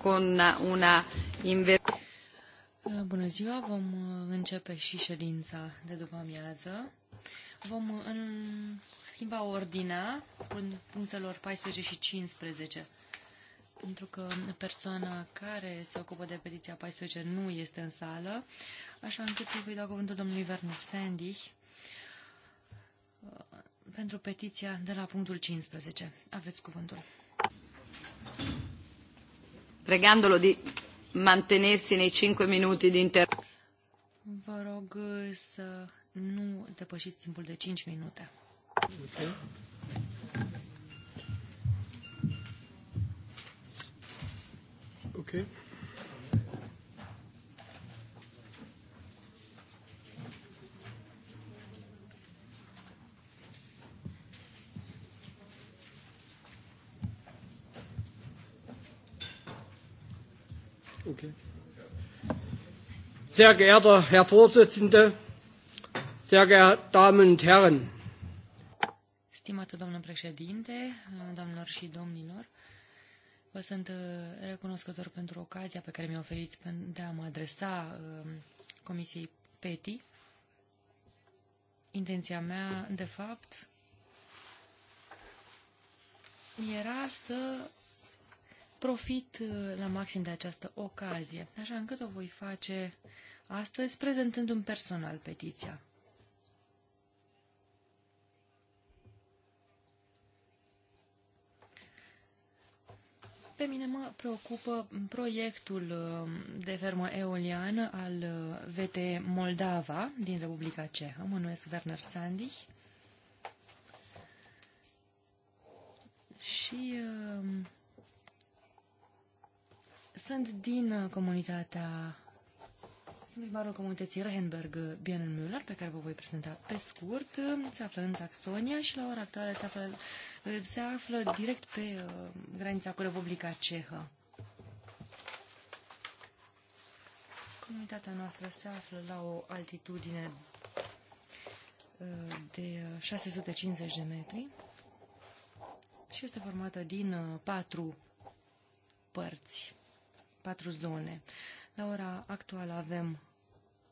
con una eh, Bună ziua, vom uh, începe și ședința de după amiază. Vom uh, în, schimba ordinea în punctelor 14 și 15, pentru că persoana care se ocupă de petiția 14 nu este în sală, așa încât îi voi da cuvântul domnului Werner Sandy uh, pentru petiția de la punctul 15. Aveți cuvântul pregandolo di mantenersi nei 5 minuti di intervento. Vă rog eh, să nu depășiți timpul de 5 minute. Okay. Okay. Sehr geehrter Herr Vorsitzender, sehr geehrte Damen und Herren. Stimate domnule președinte, doamnelor și domnilor, vă sunt uh, recunoscător pentru ocazia pe care mi-o oferiți de a mă adresa uh, Comisiei PETI. Intenția mea, de fapt, era să profit uh, la maxim de această ocazie, așa încât o voi face astăzi prezentând un personal petiția. Pe mine mă preocupă proiectul uh, de fermă eoliană al uh, VT Moldava din Republica Cehă. Mă numesc Werner Sandich. Și sunt din uh, comunitatea sunt primarul comunității Rehenberg uh, Bienenmüller, pe care vă voi prezenta pe scurt. Uh, se află în Saxonia și la ora actuală se află, se află direct pe uh, granița cu Republica Cehă. Comunitatea noastră se află la o altitudine de 650 de metri și este formată din patru părți patru zone. La ora actuală avem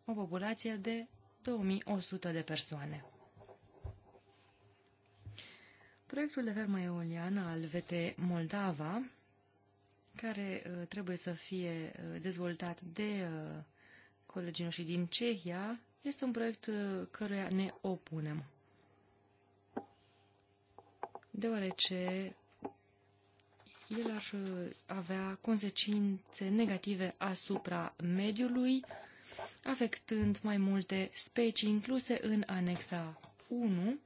o populație de 2100 de persoane. Proiectul de fermă eoliană al VT Moldava, care uh, trebuie să fie uh, dezvoltat de uh, colegii noștri din Cehia, este un proiect căruia ne opunem. Deoarece el ar uh, avea consecințe negative asupra mediului, afectând mai multe specii incluse în anexa 1,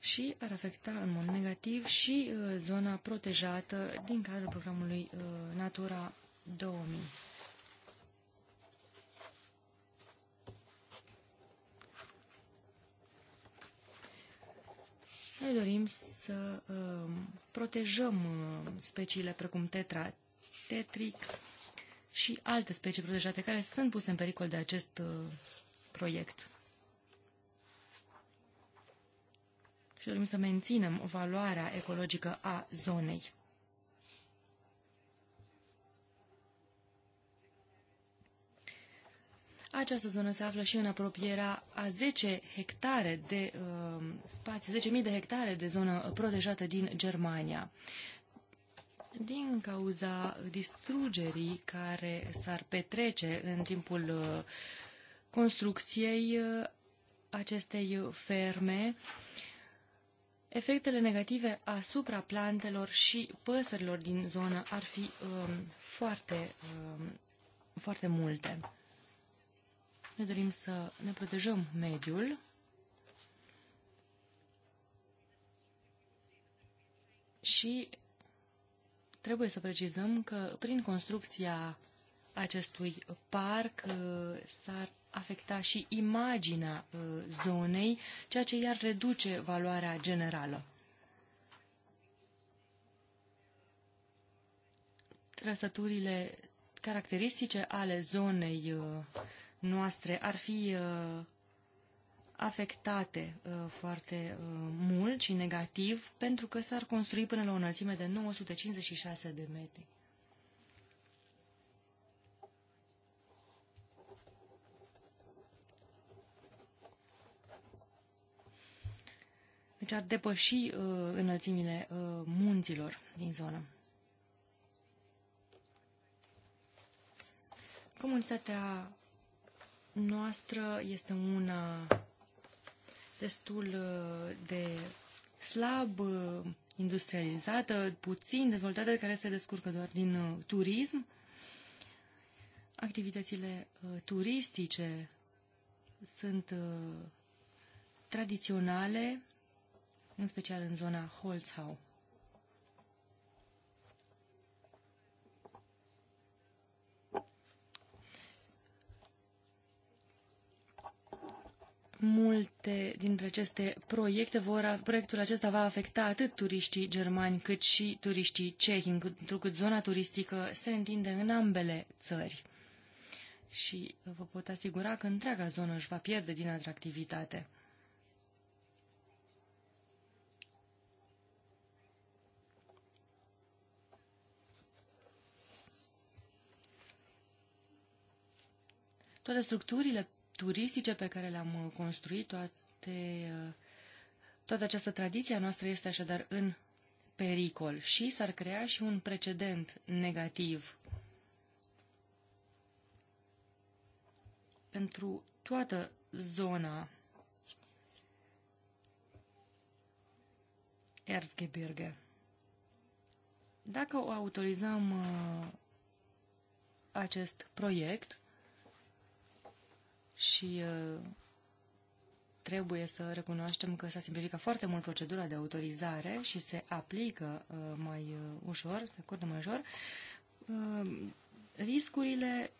și ar afecta în mod negativ și uh, zona protejată din cadrul programului uh, Natura 2000. Noi dorim să uh, protejăm uh, speciile precum tetra, tetrix și alte specii protejate care sunt puse în pericol de acest uh, proiect. Și dorim să menținem valoarea ecologică a zonei. Această zonă se află și în apropierea a 10 hectare de uh, um, spațiu, 10.000 de hectare de zonă protejată din Germania. Din cauza distrugerii care s-ar petrece în timpul uh, construcției uh, acestei ferme, efectele negative asupra plantelor și păsărilor din zonă ar fi um, foarte, um, foarte multe. Ne dorim să ne protejăm mediul. Și trebuie să precizăm că prin construcția acestui parc uh, s-ar afecta și imaginea uh, zonei, ceea ce i-ar reduce valoarea generală. Trăsăturile caracteristice ale zonei uh, noastre ar fi uh, afectate uh, foarte uh, mult și negativ, pentru că s-ar construi până la o înălțime de 956 de metri. Deci ar depăși uh, înălțimile uh, munților din zonă. Comunitatea noastră este una destul uh, de slab uh, industrializată, puțin dezvoltată, care se descurcă doar din uh, turism. Activitățile turistice sunt tradiționale, în special în zona Holzhau. multe dintre aceste proiecte vor, proiectul acesta va afecta atât turiștii germani cât și turiștii cehi, întrucât zona turistică se întinde în ambele țări. Și vă pot asigura că întreaga zonă își va pierde din atractivitate. Toate structurile turistice pe care le-am uh, construit, toate, uh, toată această tradiție a noastră este așadar în pericol și s-ar crea și un precedent negativ pentru toată zona Erzgebirge. Dacă o autorizăm uh, acest proiect, și uh, trebuie să recunoaștem că s-a simplificat foarte mult procedura de autorizare și se aplică uh, mai uh, ușor, se acordă mai ușor. Riscurile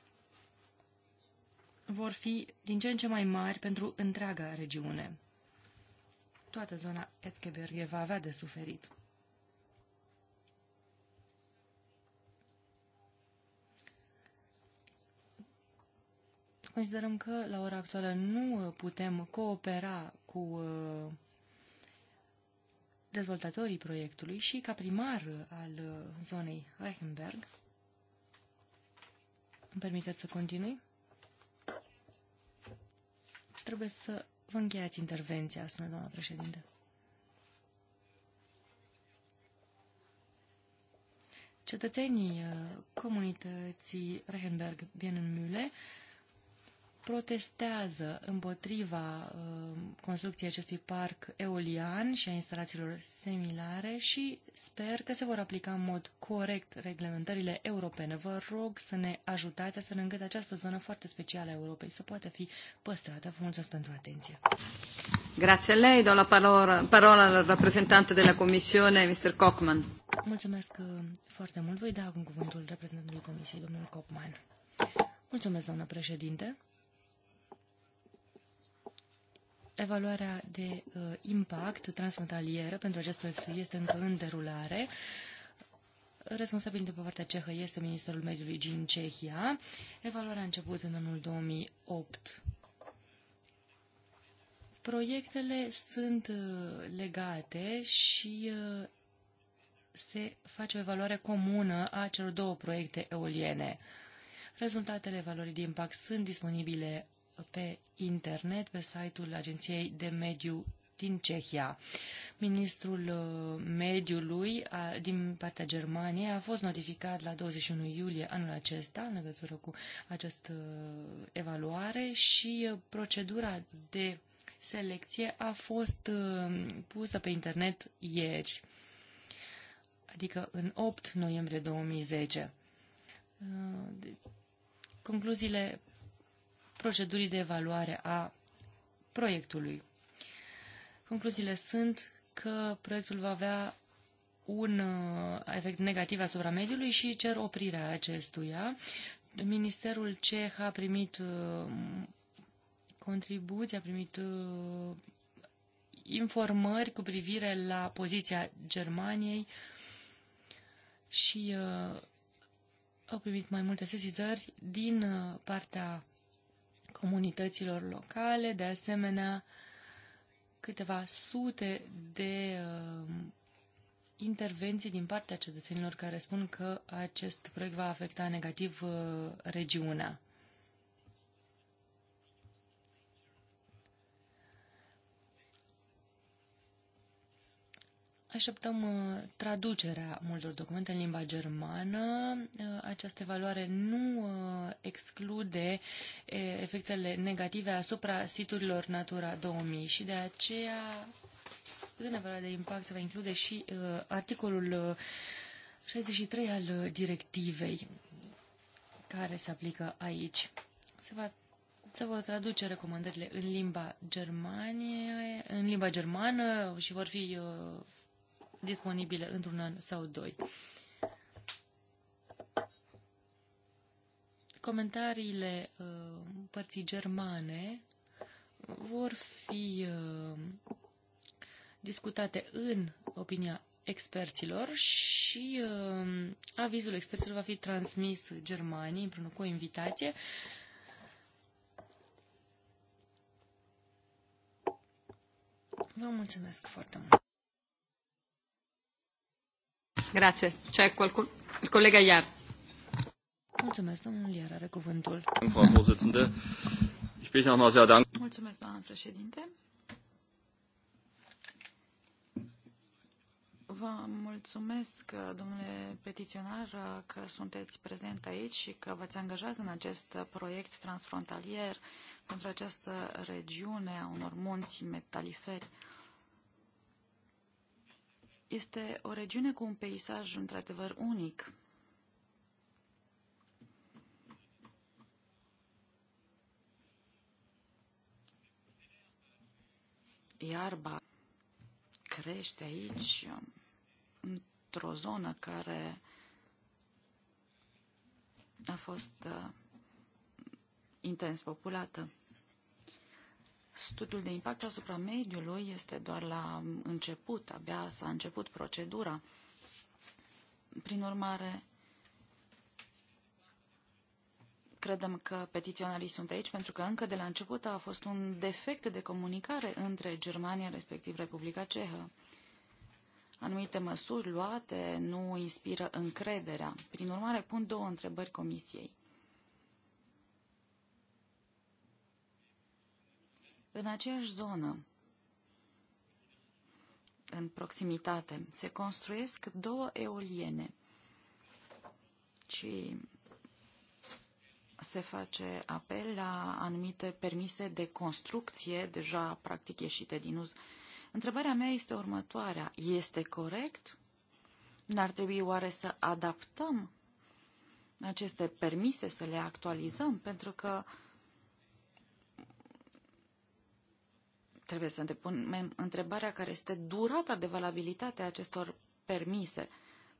vor fi din ce în ce mai mari pentru întreaga regiune. Toată zona Etzkeberg va avea de suferit. Considerăm că la ora actuală nu uh, putem coopera cu uh, dezvoltatorii proiectului și ca primar uh, al zonei Reichenberg. Îmi permiteți să continui? Trebuie să vă încheiați intervenția, spune doamna președinte. Cetățenii comunității rehenberg bienenmühle protestează împotriva uh, construcției acestui parc eolian și a instalațiilor similare și sper că se vor aplica în mod corect reglementările europene. Vă rog să ne ajutați să încât această zonă foarte specială a Europei să poată fi păstrată. Vă mulțumesc pentru atenție. Grazie a lei. Do la parola, parola al rappresentante della Commissione, Mr. Kochman. Mulțumesc uh, foarte mult. Voi da acum cuvântul reprezentantului Comisiei, domnul Kochman. Mulțumesc, doamnă președinte. Evaluarea de uh, impact transfrontalieră pentru acest proiect este încă în derulare. Responsabil de pe partea cehă este Ministerul Mediului din Cehia. Evaluarea a început în anul 2008. Proiectele sunt uh, legate și uh, se face o evaluare comună a celor două proiecte eoliene. Rezultatele valorii de impact sunt disponibile pe internet, pe site-ul Agenției de Mediu din Cehia. Ministrul uh, mediului a, din partea Germaniei a fost notificat la 21 iulie anul acesta în legătură cu această uh, evaluare și uh, procedura de selecție a fost pusă pe internet ieri, adică în 8 noiembrie 2010. Concluziile procedurii de evaluare a proiectului. Concluziile sunt că proiectul va avea un uh, efect negativ asupra mediului și cer oprirea acestuia. Ministerul CEH a primit uh, contribuții, a primit uh, informări cu privire la poziția Germaniei și au primit mai multe sesizări din partea comunităților locale, de asemenea câteva sute de uh, intervenții din partea cetățenilor care spun că acest proiect va afecta negativ uh, regiunea. Așteptăm uh, traducerea multor documente în limba germană. Uh, această evaluare nu uh, exclude efectele negative asupra siturilor Natura 2000 și de aceea în evaluarea de impact se va include și articolul 63 al directivei care se aplică aici. Se va se vor traduce recomandările în limba germanie, în limba germană și vor fi uh, disponibile într-un an sau doi. Comentariile uh, părții germane vor fi uh, discutate în opinia experților și uh, avizul experților va fi transmis Germaniei împreună cu o invitație. Vă mulțumesc foarte mult! Grazie. C'è qualcuno? Il collega Iar. Mulțumesc, domnul Iar are cuvântul. Mulțumesc, președinte. Vă mulțumesc, domnule petiționar, că sunteți prezent aici și că v-ați angajat în acest proiect transfrontalier pentru această regiune a unor munți metaliferi. Este o regiune cu un peisaj într-adevăr unic. Iarba crește aici într-o zonă care a fost uh, intens populată. Studiul de impact asupra mediului este doar la început, abia s-a început procedura. Prin urmare, credem că petiționarii sunt aici pentru că încă de la început a fost un defect de comunicare între Germania, respectiv Republica Cehă. Anumite măsuri luate nu inspiră încrederea. Prin urmare, pun două întrebări comisiei. În aceeași zonă, în proximitate, se construiesc două eoliene și se face apel la anumite permise de construcție deja practic ieșite din uz. Întrebarea mea este următoarea. Este corect? N-ar trebui oare să adaptăm aceste permise, să le actualizăm? Pentru că uh, trebuie să ne punem întrebarea care este durata de valabilitate a acestor permise.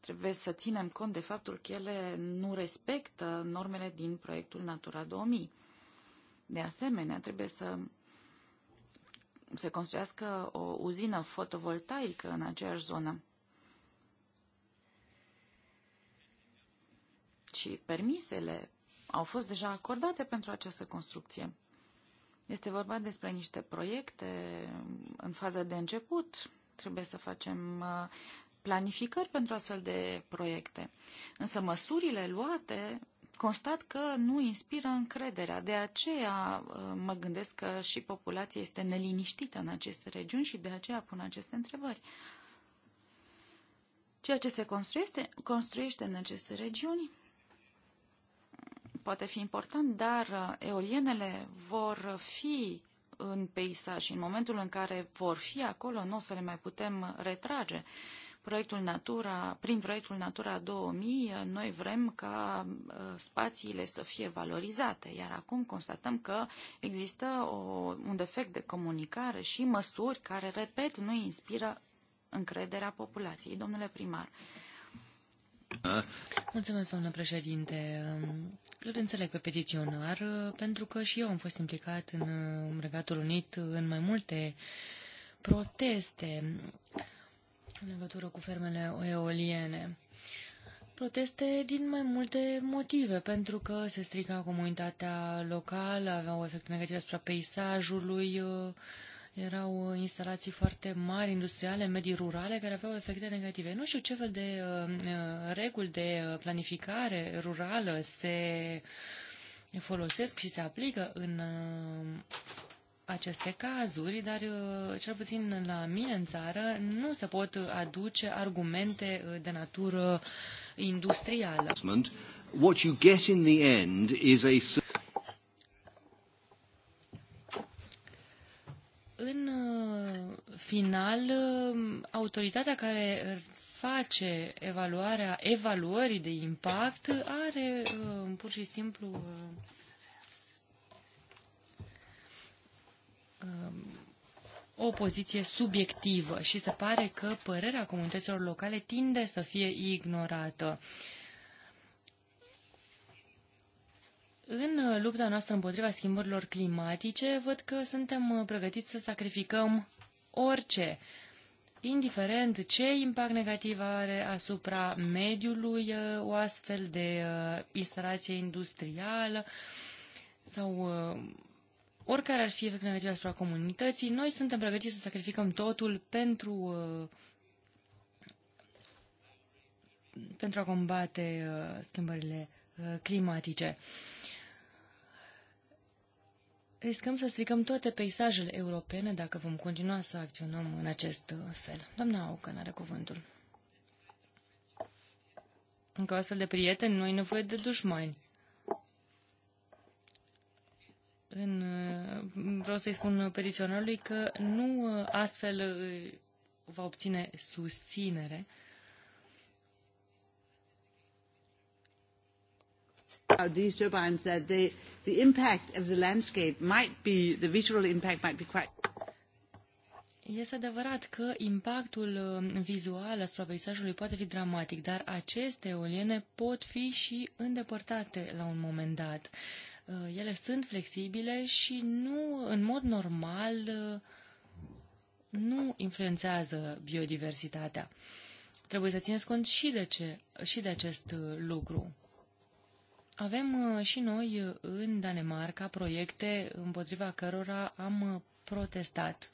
Trebuie să ținem cont de faptul că ele nu respectă normele din proiectul Natura 2000. De asemenea, trebuie să se construiască o uzină fotovoltaică în aceeași zonă. Și permisele au fost deja acordate pentru această construcție. Este vorba despre niște proiecte în fază de început. Trebuie să facem uh, planificări pentru astfel de proiecte. Însă măsurile luate constat că nu inspiră încrederea. De aceea uh, mă gândesc că și populația este neliniștită în aceste regiuni și de aceea pun aceste întrebări. Ceea ce se construiește, construiește în aceste regiuni poate fi important, dar uh, eolienele vor fi în peisaj. În momentul în care vor fi acolo, nu o să le mai putem retrage. Proiectul Natura, prin proiectul Natura 2000, uh, noi vrem ca uh, spațiile să fie valorizate, iar acum constatăm că există o, un defect de comunicare și măsuri care, repet, nu inspiră încrederea populației. Domnule primar, uh, Mulțumesc, doamnă președinte. Îl înțeleg pe petiționar, pentru că și eu am fost implicat în Regatul Unit în mai multe proteste în legătură cu fermele eoliene. Proteste din mai multe motive, pentru că se strica comunitatea locală, aveau efecte negative asupra peisajului, uh, erau uh, instalații foarte mari, industriale, medii rurale, care aveau efecte negative. Nu știu ce fel de uh, uh reguli de uh, planificare rurală se folosesc și se aplică în uh, aceste cazuri, dar cel puțin la mine în țară nu se pot aduce argumente de natură industrială. What you get in the end is a în uh, final, uh, autoritatea care face evaluarea evaluării de impact are uh, pur și simplu o poziție subiectivă și se pare că părerea comunităților locale tinde să fie ignorată. Uh, În uh, lupta noastră împotriva schimbărilor climatice, văd că suntem uh, pregătiți să sacrificăm orice, indiferent ce impact negativ are asupra mediului uh, o astfel de instalație industrială sau oricare ar fi efect negativ asupra comunității, noi suntem pregătiți să sacrificăm totul pentru, pentru a combate schimbările climatice riscăm să stricăm toate peisajele europene dacă vom continua să acționăm în acest uh, fel. Doamna Aucan are cuvântul. Încă o astfel de prieteni, nu ai nevoie de dușmani. În, uh, vreau să-i spun peticionarului că nu uh, astfel va obține susținere these turbines that they, the impact of the landscape might be, the visual impact might be quite... Este adevărat că impactul um, vizual asupra peisajului poate fi dramatic, dar aceste eoliene pot fi și îndepărtate la un moment dat. Uh, ele sunt flexibile și nu, în mod normal, uh, nu influențează biodiversitatea. Trebuie să țineți cont și de, ce, și de acest uh, lucru. Avem uh, și noi uh, în Danemarca proiecte împotriva cărora am uh, protestat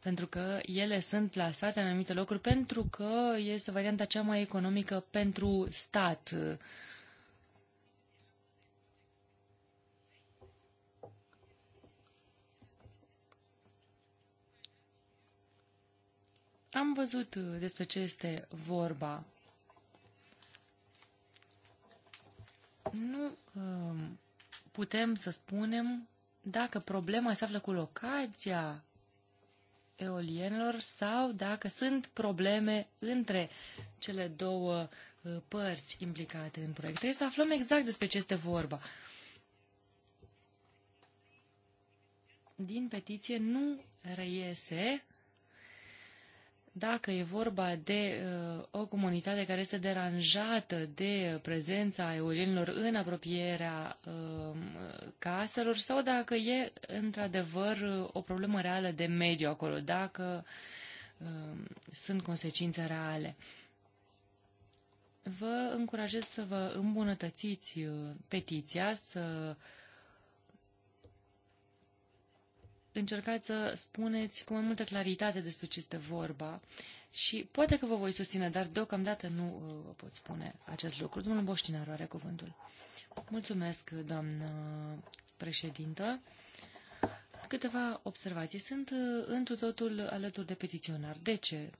pentru că ele sunt plasate în anumite locuri pentru că este varianta cea mai economică pentru stat. Am văzut despre ce este vorba. nu um, putem să spunem dacă problema se află cu locația eolienilor sau dacă sunt probleme între cele două uh, părți implicate în proiect. Trebuie să aflăm exact despre ce este vorba. Din petiție nu reiese dacă e vorba de uh, o comunitate care este deranjată de prezența eolienilor în apropierea uh, caselor sau dacă e într-adevăr o problemă reală de mediu acolo, dacă uh, sunt consecințe reale. Vă încurajez să vă îmbunătățiți uh, petiția, să uh, încercați să spuneți cu mai multă claritate despre ce este vorba și poate că vă voi susține, dar deocamdată nu uh, pot spune acest lucru. Domnul Boștinaru are cuvântul. Mulțumesc, doamnă președintă. Câteva observații. Sunt uh, întru totul alături de petiționar. De ce?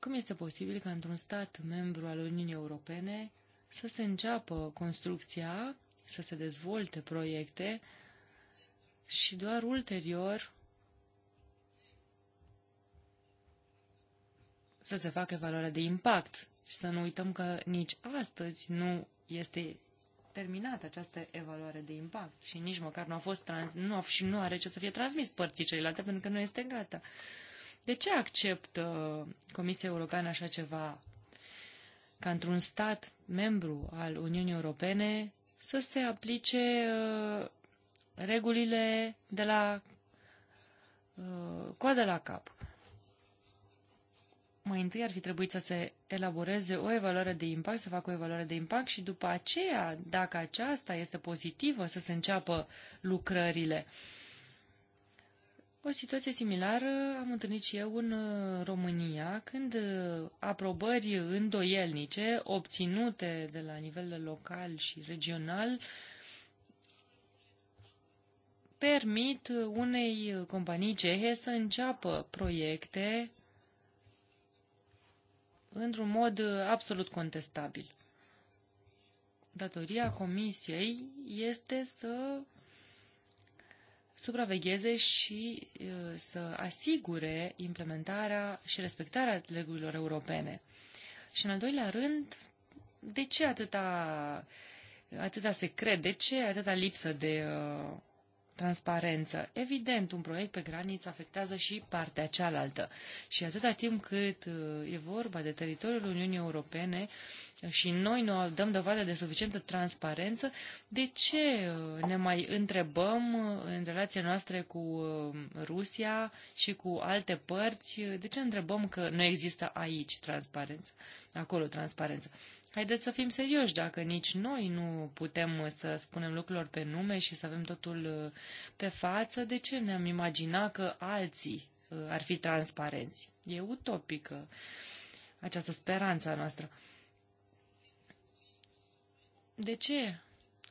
Cum este posibil ca într-un stat membru al Uniunii Europene să se înceapă construcția, să se dezvolte proiecte și doar ulterior să se facă evaluarea de impact. Și să nu uităm că nici astăzi nu este terminată această evaluare de impact și nici măcar nu a fost trans, nu a, și nu are ce să fie transmis părții celelalte pentru că nu este gata. De ce acceptă Comisia Europeană așa ceva? Ca într-un stat membru al Uniunii Europene să se aplice uh, regulile de la uh, coadă la cap. Mai întâi ar fi trebuit să se elaboreze o evaluare de impact, să facă o evaluare de impact și după aceea, dacă aceasta este pozitivă, să se înceapă lucrările. O situație similară am întâlnit și eu în uh, România, când uh, aprobări îndoielnice obținute de la nivel local și regional uh, permit unei companii cehe să înceapă proiecte într-un mod absolut contestabil. Datoria Comisiei este să supravegheze și să asigure implementarea și respectarea legurilor europene. Și în al doilea rând, de ce atâta, atâta secret, de ce atâta lipsă de uh, transparență. Evident, un proiect pe graniță afectează și partea cealaltă. Și atâta timp cât uh, e vorba de teritoriul Uniunii Europene uh, și noi nu dăm dovadă de suficientă transparență, de ce uh, ne mai întrebăm în relația noastră cu Rusia și cu alte părți, de ce întrebăm că nu există aici transparență, acolo transparență? Haideți să fim serioși, dacă nici noi nu putem uh, să spunem lucrurilor pe nume și să avem totul uh, pe față, de ce ne-am imagina că alții uh, ar fi transparenți? E utopică această speranță a noastră. De ce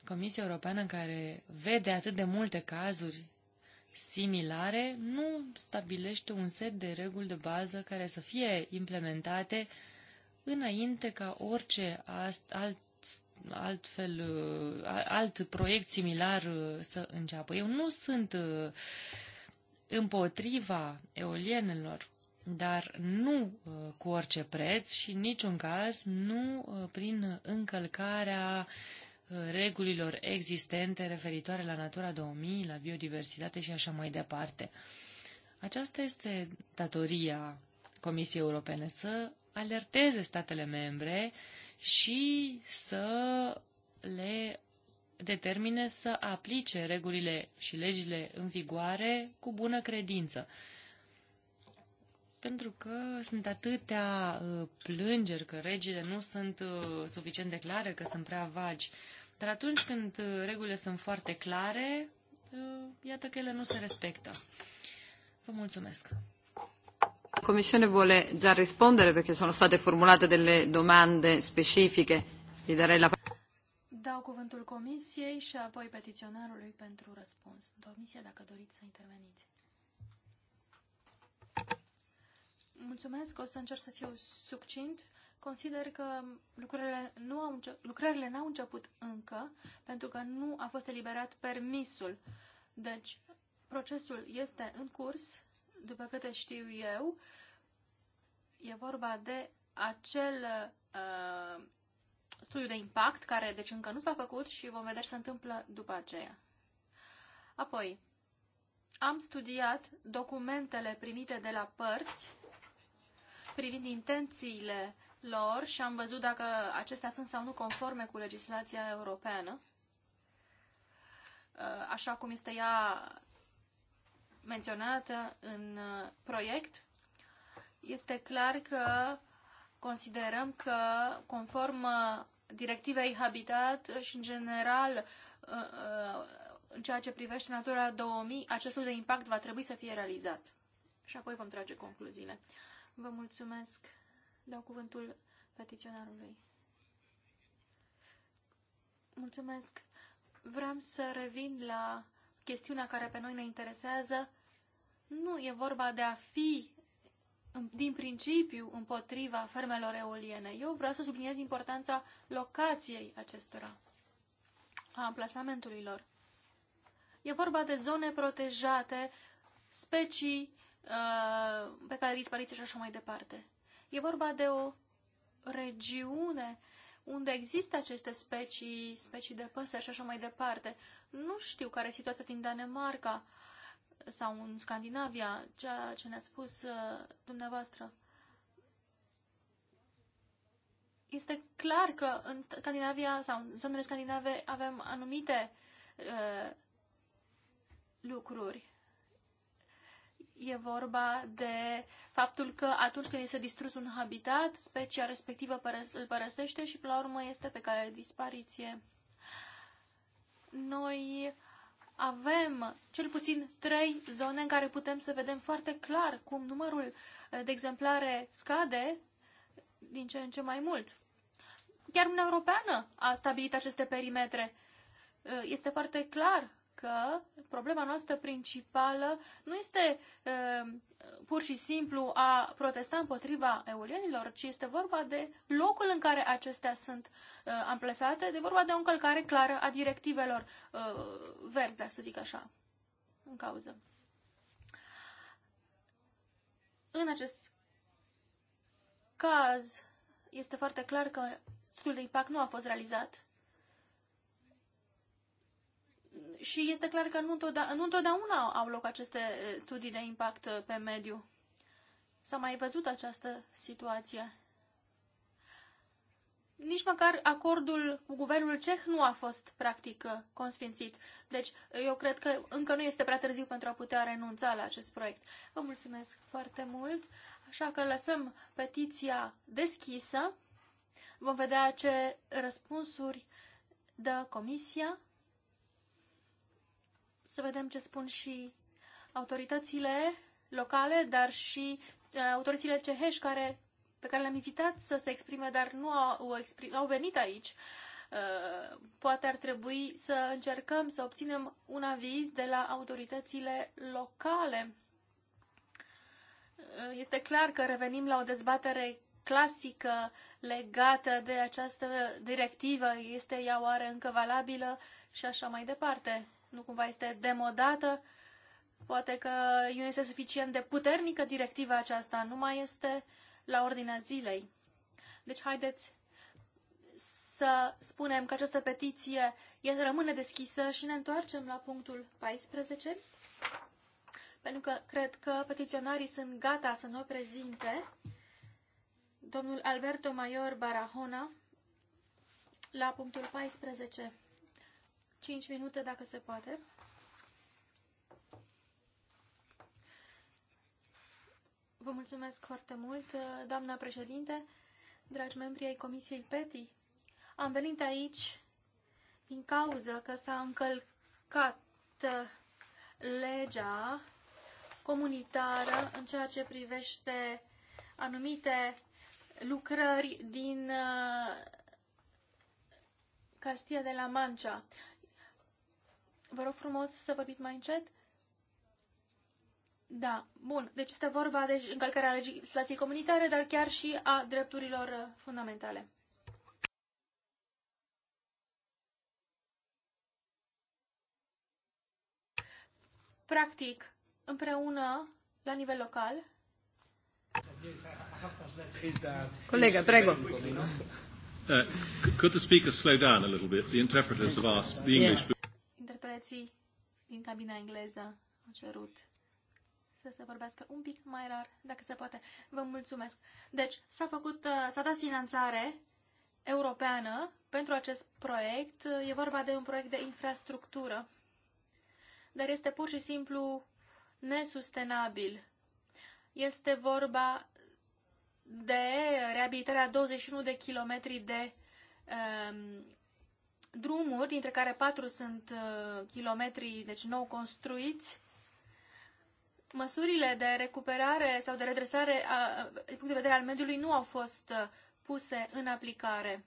Comisia Europeană, în care vede atât de multe cazuri similare, nu stabilește un set de reguli de bază care să fie implementate uh, înainte ca orice alt, altfel, uh, alt proiect similar uh, să înceapă. Eu nu sunt uh, împotriva eolienelor, dar nu cu orice preț și în niciun caz nu prin încălcarea regulilor existente referitoare la Natura 2000, la biodiversitate și așa mai departe. Aceasta este datoria Comisiei Europene, să alerteze statele membre și să le determine să aplice regulile și legile în vigoare cu bună credință. Pentru că sunt atâtea uh, plângeri că regile nu sunt uh, suficient de clare, că sunt prea vagi. Dar atunci când uh, regulile sunt foarte clare, iată că ele nu se respectă. Vă mulțumesc! Commissione vuole già rispondere perché sono state formulate delle domande specifiche. Gli darei la parola. Dau cuvântul Comisiei și apoi petiționarului pentru răspuns. Comisia, dacă doriți să interveniți. Mulțumesc, o să încerc să fiu succint. Consider că lucrările, nu au, lucrările n-au început încă, pentru că nu a fost eliberat permisul. Deci, procesul este în curs după câte știu eu, e vorba de acel uh, studiu de impact, care deci încă nu s-a făcut și vom vedea ce se întâmplă după aceea. Apoi, am studiat documentele primite de la părți privind intențiile lor și am văzut dacă acestea sunt sau nu conforme cu legislația europeană, uh, așa cum este ea menționată în uh, proiect, este clar că considerăm că, conform uh, directivei Habitat și, în general, uh, în ceea ce privește Natura 2000, acestul de impact va trebui să fie realizat. Și apoi vom trage concluziile. Vă mulțumesc. Dau cuvântul petiționarului. Mulțumesc. Vreau să revin la chestiunea care pe noi ne interesează nu e vorba de a fi din principiu împotriva fermelor eoliene. Eu vreau să subliniez importanța locației acestora, a amplasamentului lor. E vorba de zone protejate, specii uh, pe care dispariți și așa mai departe. E vorba de o regiune unde există aceste specii, specii de păsări și așa mai departe. Nu știu care e situația din Danemarca sau în Scandinavia, ceea ce ne-a spus uh, dumneavoastră. Este clar că în Scandinavia sau în zonele scandinave avem anumite uh, lucruri E vorba de faptul că atunci când este distrus un habitat, specia respectivă îl părăsește și, până la urmă, este pe care dispariție. Noi avem cel puțin trei zone în care putem să vedem foarte clar cum numărul de exemplare scade din ce în ce mai mult. Chiar Uniunea Europeană a stabilit aceste perimetre. Este foarte clar că problema noastră principală nu este uh, pur și simplu a protesta împotriva eolienilor, ci este vorba de locul în care acestea sunt uh, amplasate, de vorba de o încălcare clară a directivelor uh, verzi, să zic așa, în cauză. În acest caz, este foarte clar că studiul de impact nu a fost realizat și este clar că nu, întotdeauna, nu întotdeauna au loc aceste eh, studii de impact eh, pe mediu. S-a mai văzut această situație. Nici măcar acordul cu guvernul ceh nu a fost practic eh, consfințit. Deci eu cred că încă nu este prea târziu pentru a putea renunța la acest proiect. Vă mulțumesc foarte mult, așa că lăsăm petiția deschisă. Vom vedea ce răspunsuri dă comisia să vedem ce spun și autoritățile locale, dar și uh, autoritățile cehești care, pe care le-am invitat să se exprime, dar nu au, au venit aici. Uh, poate ar trebui să încercăm să obținem un aviz de la autoritățile locale. Uh, este clar că revenim la o dezbatere clasică legată de această directivă. Este ea oare încă valabilă și așa mai departe nu cumva este demodată. Poate că nu este suficient de puternică directiva aceasta, nu mai este la ordinea zilei. Deci haideți să spunem că această petiție rămâne deschisă și ne întoarcem la punctul 14, pentru că cred că petiționarii sunt gata să ne prezinte. Domnul Alberto Maior Barahona, la punctul 14. 5 minute, dacă se poate. Vă mulțumesc foarte mult, doamna președinte, dragi membri ai Comisiei PETI. Am venit aici din cauza că s-a încălcat uh, legea comunitară în ceea ce privește anumite lucrări din uh, Castia de la Mancia. Vă rog frumos să vorbiți mai încet. Da, bun. Deci este vorba de încălcarea legislației comunitare, dar chiar și a drepturilor uh, fundamentale. Practic, împreună, la nivel local. Colega, prego. Uh, could the speaker slow down a little bit? The interpreters have asked the English. Yeah interpreții din cabina engleză au cerut să se vorbească un pic mai rar, dacă se poate. Vă mulțumesc. Deci, s-a făcut, uh, s-a dat finanțare europeană pentru acest proiect. E vorba de un proiect de infrastructură, dar este pur și simplu nesustenabil. Este vorba de reabilitarea 21 de kilometri de um, drumuri, dintre care patru sunt uh, kilometri, deci nou construiți, măsurile de recuperare sau de redresare din punct de vedere al mediului nu au fost uh, puse în aplicare.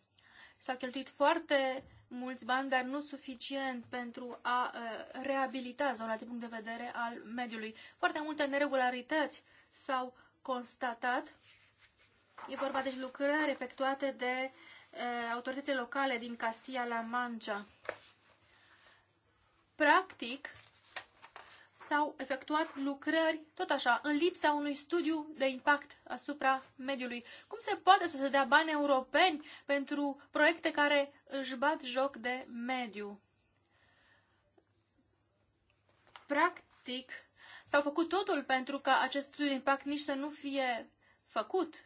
S-au cheltuit foarte mulți bani, dar nu suficient pentru a, uh, reabilita zona din punct de vedere al mediului. Foarte multe neregularități s-au constatat. E vorba deci lucrări efectuate de uh, Eh, autoritățile locale din Castilla-La Mancha. Practic, s-au efectuat lucrări, tot așa, în lipsa unui studiu de impact asupra mediului. Cum se poate să se dea bani europeni pentru proiecte care își bat joc de mediu? Practic, s-au făcut totul pentru ca acest studiu de impact nici să nu fie făcut.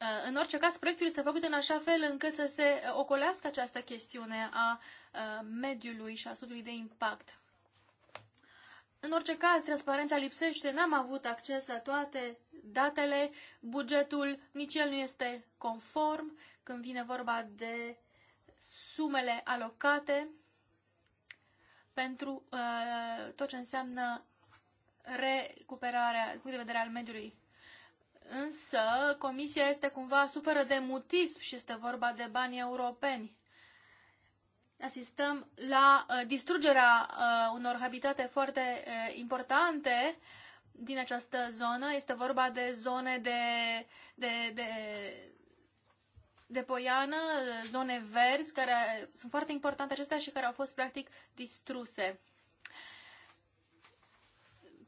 Uh, în orice caz, proiectul este făcut în așa fel încât să se ocolească această chestiune a uh, mediului și a studiului de impact. În orice caz, transparența lipsește, n-am avut acces la toate datele, bugetul nici el nu este conform când vine vorba de sumele alocate pentru uh, tot ce înseamnă recuperarea din de vedere al mediului Însă, Comisia este cumva suferă de mutism și este vorba de bani europeni. Asistăm la uh, distrugerea uh, unor habitate foarte uh, importante din această zonă. Este vorba de zone de, de, de, de poiană, zone verzi, care sunt foarte importante acestea și care au fost practic distruse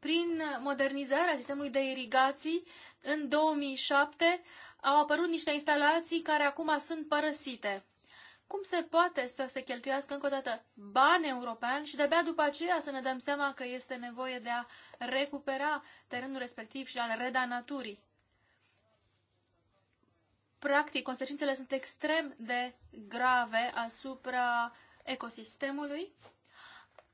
prin modernizarea sistemului de irigații în 2007 au apărut niște instalații care acum sunt părăsite. Cum se poate să se cheltuiască încă o dată bani europeni și de-abia după aceea să ne dăm seama că este nevoie de a recupera terenul respectiv și al reda naturii? Practic, consecințele sunt extrem de grave asupra ecosistemului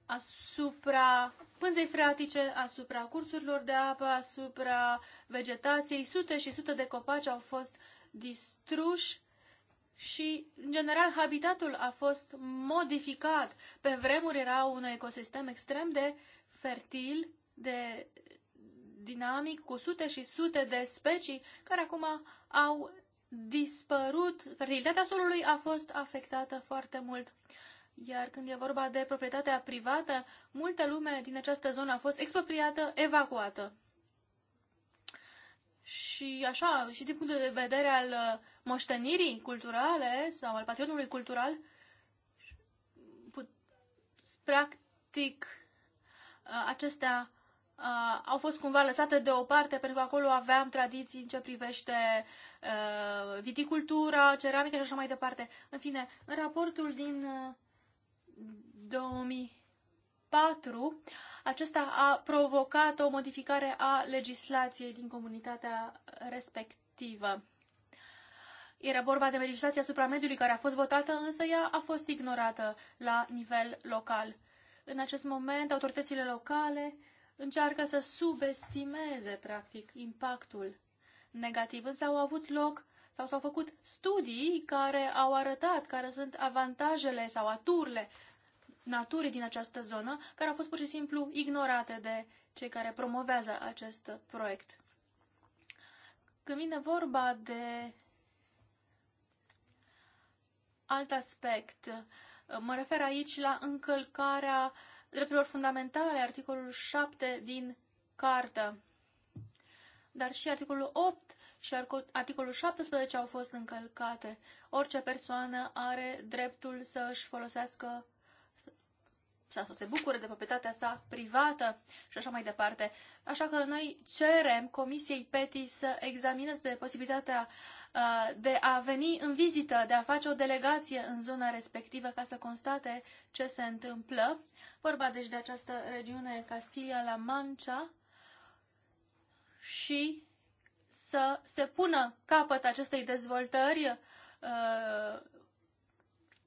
asupra pânzei freatice, asupra cursurilor de apă, asupra vegetației. Sute și sute de copaci au fost distruși și, în general, habitatul a fost modificat. Pe vremuri era un ecosistem extrem de fertil, de dinamic, cu sute și sute de specii care acum au dispărut. Fertilitatea solului a fost afectată foarte mult. Iar când e vorba de proprietatea privată, multă lume din această zonă a fost expropriată, evacuată. Și așa, și din punct de vedere al uh, moștenirii culturale sau al patrimoniului cultural, practic uh, acestea uh, au fost cumva lăsate deoparte pentru că acolo aveam tradiții în ce privește viticultura, ceramică și așa mai departe. În fine, în raportul din 2004, acesta a provocat o modificare a legislației din comunitatea respectivă. Era vorba de legislația asupra mediului care a fost votată, însă ea a fost ignorată la nivel local. În acest moment, autoritățile locale încearcă să subestimeze, practic, impactul negativ, însă au avut loc sau s-au făcut studii care au arătat care sunt avantajele sau aturile naturii din această zonă, care au fost pur și simplu ignorate de cei care promovează acest proiect. Când vine vorba de alt aspect, mă refer aici la încălcarea drepturilor fundamentale, articolul 7 din cartă, dar și articolul 8 și articolul 17 au fost încălcate. Orice persoană are dreptul să își folosească sau să se bucure de proprietatea sa privată și așa mai departe. Așa că noi cerem Comisiei PETI să examineze posibilitatea uh, de a veni în vizită, de a face o delegație în zona respectivă ca să constate ce se întâmplă. Vorba deci de această regiune Castilia la Mancha și să se pună capăt acestei dezvoltări uh,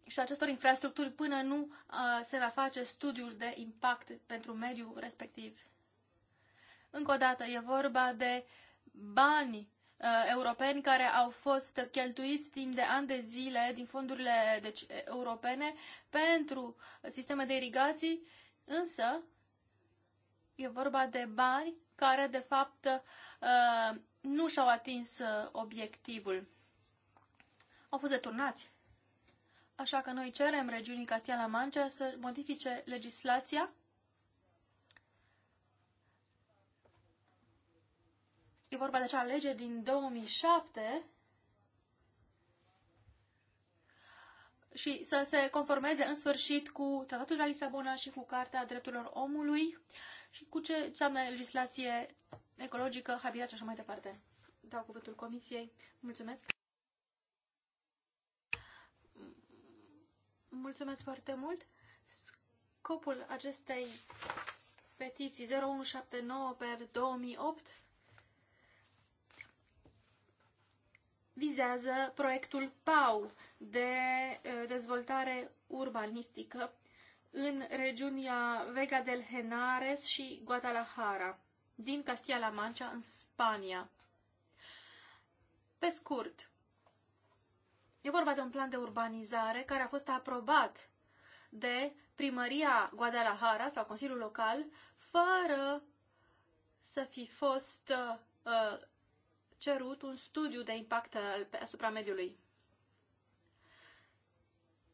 și acestor infrastructuri până nu uh, se va face studiul de impact pentru mediul respectiv. Încă o dată, e vorba de bani uh, europeni care au fost cheltuiți timp de ani de zile din fondurile deci, europene pentru sisteme de irigații, însă e vorba de bani care, de fapt, nu și-au atins uh, obiectivul. Au fost deturnați. Așa că noi cerem regiunii Castilla-La Mancha să modifice legislația E vorba de acea lege din 2007 și să se conformeze în sfârșit cu Tratatul de la Lisabona și cu Carta Drepturilor Omului și cu ce înseamnă legislație ecologică, habitat și așa mai departe. Dau cuvântul Comisiei. Mulțumesc! Mulțumesc foarte mult! Scopul acestei petiții 0179 per 2008 vizează proiectul PAU de dezvoltare urbanistică în regiunea Vega del Henares și Guadalajara din Castilla-La Mancha în Spania. Pe scurt, e vorba de un plan de urbanizare care a fost aprobat de primăria Guadalajara sau Consiliul Local fără să fi fost uh, uh cerut un studiu de impact asupra mediului.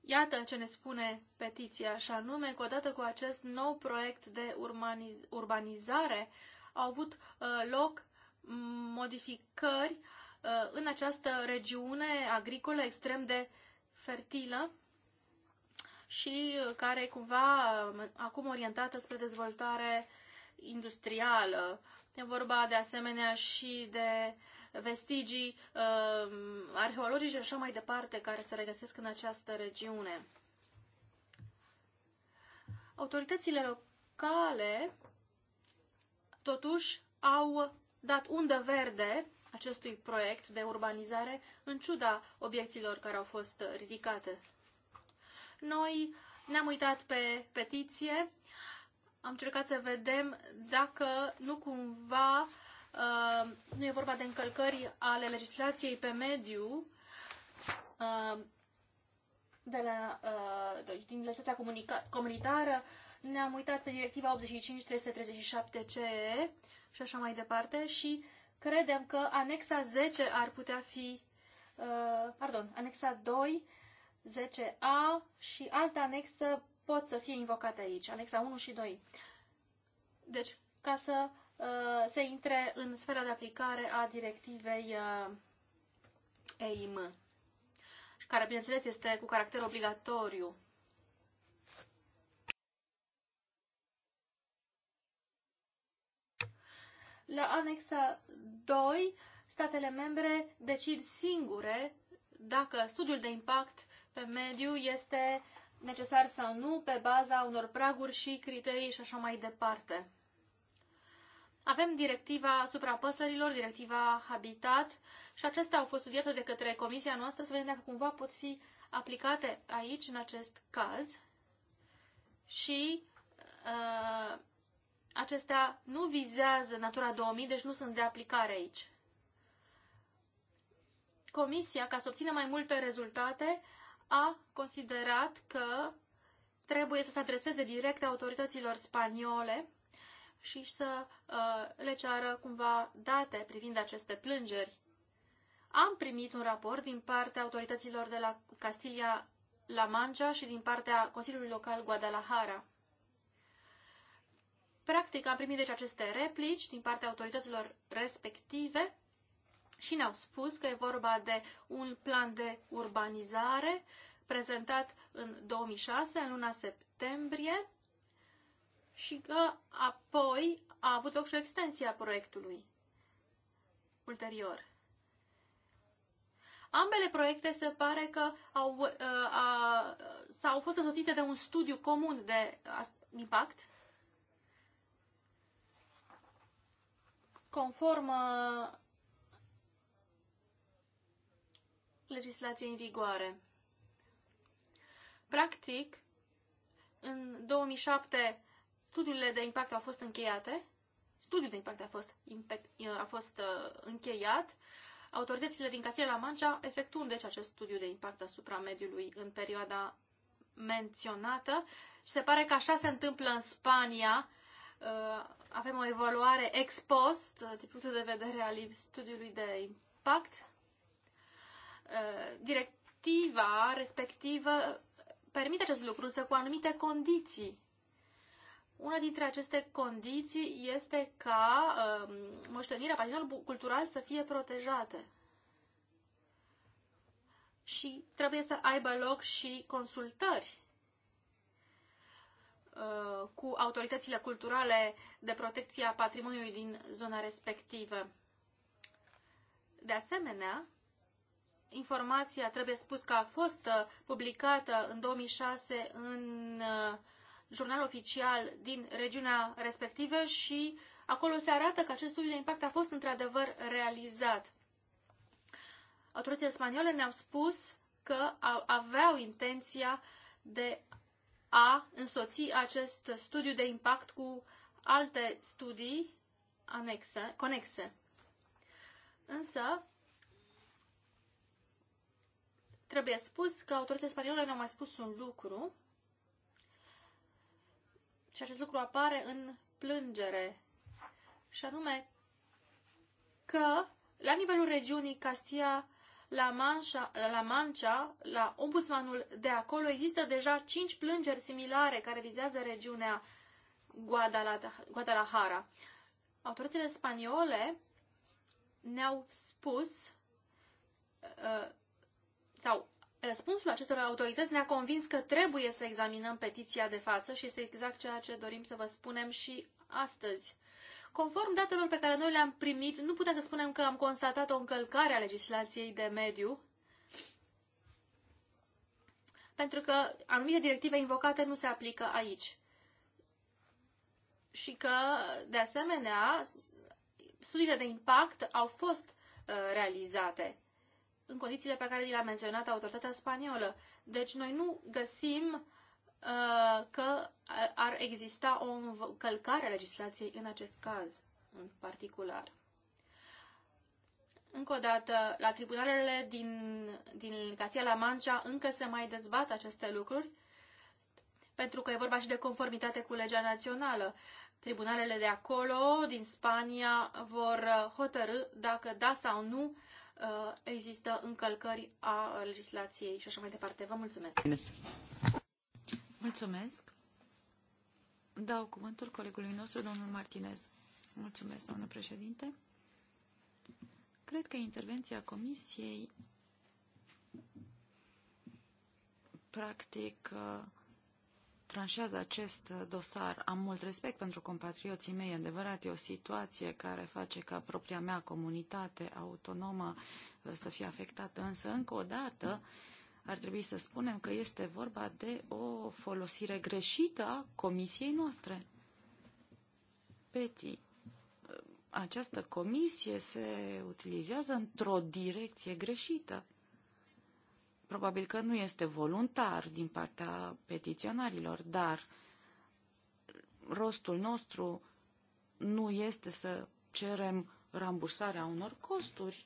Iată ce ne spune petiția, și anume că odată cu acest nou proiect de urbaniz- urbanizare au avut uh, loc mm, modificări uh, în această regiune agricolă extrem de fertilă și uh, care cumva acum orientată spre dezvoltare industrială. E vorba de asemenea și de vestigii uh, arheologice și așa mai departe care se regăsesc în această regiune. Autoritățile locale totuși au dat undă verde acestui proiect de urbanizare în ciuda obiecțiilor care au fost ridicate. Noi ne-am uitat pe petiție, am încercat să vedem dacă nu cumva uh, nu e vorba de încălcări ale legislației pe mediu uh, de la, uh, deci din legislația comunitară ne-am uitat pe directiva 85-337-CE și așa mai departe și credem că anexa 10 ar putea fi, uh, pardon, anexa 2, 10A și alta anexă pot să fie invocate aici, anexa 1 și 2. Deci, ca să uh, se intre în sfera de aplicare a directivei uh, EIM, care, bineînțeles, este cu caracter obligatoriu. La anexa 2, statele membre decid singure dacă studiul de impact pe mediu este necesar sau nu pe baza unor praguri și criterii și așa mai departe. Avem directiva asupra păsărilor, directiva Habitat și acestea au fost studiate de către comisia noastră să vedem dacă cumva pot fi aplicate aici, în acest caz. Și uh, acestea nu vizează Natura 2000, deci nu sunt de aplicare aici. Comisia, ca să obțină mai multe rezultate, a considerat că trebuie să se adreseze direct autorităților spaniole și să uh, le ceară cumva date privind aceste plângeri. Am primit un raport din partea autorităților de la Castilia-La Mancha și din partea Consiliului Local Guadalajara. Practic am primit deci aceste replici din partea autorităților respective și ne-au spus că e vorba de un plan de urbanizare prezentat în 2006, în luna septembrie, și că apoi a avut loc și o extensie a proiectului ulterior. Ambele proiecte se pare că au, a, uh, a, s-au fost însoțite de un studiu comun de uh, impact conform uh, legislației în vigoare. Practic, în 2007 studiile de impact au fost încheiate, studiul de impact a fost, impact, uh, a fost uh, încheiat, autoritățile din casier la Mancea efectuând deci acest studiu de impact asupra mediului în perioada menționată și se pare că așa se întâmplă în Spania, Uh, avem o evaluare ex post, uh, din punctul de vedere al studiului de impact. Uh, directiva respectivă permite acest lucru, însă cu anumite condiții. Una dintre aceste condiții este ca uh, moștenirea patrimoniului cultural să fie protejate Și trebuie să aibă loc și consultări Uh, cu autoritățile culturale de protecție a patrimoniului din zona respectivă. De asemenea, informația, trebuie spus că a fost uh, publicată în 2006 în uh, jurnal oficial din regiunea respectivă și acolo se arată că acest studiu de impact a fost într-adevăr realizat. Autoritățile spaniole ne-au spus că aveau intenția de a însoți acest studiu de impact cu alte studii anexe, conexe. Însă, trebuie spus că autoritățile spaniole ne-au mai spus un lucru și acest lucru apare în plângere, și anume că la nivelul regiunii Castia la, Manșa, la Mancea, la ombudsmanul de acolo, există deja cinci plângeri similare care vizează regiunea Guadalajara. Autoritățile spaniole ne-au spus uh, sau răspunsul acestor autorități ne-a convins că trebuie să examinăm petiția de față și este exact ceea ce dorim să vă spunem și astăzi. Conform datelor pe care noi le-am primit, nu putem să spunem că am constatat o încălcare a legislației de mediu, pentru că anumite directive invocate nu se aplică aici. Și că, de asemenea, studiile de impact au fost uh, realizate în condițiile pe care le-a menționat autoritatea spaniolă. Deci noi nu găsim Uh, că ar exista o încălcare a legislației în acest caz în particular. Încă o dată, la tribunalele din, din Cația la Mancha încă se mai dezbat aceste lucruri, pentru că e vorba și de conformitate cu legea națională. Tribunalele de acolo, din Spania, vor uh, hotărâ dacă da sau nu uh, există încălcări a legislației și așa mai departe. Vă mulțumesc! Mulțumesc. Dau cuvântul colegului nostru, domnul Martinez. Mulțumesc, domnul președinte. Cred că intervenția comisiei practic tranșează acest dosar. Am mult respect pentru compatrioții mei, adevărat, e o situație care face ca propria mea comunitate autonomă să fie afectată, însă încă o dată ar trebui să spunem că este vorba de o folosire greșită a comisiei noastre. Peții, această comisie se utilizează într-o direcție greșită. Probabil că nu este voluntar din partea petiționarilor, dar rostul nostru nu este să cerem rambursarea unor costuri.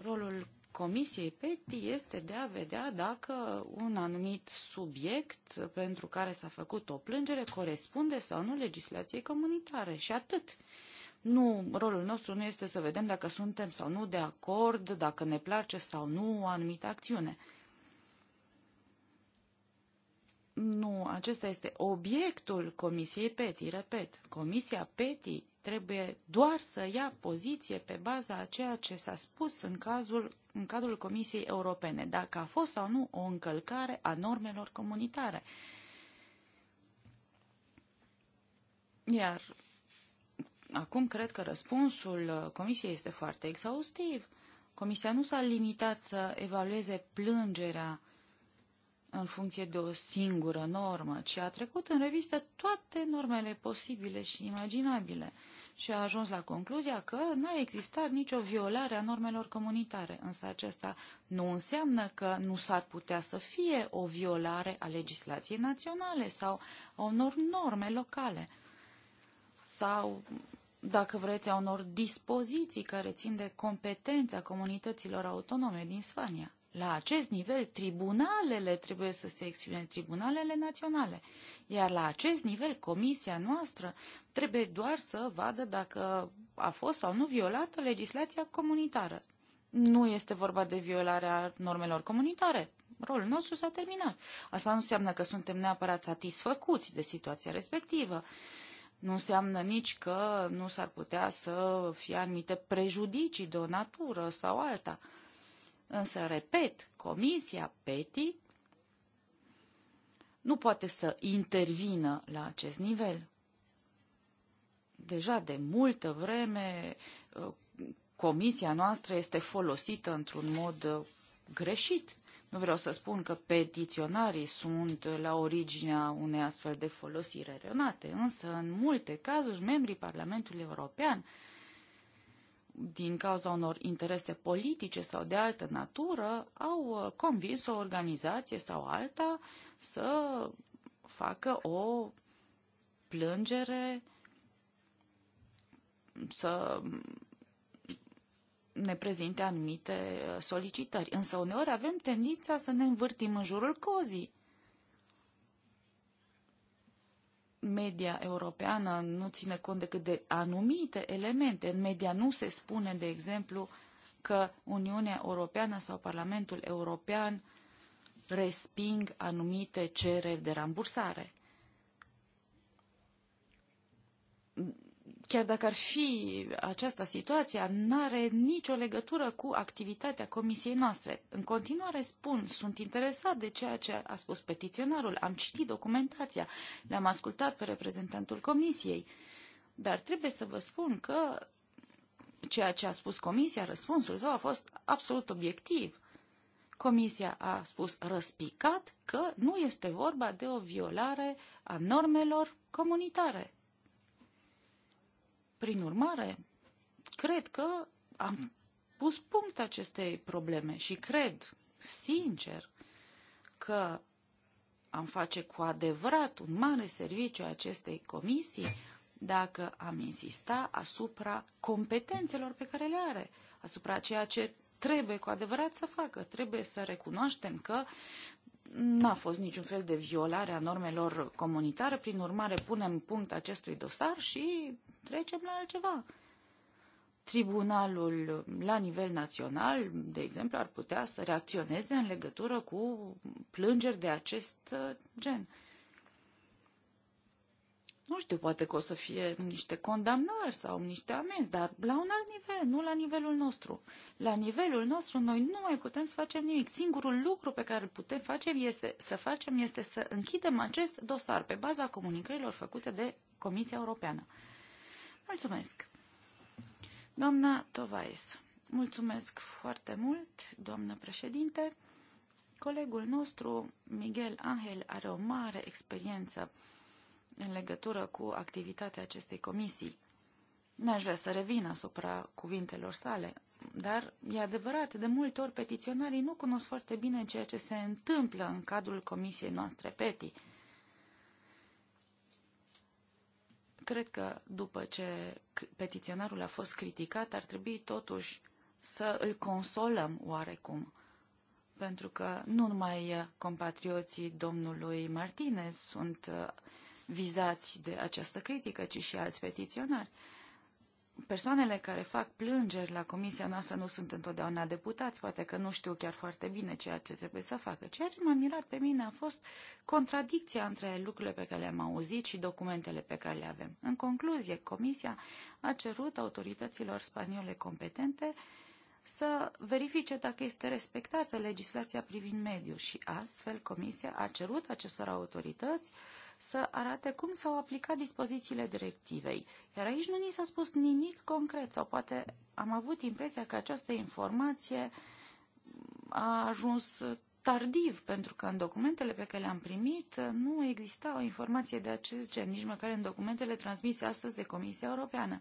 Rolul Comisiei PETI este de a vedea dacă un anumit subiect pentru care s-a făcut o plângere corespunde sau nu legislației comunitare și atât. Nu, rolul nostru nu este să vedem dacă suntem sau nu de acord, dacă ne place sau nu o anumită acțiune. Nu, acesta este obiectul Comisiei PETI, repet. Comisia PETI trebuie doar să ia poziție pe baza a ceea ce s-a spus în cazul în cadrul Comisiei Europene, dacă a fost sau nu o încălcare a normelor comunitare. Iar acum cred că răspunsul uh, Comisiei este foarte exhaustiv. Comisia nu s-a limitat să evalueze plângerea în funcție de o singură normă, ci a trecut în revistă toate normele posibile și imaginabile și a ajuns la concluzia că n-a existat nicio violare a normelor comunitare, însă acesta nu înseamnă că nu s-ar putea să fie o violare a legislației naționale sau a unor norme locale sau, dacă vreți, a unor dispoziții care țin de competența comunităților autonome din Spania la acest nivel, tribunalele trebuie să se exprime, tribunalele naționale. Iar la acest nivel, comisia noastră trebuie doar să vadă dacă a fost sau nu violată legislația comunitară. Nu este vorba de violarea normelor comunitare. Rolul nostru s-a terminat. Asta nu înseamnă că suntem neapărat satisfăcuți de situația respectivă. Nu înseamnă nici că nu s-ar putea să fie anumite prejudicii de o natură sau alta Însă, repet, Comisia PETI nu poate să intervină la acest nivel. Deja de multă vreme uh, comisia noastră este folosită într-un mod uh, greșit. Nu vreau să spun că petiționarii sunt la originea unei astfel de folosiri eronate, însă în multe cazuri membrii Parlamentului European din cauza unor interese politice sau de altă natură, au uh, convins o organizație sau alta să facă o plângere, să ne prezinte anumite uh, solicitări. Însă uneori avem tendința să ne învârtim în jurul cozii. media europeană nu ține cont decât de anumite elemente. În media nu se spune, de exemplu, că Uniunea Europeană sau Parlamentul European resping anumite cereri de rambursare chiar dacă ar fi această situație, nu are nicio legătură cu activitatea comisiei noastre. În continuare spun, sunt interesat de ceea ce a spus petiționarul, am citit documentația, le-am ascultat pe reprezentantul comisiei, dar trebuie să vă spun că ceea ce a spus comisia, răspunsul său a fost absolut obiectiv. Comisia a spus răspicat că nu este vorba de o violare a normelor comunitare. Prin urmare, cred că am pus punct acestei probleme și cred, sincer, că am face cu adevărat un mare serviciu acestei comisii dacă am insista asupra competențelor pe care le are, asupra ceea ce trebuie cu adevărat să facă. Trebuie să recunoaștem că N-a fost niciun fel de violare a normelor comunitare, prin urmare punem punct acestui dosar și trecem la altceva. Tribunalul la nivel național, de exemplu, ar putea să reacționeze în legătură cu plângeri de acest gen nu știu, poate că o să fie niște condamnări sau niște amenzi, dar la un alt nivel, nu la nivelul nostru. La nivelul nostru noi nu mai putem să facem nimic. Singurul lucru pe care îl putem face este să facem este să închidem acest dosar pe baza comunicărilor făcute de Comisia Europeană. Mulțumesc. Doamna Tovais, mulțumesc foarte mult, doamnă președinte. Colegul nostru, Miguel Angel, are o mare experiență în legătură cu activitatea acestei comisii. N-aș vrea să revin asupra cuvintelor sale, dar e adevărat, de multe ori petiționarii nu cunosc foarte bine ceea ce se întâmplă în cadrul comisiei noastre PETI. Cred că după ce petiționarul a fost criticat, ar trebui totuși să îl consolăm oarecum. Pentru că nu numai eh, compatrioții domnului Martinez sunt uh, vizați de această critică, ci și alți petiționari. Persoanele care fac plângeri la comisia noastră nu sunt întotdeauna deputați, poate că nu știu chiar foarte bine ceea ce trebuie să facă. Ceea ce m-a mirat pe mine a fost contradicția între lucrurile pe care le-am auzit și documentele pe care le avem. În concluzie, comisia a cerut autorităților spaniole competente să verifice dacă este respectată legislația privind mediul și astfel comisia a cerut acestor autorități uh, să arate cum s-au aplicat dispozițiile directivei. Iar aici nu ni s-a spus nimic concret sau poate am avut impresia că această informație a ajuns tardiv, pentru că în documentele pe care le-am primit nu exista o informație de acest gen, nici măcar în documentele transmise astăzi de Comisia Europeană.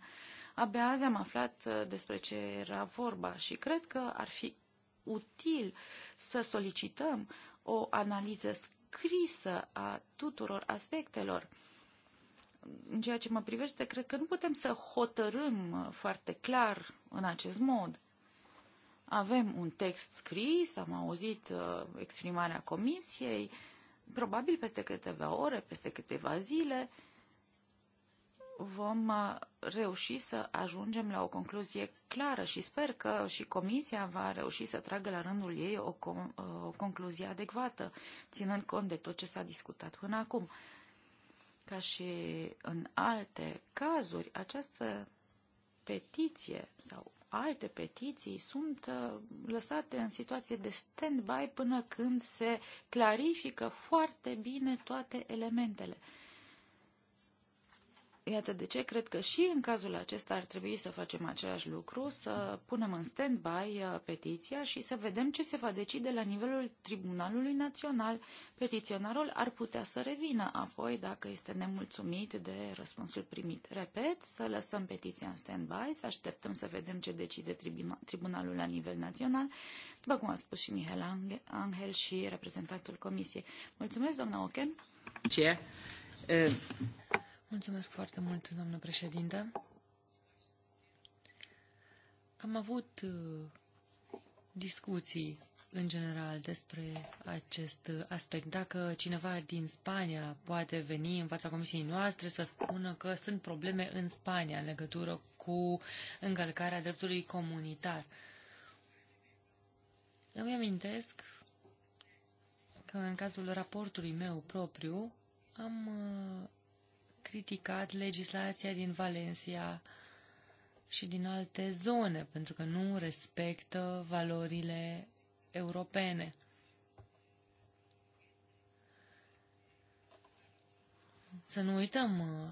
Abia azi am aflat uh, despre ce era vorba și cred că ar fi util să solicităm o analiză scrisă a tuturor aspectelor. În ceea ce mă privește, cred că nu putem să hotărâm uh, foarte clar în acest mod. Avem un text scris, am auzit uh, exprimarea comisiei, probabil peste câteva ore, peste câteva zile, uh, vom uh, reuși să ajungem la o concluzie clară și sper că și Comisia va reuși să tragă la rândul ei o, uh, o concluzie adecvată, ținând cont de tot ce s-a discutat până acum. Ca și în alte cazuri, această petiție sau alte petiții sunt uh, lăsate în situație de stand-by până când se clarifică foarte bine toate elementele. Iată de ce cred că și în cazul acesta ar trebui să facem același lucru, să punem în stand-by uh, petiția și să vedem ce se va decide la nivelul Tribunalului Național. Petiționarul ar putea să revină apoi dacă este nemulțumit de răspunsul primit. Repet, să lăsăm petiția în stand-by, să așteptăm să vedem ce decide tribuna, Tribunalul la nivel național, după cum a spus și Mihel Angel și reprezentantul Comisiei. Mulțumesc, doamna Ochen. Ce? Uh. Mulțumesc foarte mult, doamnă președinte. Am avut uh, discuții în general despre acest aspect. Dacă cineva din Spania poate veni în fața comisiei noastre să spună că sunt probleme în Spania în legătură cu încălcarea dreptului comunitar. Îmi amintesc că în cazul raportului meu propriu am uh, criticat legislația din Valencia și din alte zone, pentru că nu respectă valorile europene. Să nu uităm uh,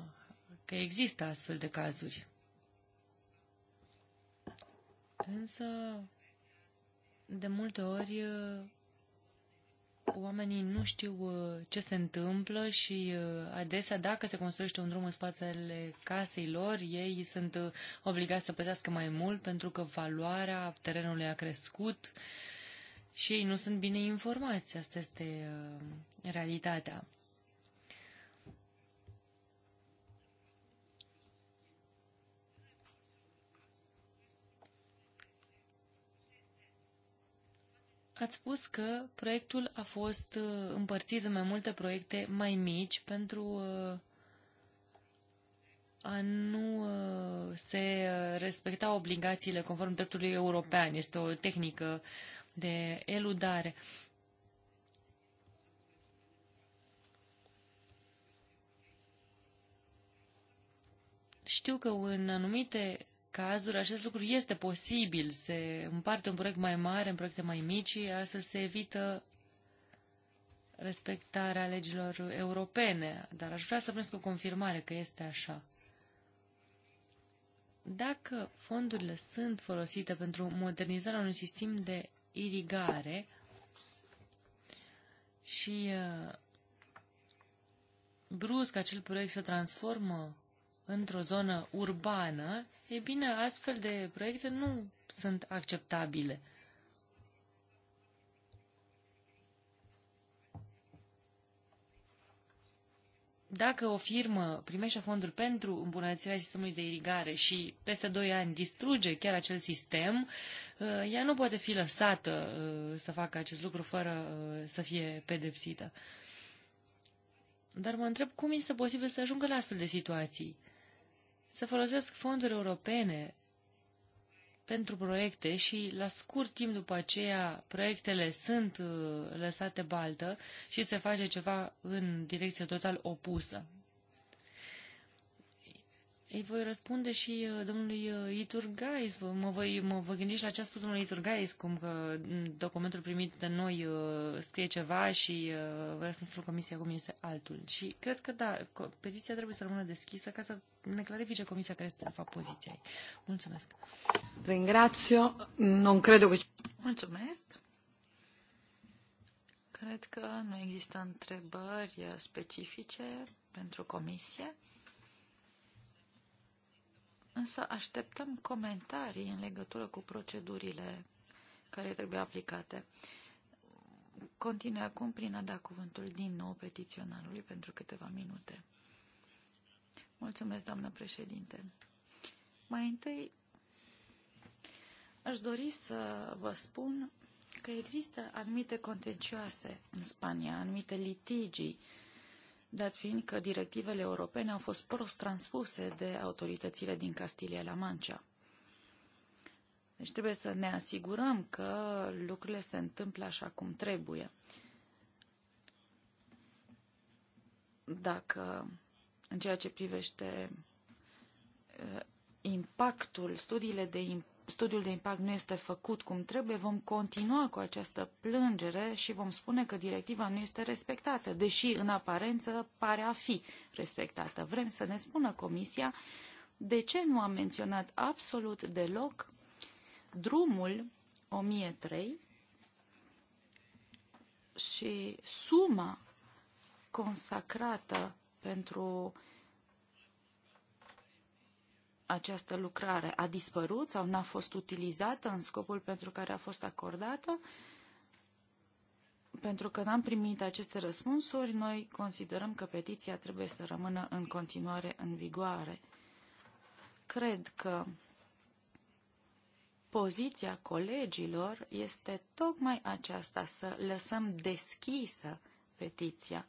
că există astfel de cazuri. Însă, de multe ori, uh, oamenii nu știu uh, ce se întâmplă și uh, adesea dacă se construiește un drum în spatele casei lor, ei sunt uh, obligați să plătească mai mult pentru că valoarea terenului a crescut și ei nu sunt bine informați. Asta este realitatea. Ați spus că proiectul a fost uh, împărțit în mai multe proiecte mai mici pentru uh, a nu uh, se respecta obligațiile conform dreptului european. Este o tehnică de eludare. Știu că în anumite cazuri acest lucru este posibil. Se împarte un proiect mai mare în proiecte mai mici, astfel se evită respectarea legilor europene, dar aș vrea să primesc o confirmare că este așa. Dacă fondurile sunt folosite pentru modernizarea unui sistem de irigare și uh, brusc acel proiect se transformă într-o zonă urbană, ei bine, astfel de proiecte nu sunt acceptabile. Dacă o firmă primește fonduri pentru îmbunătățirea sistemului de irigare și peste 2 ani distruge chiar acel sistem, ă, ea nu poate fi lăsată ă, să facă acest lucru fără ă, să fie pedepsită. Dar mă întreb cum este posibil să ajungă la astfel de situații să folosesc fonduri europene pentru proiecte și la scurt timp după aceea proiectele sunt uh, lăsate baltă și se face ceva în direcție total opusă. Îi voi răspunde și uh, domnului uh, Iturgais. Mă voi, mă voi gândi și la ce a spus domnul Iturgais, cum că documentul primit de noi uh, scrie ceva și răspunsul comisiei acum este altul. Și cred că da, petiția trebuie să rămână deschisă ca să ne clarifice comisia care este de fapt poziția ei. Mulțumesc. Ringrazio. Non credo că... Mulțumesc. Cred că nu există întrebări specifice pentru comisie. Însă așteptăm comentarii în legătură cu procedurile care trebuie aplicate. Continui acum prin a da cuvântul din nou petiționarului pentru câteva minute. Mulțumesc, doamnă președinte. Mai întâi, aș dori să vă spun că există anumite contencioase în Spania, anumite litigii dat fiind că directivele europene au fost prost transpuse de autoritățile din Castilia-La Mancha. Deci trebuie să ne asigurăm că lucrurile se întâmplă așa cum trebuie. Dacă în ceea ce privește uh, impactul, studiile de impact, studiul de impact nu este făcut cum trebuie, vom continua cu această plângere și vom spune că directiva nu este respectată, deși în aparență pare a fi respectată. Vrem să ne spună Comisia de ce nu a menționat absolut deloc drumul 1003 și suma consacrată pentru uh, această lucrare a dispărut sau n-a fost utilizată în scopul pentru care a fost acordată? Pentru că n-am primit aceste răspunsuri, noi considerăm că petiția trebuie să rămână în continuare în vigoare. Cred că poziția colegilor este tocmai aceasta, să lăsăm deschisă petiția.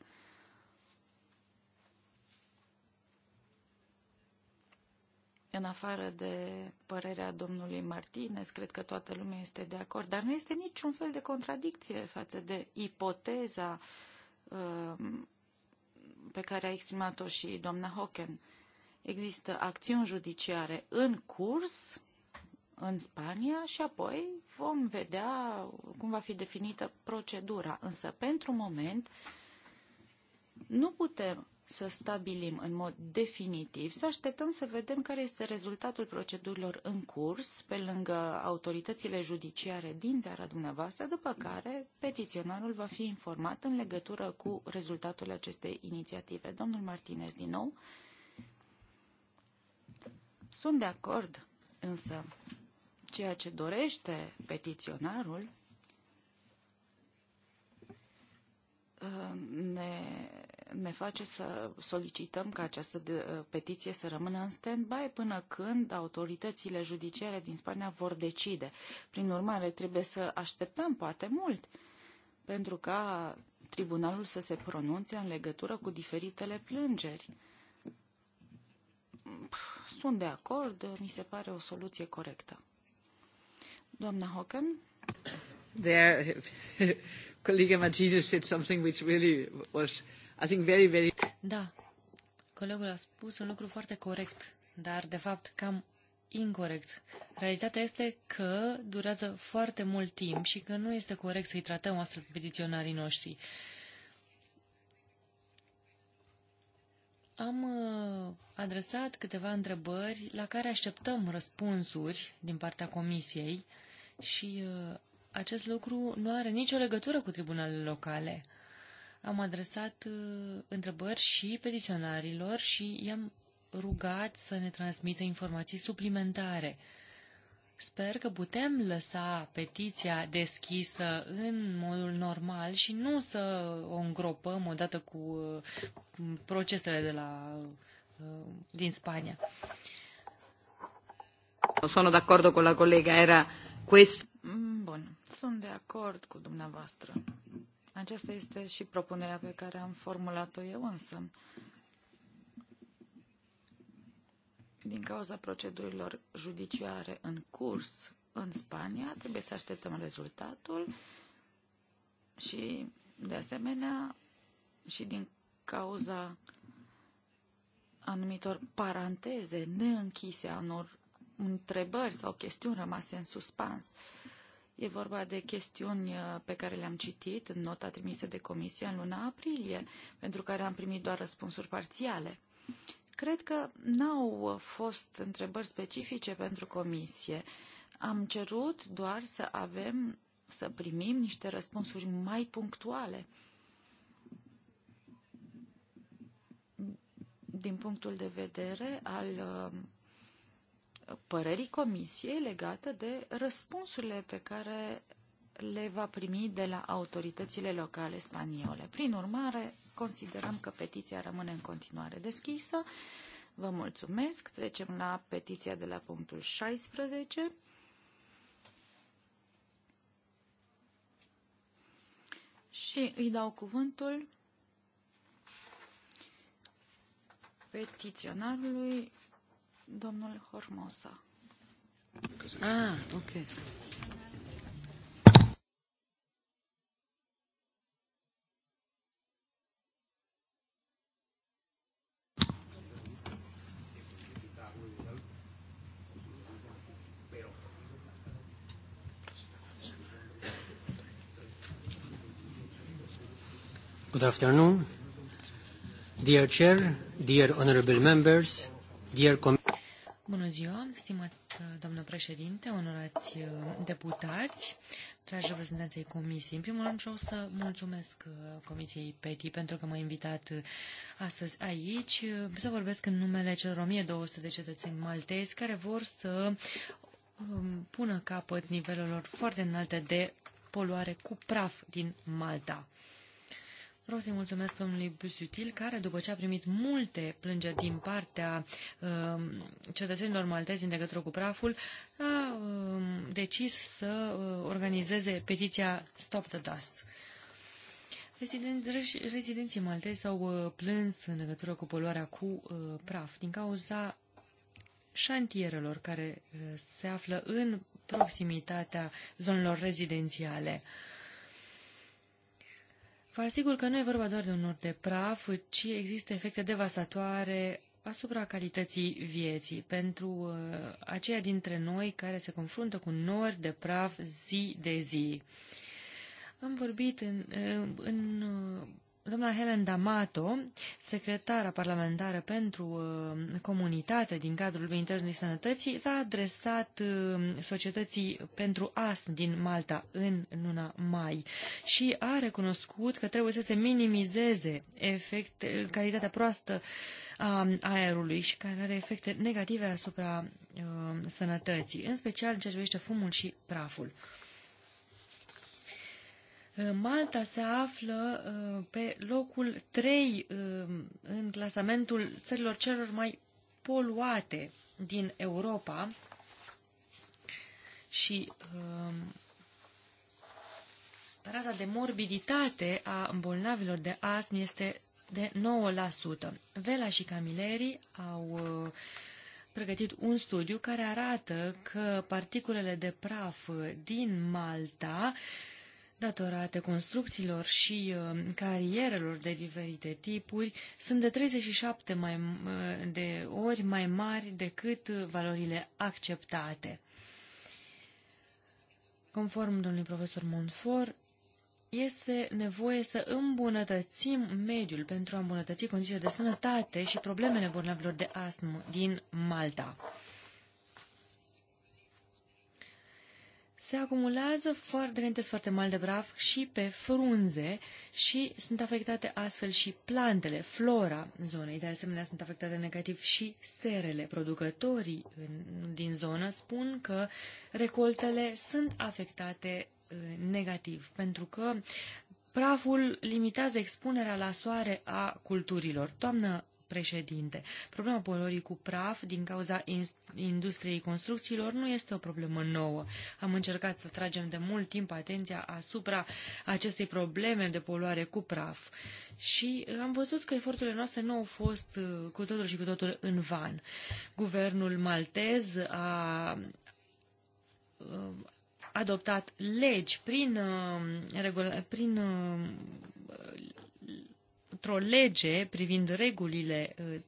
În afară de părerea domnului Martinez, cred că toată lumea este de acord, dar nu este niciun fel de contradicție față de ipoteza uh, pe care a exprimat-o și doamna Hocken. Există acțiuni judiciare în curs în Spania și apoi vom vedea cum va fi definită procedura. Însă, pentru moment, nu putem să stabilim în mod definitiv, să așteptăm să vedem care este rezultatul procedurilor în curs pe lângă autoritățile judiciare din țara dumneavoastră, după care petiționarul va fi informat în legătură cu rezultatul acestei inițiative. Domnul Martinez, din nou, sunt de acord, însă ceea ce dorește petiționarul ne, ne face să solicităm ca această uh, petiție să rămână în stand-by până când autoritățile judiciare din Spania vor decide. Prin urmare, trebuie să așteptăm poate mult pentru ca tribunalul să se pronunțe în legătură cu diferitele plângeri. Sunt de acord, mi se pare o soluție corectă. Doamna Hocken? There, Colleague Martinez said something which really was, I think, very, very... Da, colegul a spus un lucru foarte corect, dar, de fapt, cam incorrect. Realitatea este că durează foarte mult timp și că nu este corect să-i tratăm astfel pe petiționarii noștri. Am uh, adresat câteva întrebări la care așteptăm răspunsuri din partea comisiei și uh, acest lucru nu are nicio legătură cu tribunalele locale. Am adresat uh, întrebări și petiționarilor și i-am rugat să ne transmită informații suplimentare. Sper că putem lăsa petiția deschisă în modul normal și nu să o îngropăm odată cu uh, procesele de la, uh, din Spania. Sono d'accordo con la collega, era Quest... Mm, bun, sunt de acord cu dumneavoastră. Aceasta este și propunerea pe care am formulat-o eu însă. Din cauza procedurilor judiciare în curs în Spania, trebuie să așteptăm rezultatul și, de asemenea, și din cauza anumitor paranteze neînchise a unor întrebări sau chestiuni rămase în suspans. E vorba de chestiuni uh, pe care le-am citit în nota trimisă de comisie în luna aprilie, pentru care am primit doar răspunsuri parțiale. Cred că n-au fost întrebări specifice pentru comisie. Am cerut doar să avem, să primim niște răspunsuri mai punctuale. Din punctul de vedere al uh, părerii comisiei legate de răspunsurile pe care le va primi de la autoritățile locale spaniole. Prin urmare, considerăm că petiția rămâne în continuare deschisă. Vă mulțumesc. Trecem la petiția de la punctul 16. Și îi dau cuvântul petiționarului Domnul Hormosa. Ah, ok. Good afternoon. Dear Chair, dear honorable members, dear Bună ziua, stimat uh, domnul președinte, onorați uh, deputați, dragi reprezentanței comisiei. În primul rând vreau să mulțumesc uh, Comisiei PETI pentru că m-a invitat astăzi aici să vorbesc în numele celor 1200 de cetățeni maltezi care vor să um, pună capăt nivelurilor foarte înalte de poluare cu praf din Malta. Vreau să-i mulțumesc domnului Busutil, care, după ce a primit multe plângeri din partea uh, cetățenilor maltezi în legătură cu praful, a uh, decis să uh, organizeze petiția Stop the Dust. Reziden rezidenții maltezi s-au uh, plâns în legătură cu poluarea cu uh, praf din cauza șantierelor care uh, se află în proximitatea zonelor rezidențiale. Uh, Vă asigur că nu e vorba doar de un nor de praf, ci există efecte devastatoare asupra calității vieții pentru uh, aceia dintre noi care se confruntă cu nori de praf zi de zi. Am vorbit în, uh, în uh, Doamna Helen D'Amato, secretara parlamentară pentru uh, comunitate din cadrul Ministerului Sănătății, s-a adresat uh, societății pentru astm din Malta în luna mai și a recunoscut că trebuie să se minimizeze efect, calitatea proastă a aerului și care are efecte negative asupra uh, sănătății, în special în ceea ce privește fumul și praful. Malta se află uh, pe locul 3 uh, în clasamentul țărilor celor mai poluate din Europa și um, rata de morbiditate a bolnavilor de astm este de 9%. Vela și Camilleri au uh, pregătit un studiu care arată că particulele de praf din Malta uh, datorate construcțiilor și uh, carierelor de diferite tipuri, sunt de 37 mai, uh, de ori mai mari decât uh, valorile acceptate. Conform domnului profesor Montfort, este nevoie să îmbunătățim mediul pentru a îmbunătăți condițiile de sănătate și problemele bolnavilor de astm din Malta. se acumulează foarte rentezi foarte mal de praf și pe frunze și sunt afectate astfel și plantele, flora zonei. De asemenea, sunt afectate negativ și serele. Producătorii din zonă spun că recoltele sunt afectate uh, negativ, pentru că praful limitează expunerea la soare a culturilor. Toamnă președinte. Problema poluării cu praf din cauza industriei construcțiilor nu este o problemă nouă. Am încercat să tragem de mult timp atenția asupra acestei probleme de poluare cu praf și am văzut că eforturile noastre nu au fost uh, cu totul și cu totul în van. Guvernul maltez a uh, adoptat legi prin, uh, prin într-o lege privind regulile uh,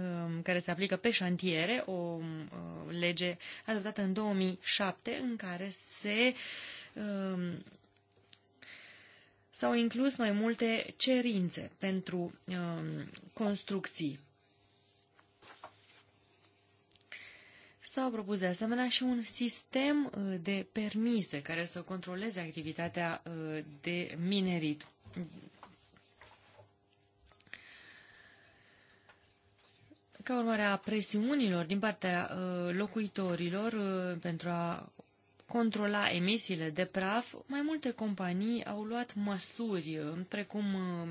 um, care se aplică pe șantiere, o um, uh, lege adoptată în 2007 în care se um, s-au inclus mai multe cerințe pentru construcții. S-au propus de asemenea și un sistem uh, de permise care să controleze activitatea de minerit ca urmare a presiunilor din partea uh, locuitorilor uh, pentru a controla emisiile de praf, mai multe companii au luat măsuri, uh, precum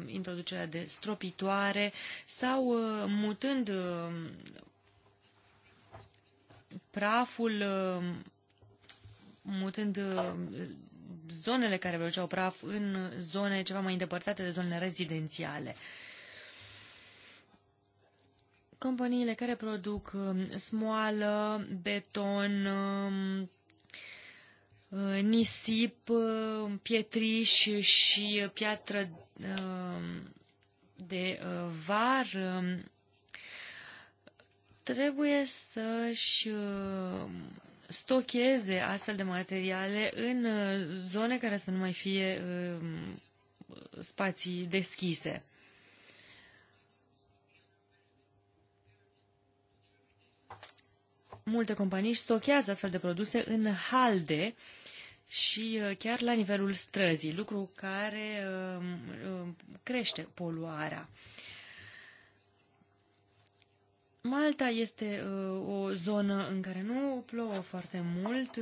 introducerea de stropitoare sau mutând praful, mutând zonele care produceau praf în zone ceva mai îndepărtate de zonele rezidențiale companiile care produc um, smoală, beton, um, uh, nisip, um, pietriș și piatră de uh, var trebuie să-și stocheze astfel de materiale în uh, zone care să nu mai fie spații deschise. multe companii își stochează astfel de produse în halde și uh, chiar la nivelul străzii, lucru care uh, uh, crește poluarea. Malta este o zonă în care nu plouă foarte mult.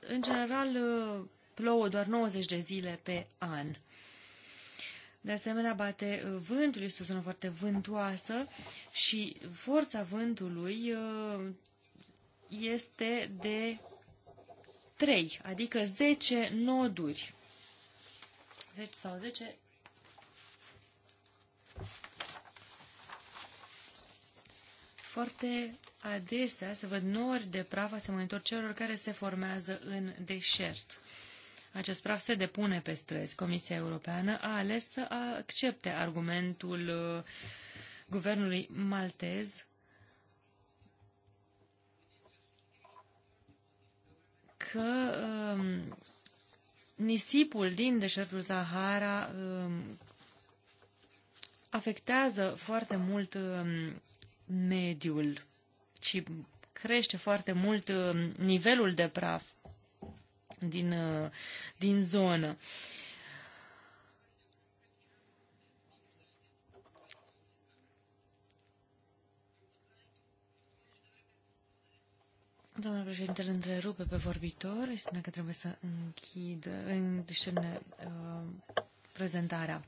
în general, plouă doar 90 de zile pe an. De asemenea, bate uh, vântul, este o zonă foarte vântoasă și forța vântului uh, este de 3, adică 10 noduri. 10 sau 10 foarte adesea se văd nori de praf asemănător celor care se formează în deșert. Acest praf se depune pe străzi. Comisia Europeană a ales să accepte argumentul uh, guvernului maltez că um, nisipul din deșertul Sahara um, afectează foarte mult um, mediul și crește foarte mult um, nivelul de praf din, uh, din zonă. Doamna președinte, îl întrerupe pe vorbitor și spune că trebuie să închid, însemne uh, prezentarea.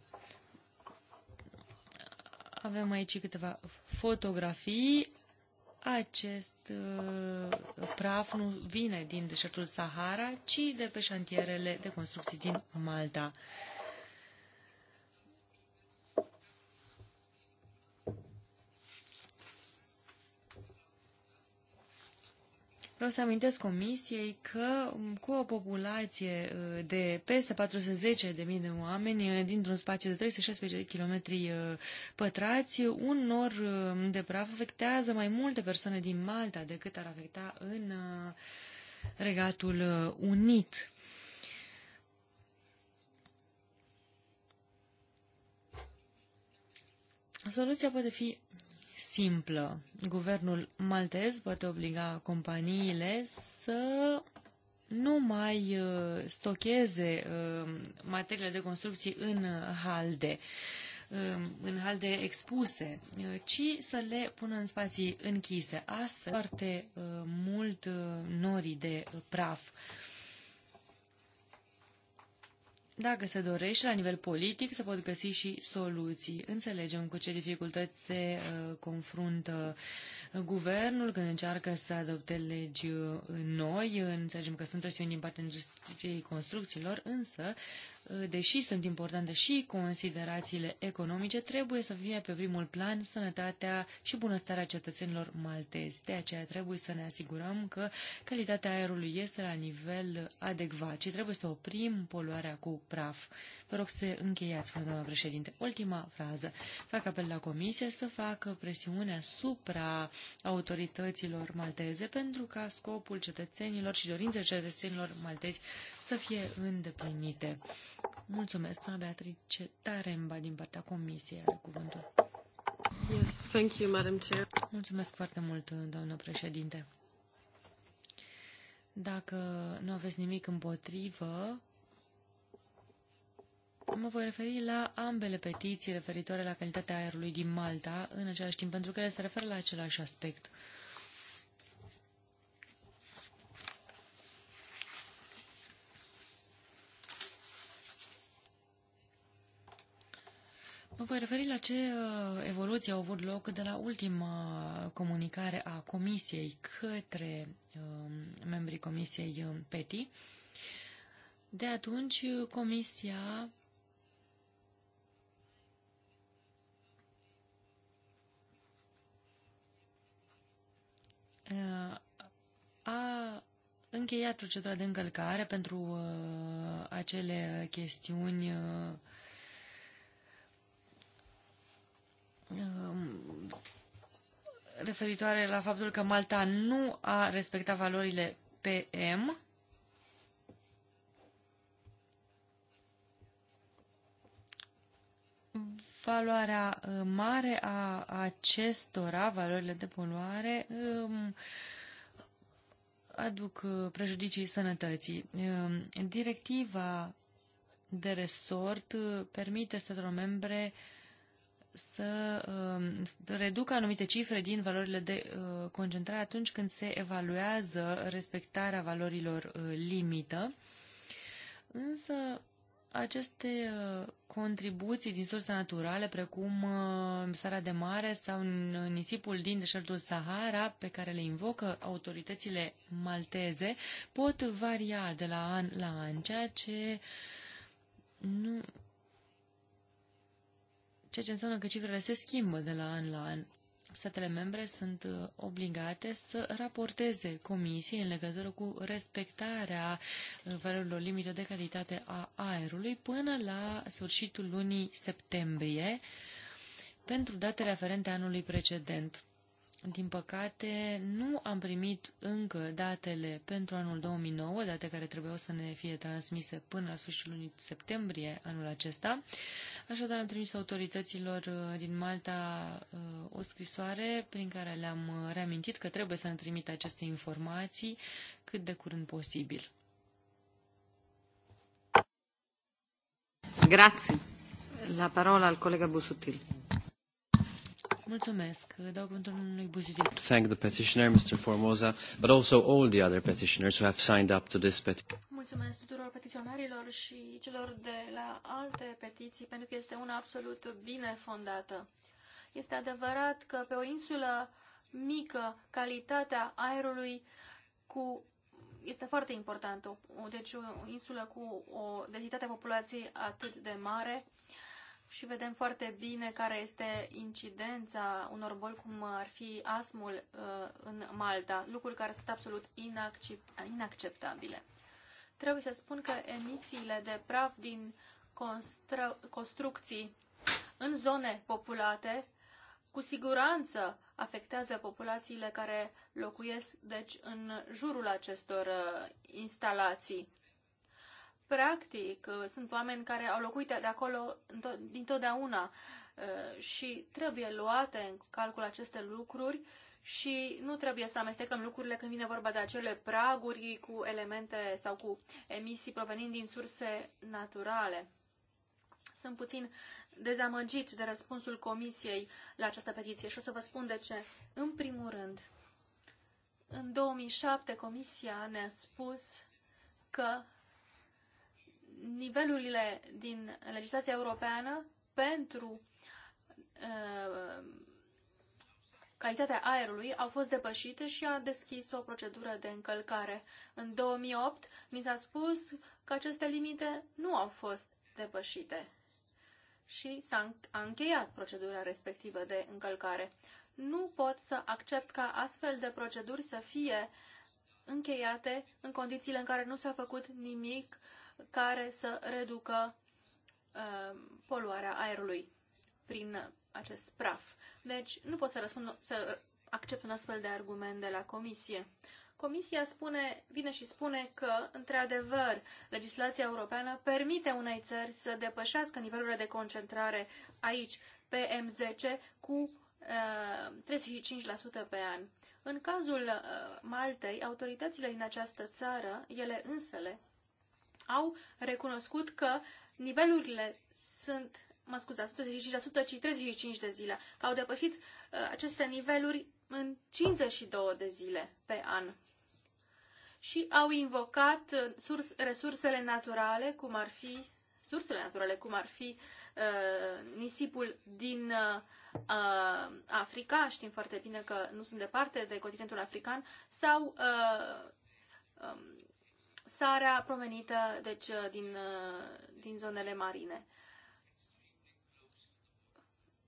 Avem aici câteva fotografii acest uh, praf nu vine din deșertul Sahara, ci de pe șantierele de construcții din Malta. Uh, Vreau să amintesc Comisiei că um, cu o populație uh, de peste 410.000 de oameni uh, dintr-un spațiu de 316 km uh, pătrați, un nor de praf afectează mai multe persoane din Malta decât ar afecta în Regatul Unit. Soluția poate fi simplă. Guvernul maltez poate obliga companiile să nu mai uh, stocheze uh, materiile de construcții în halde, um, în halde expuse, uh, ci să le pună în spații închise. Astfel, foarte mult norii de praf. Dacă se dorește, la nivel politic, se pot găsi și soluții. Înțelegem cu ce dificultăți se uh, confruntă uh, guvernul când încearcă să adopte legi uh, noi. Înțelegem că sunt presiuni din partea industriei construcțiilor, însă, uh, deși sunt importante și considerațiile economice, trebuie să fie pe primul plan sănătatea și bunăstarea cetățenilor maltezi. De aceea trebuie să ne asigurăm că calitatea aerului este la nivel adecvat și trebuie să oprim poluarea cu praf. Vă rog să încheiați, doamna președinte. Ultima frază. Fac apel la comisie să facă presiune asupra autorităților malteze pentru ca scopul cetățenilor și dorințele cetățenilor maltezi să fie îndeplinite. Mulțumesc, doamna Beatrice Taremba, din partea comisiei, are cuvântul. Yes, thank you, Madam Chair. Mulțumesc foarte mult, doamnă președinte. Dacă nu aveți nimic împotrivă, Mă voi referi la ambele petiții referitoare la calitatea aerului din Malta, în același timp, pentru că ele se referă la același aspect. Mă voi referi la ce uh, evoluții au avut loc de la ultima comunicare a Comisiei către um, membrii Comisiei uh, PETI. De atunci, Comisia încheiat procedura de încălcare pentru uh, acele chestiuni uh, um, referitoare la faptul că Malta nu a respectat valorile PM. Valoarea uh, mare a acestora, valorile de poluare, uh, aduc uh, prejudicii sănătății. Um, directiva de resort uh, permite statelor membre să um, reducă anumite cifre din valorile de uh, concentrare atunci când se evaluează respectarea valorilor limită. Însă, aceste uh, contribuții din surse naturale, precum uh, sarea de mare sau uh, nisipul din deșertul Sahara, pe care le invocă autoritățile malteze, pot varia de la an la an, ceea ce nu ceea ce înseamnă că cifrele se schimbă de la an la an statele membre sunt uh, obligate să raporteze comisiei în legătură cu respectarea uh, valorilor limite de calitate a aerului până la sfârșitul lunii septembrie pentru date referente anului precedent. Din păcate, nu am primit încă datele pentru anul 2009, date care trebuiau să ne fie transmise până la sfârșitul lunii septembrie anul acesta. Așadar, am trimis autorităților uh, din Malta uh, o scrisoare prin care le-am uh, reamintit că trebuie să ne trimit aceste informații cât de curând posibil. Grazie. La parola al colega Busutil. Mulțumesc. Dau cuvântul lui Buzutil. Thank the petitioner, Mr. Formosa, but also all the other petitioners who have signed up to this petition. Mulțumesc tuturor petiționarilor și celor de la alte petiții, pentru că este una absolut bine fondată. Este adevărat că pe o insulă mică, calitatea aerului cu este foarte importantă. Deci o insulă cu o densitate a populației atât de mare uh, și vedem foarte bine care este incidența unor boli cum ar fi asmul uh, în Malta, lucruri care sunt absolut inacceptabile. Trebuie să spun că emisiile de praf din construcții în zone populate cu siguranță afectează populațiile care locuiesc deci în jurul acestor uh, instalații practic, uh, sunt oameni care au locuit de acolo dintotdeauna uh, și trebuie luate în calcul aceste lucruri și nu trebuie să amestecăm lucrurile când vine vorba de acele praguri cu elemente sau cu emisii provenind din surse naturale. Sunt puțin dezamăgit de răspunsul Comisiei la această petiție și o să vă spun de ce. În primul rând, în 2007 Comisia ne-a spus că nivelurile din legislația europeană pentru uh, calitatea aerului au fost depășite și a deschis o procedură de încălcare. În 2008 ni s-a spus că aceste limite nu au fost depășite și s-a încheiat procedura respectivă de încălcare. Nu pot să accept ca astfel de proceduri să fie încheiate în condițiile în care nu s-a făcut nimic care să reducă uh, poluarea aerului prin acest praf. Deci nu pot să, răspund, să accept un astfel de argument de la Comisie. Comisia spune, vine și spune că, într-adevăr, legislația europeană permite unei țări să depășească nivelurile de concentrare aici, PM10, cu uh, 35% pe an. În cazul uh, Maltei, autoritățile din această țară, ele însele, au recunoscut că nivelurile sunt, mă scuzați, 135%, ci 35 de zile, că au depășit uh, aceste niveluri în 52 de zile pe an. Și au invocat uh, resursele naturale, cum ar fi sursele naturale, cum ar fi uh, nisipul din uh, uh, Africa, știm foarte bine că nu sunt departe de continentul african, sau uh, um, sarea provenită deci, uh, din, uh, din zonele marine.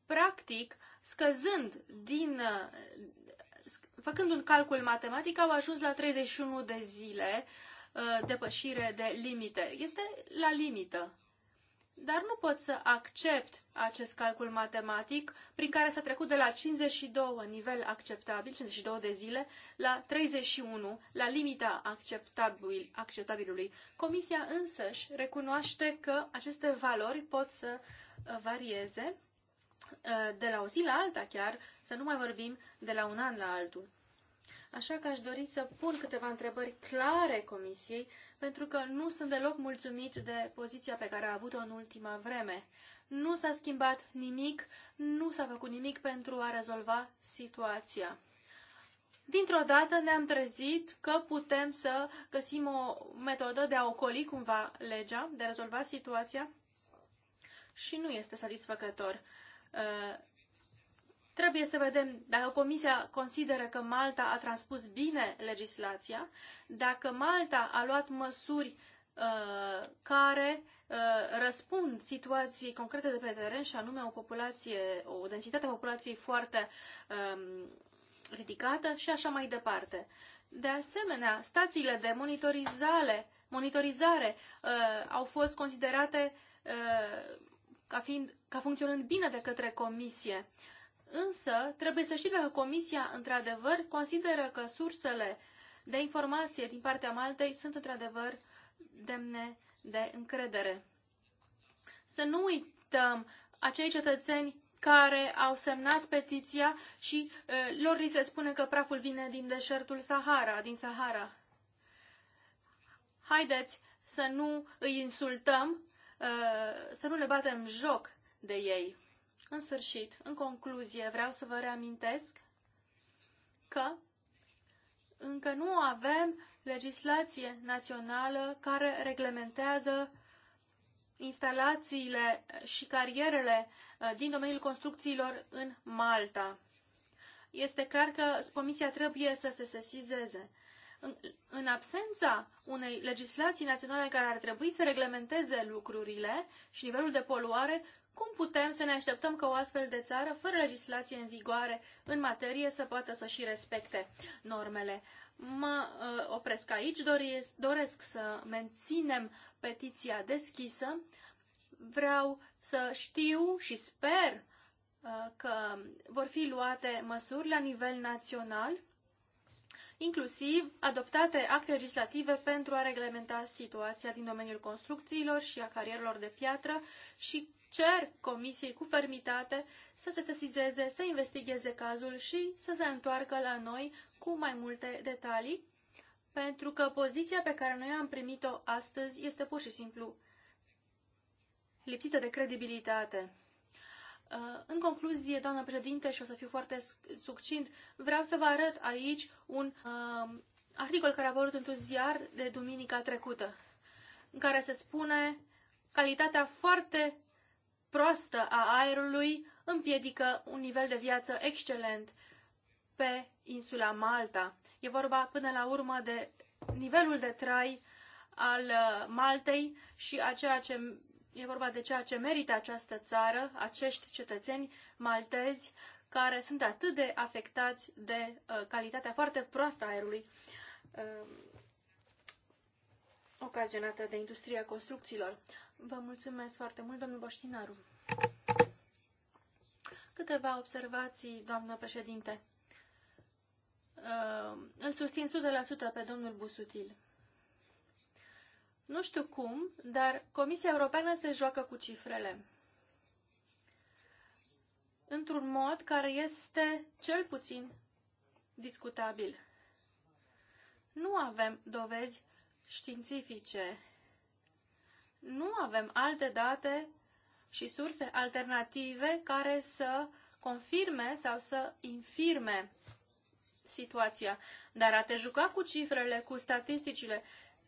Practic, scăzând din, uh, făcând un calcul matematic, au ajuns la 31 de zile depășire de limite. Este la limită dar nu pot să accept acest calcul matematic prin care s-a trecut de la 52 nivel acceptabil, 52 de zile, la 31, la limita acceptabil, acceptabilului. Comisia însăși recunoaște că aceste valori pot să uh, varieze uh, de la o zi la alta chiar, să nu mai vorbim de la un an la altul. Așa că aș dori să pun câteva întrebări clare Comisiei, pentru că nu sunt deloc mulțumit de poziția pe care a avut-o în ultima vreme. Nu s-a schimbat nimic, nu s-a făcut nimic pentru a rezolva situația. Dintr-o dată ne-am trezit că putem să găsim o metodă de a ocoli cumva legea, de a rezolva situația și nu este satisfăcător. Uh, Trebuie să vedem dacă Comisia consideră că Malta a transpus bine legislația, dacă Malta a luat măsuri uh, care uh, răspund situații concrete de pe teren și anume o populație, o densitate a populației foarte um, ridicată și așa mai departe. De asemenea, stațiile de monitorizare, monitorizare uh, au fost considerate uh, ca, fiind, ca funcționând bine de către comisie. Uh, Însă, trebuie să știți că Comisia, într-adevăr, consideră că sursele de informație din partea Maltei sunt, într-adevăr, demne de încredere. Să nu uităm acei cetățeni care au semnat petiția și uh, lor li se spune că praful vine din deșertul Sahara, din Sahara. Haideți să nu îi insultăm, uh, să nu le batem joc de ei. În sfârșit, în concluzie, vreau să vă reamintesc că încă nu avem legislație națională care reglementează instalațiile și carierele uh, din domeniul construcțiilor în Malta. Este clar că Comisia trebuie să se sesizeze. În, în absența unei legislații naționale care ar trebui să reglementeze lucrurile și nivelul de poluare, cum putem să ne așteptăm că o astfel de țară, fără legislație în vigoare în materie, să poată să și respecte normele? Mă uh, opresc aici, doresc, doresc să menținem petiția deschisă. Vreau să știu și sper uh, că vor fi luate măsuri la nivel național, inclusiv adoptate acte legislative pentru a reglementa situația din domeniul construcțiilor și a carierelor de piatră și cer comisiei cu fermitate să se sesizeze, să investigheze cazul și să se întoarcă la noi cu mai multe detalii, pentru că poziția pe care noi am primit-o astăzi este pur și simplu lipsită de credibilitate. Uh, în concluzie, doamnă președinte, și o să fiu foarte succint, vreau să vă arăt aici un uh, articol care a apărut într-un ziar de duminica trecută, în care se spune calitatea foarte proastă a aerului împiedică un nivel de viață excelent pe insula Malta. E vorba până la urmă de nivelul de trai al uh, Maltei și a ceea ce e vorba de ceea ce merită această țară, acești cetățeni maltezi care sunt atât de afectați de uh, calitatea foarte proastă a aerului uh, ocazionată de industria construcțiilor. Vă mulțumesc foarte mult, domnul Boștinaru. Câteva observații, doamnă președinte. Uh, îl susțin 100% pe domnul Busutil. Nu știu cum, dar Comisia Europeană se joacă cu cifrele într-un mod care este cel puțin discutabil. Nu avem dovezi științifice. Nu avem alte date și surse alternative care să confirme sau să infirme situația. Dar a te juca cu cifrele, cu statisticile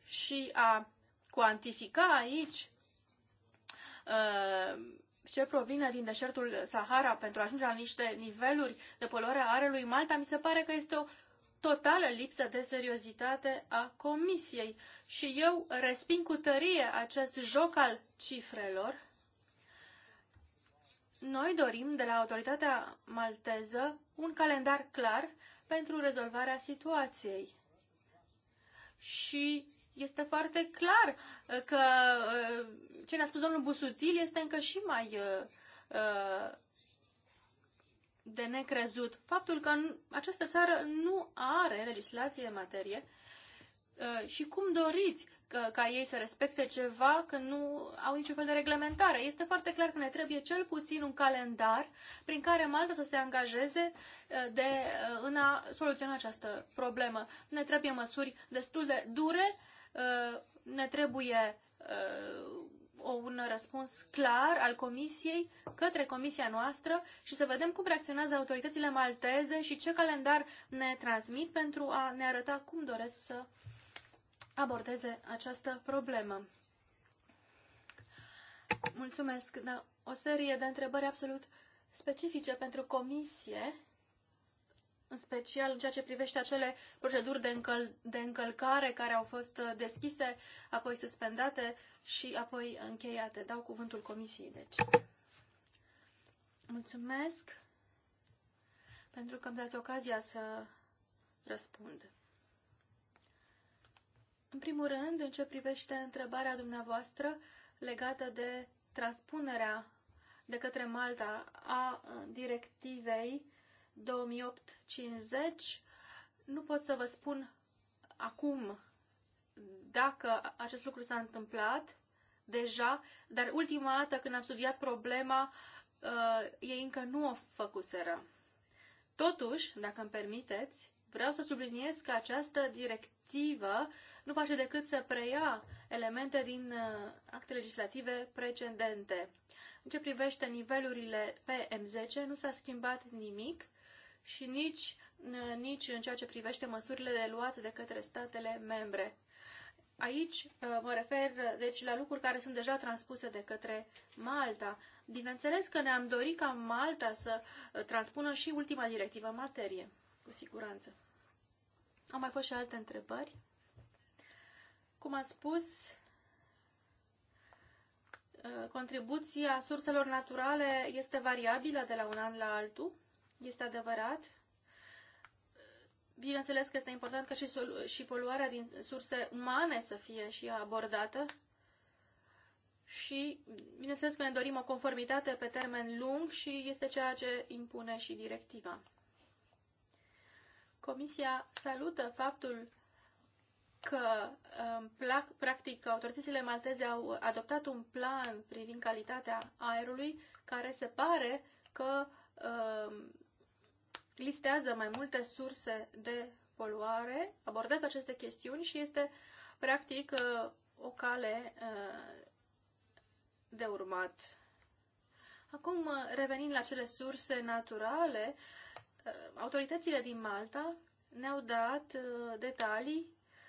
și a cuantifica aici uh, ce provine din deșertul Sahara pentru a ajunge la niște niveluri de poluare a arelui Malta, mi se pare că este o totală lipsă de seriozitate a Comisiei și eu resping cu tărie acest joc al cifrelor. Noi dorim de la autoritatea malteză un calendar clar pentru rezolvarea situației. Și este foarte clar uh, că uh, ce ne-a spus domnul Busutil este încă și mai uh, de necrezut faptul că această țară nu are legislație în materie uh, și cum doriți ca ei să respecte ceva când nu au niciun fel de reglementare. Este foarte clar că ne trebuie cel puțin un calendar prin care Malta să se angajeze uh, de, uh, în a soluționa această problemă. Ne trebuie măsuri destul de dure, ne trebuie un răspuns clar al Comisiei către Comisia noastră și să vedem cum reacționează autoritățile malteze și ce calendar ne transmit pentru a ne arăta cum doresc să abordeze această problemă. Mulțumesc. Da, o serie de întrebări absolut specifice pentru Comisie în special în ceea ce privește acele proceduri de, încăl- de încălcare care au fost uh, deschise, apoi suspendate și apoi încheiate. Dau cuvântul comisiei, deci. Mulțumesc pentru că îmi dați ocazia să răspund. În primul rând, în ce privește întrebarea dumneavoastră legată de transpunerea de către Malta a uh, directivei 2008-50. Nu pot să vă spun acum dacă acest lucru s-a întâmplat deja, dar ultima dată când am studiat problema, uh, ei încă nu o făcuseră. Totuși, dacă îmi permiteți, vreau să subliniez că această directivă nu face decât să preia elemente din uh, acte legislative precedente. În ce privește nivelurile PM10, nu s-a schimbat nimic și nici, nici în ceea ce privește măsurile de luat de către statele membre. Aici uh, mă refer deci, la lucruri care sunt deja transpuse de către Malta. Bineînțeles că ne-am dorit ca Malta să uh, transpună și ultima directivă în materie, cu siguranță. Au mai fost și alte întrebări. Cum ați spus, uh, contribuția surselor naturale este variabilă de la un an la altul este adevărat. Bineînțeles că este important ca și, și poluarea din surse umane să fie și abordată și, bineînțeles că ne dorim o conformitate pe termen lung și este ceea ce impune și directiva. Comisia salută faptul că, um, practic, autoritățile malteze au adoptat un plan privind calitatea aerului care se pare că um, listează mai multe surse de poluare, abordează aceste chestiuni și este practic uh, o cale uh, de urmat. Acum, uh, revenind la cele surse naturale, autoritățile din Malta ne-au dat detalii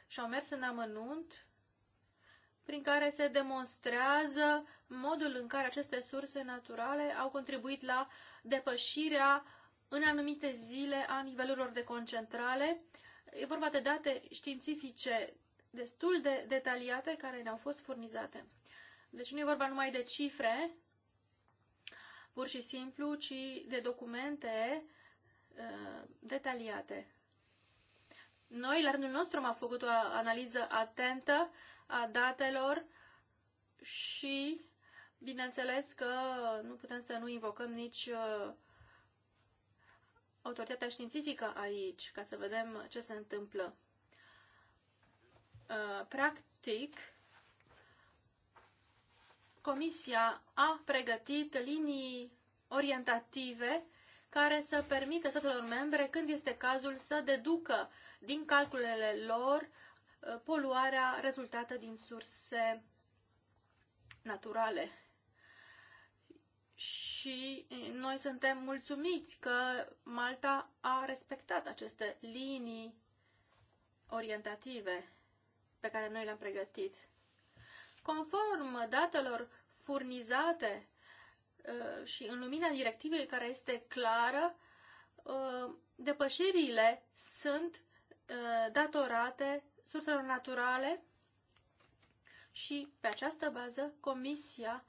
și au mers în amănunt prin care se demonstrează modul în care aceste surse naturale au contribuit la depășirea în anumite zile a nivelurilor de concentrare. E vorba de date științifice destul de detaliate care ne-au fost furnizate. Deci nu e vorba numai de cifre, pur și simplu, ci de documente uh, detaliate. Noi, la rândul nostru, am făcut o analiză atentă a datelor și, bineînțeles, că nu putem să nu invocăm nici uh, autoritatea științifică aici, ca să vedem ce se întâmplă. Uh, practic, Comisia a pregătit linii orientative care să permită statelor membre, când este cazul, să deducă din calculele lor uh, poluarea rezultată din surse naturale și noi suntem mulțumiți că Malta a respectat aceste linii orientative pe care noi le-am pregătit. Conform datelor furnizate și în lumina directivei care este clară, depășirile sunt datorate surselor naturale și pe această bază Comisia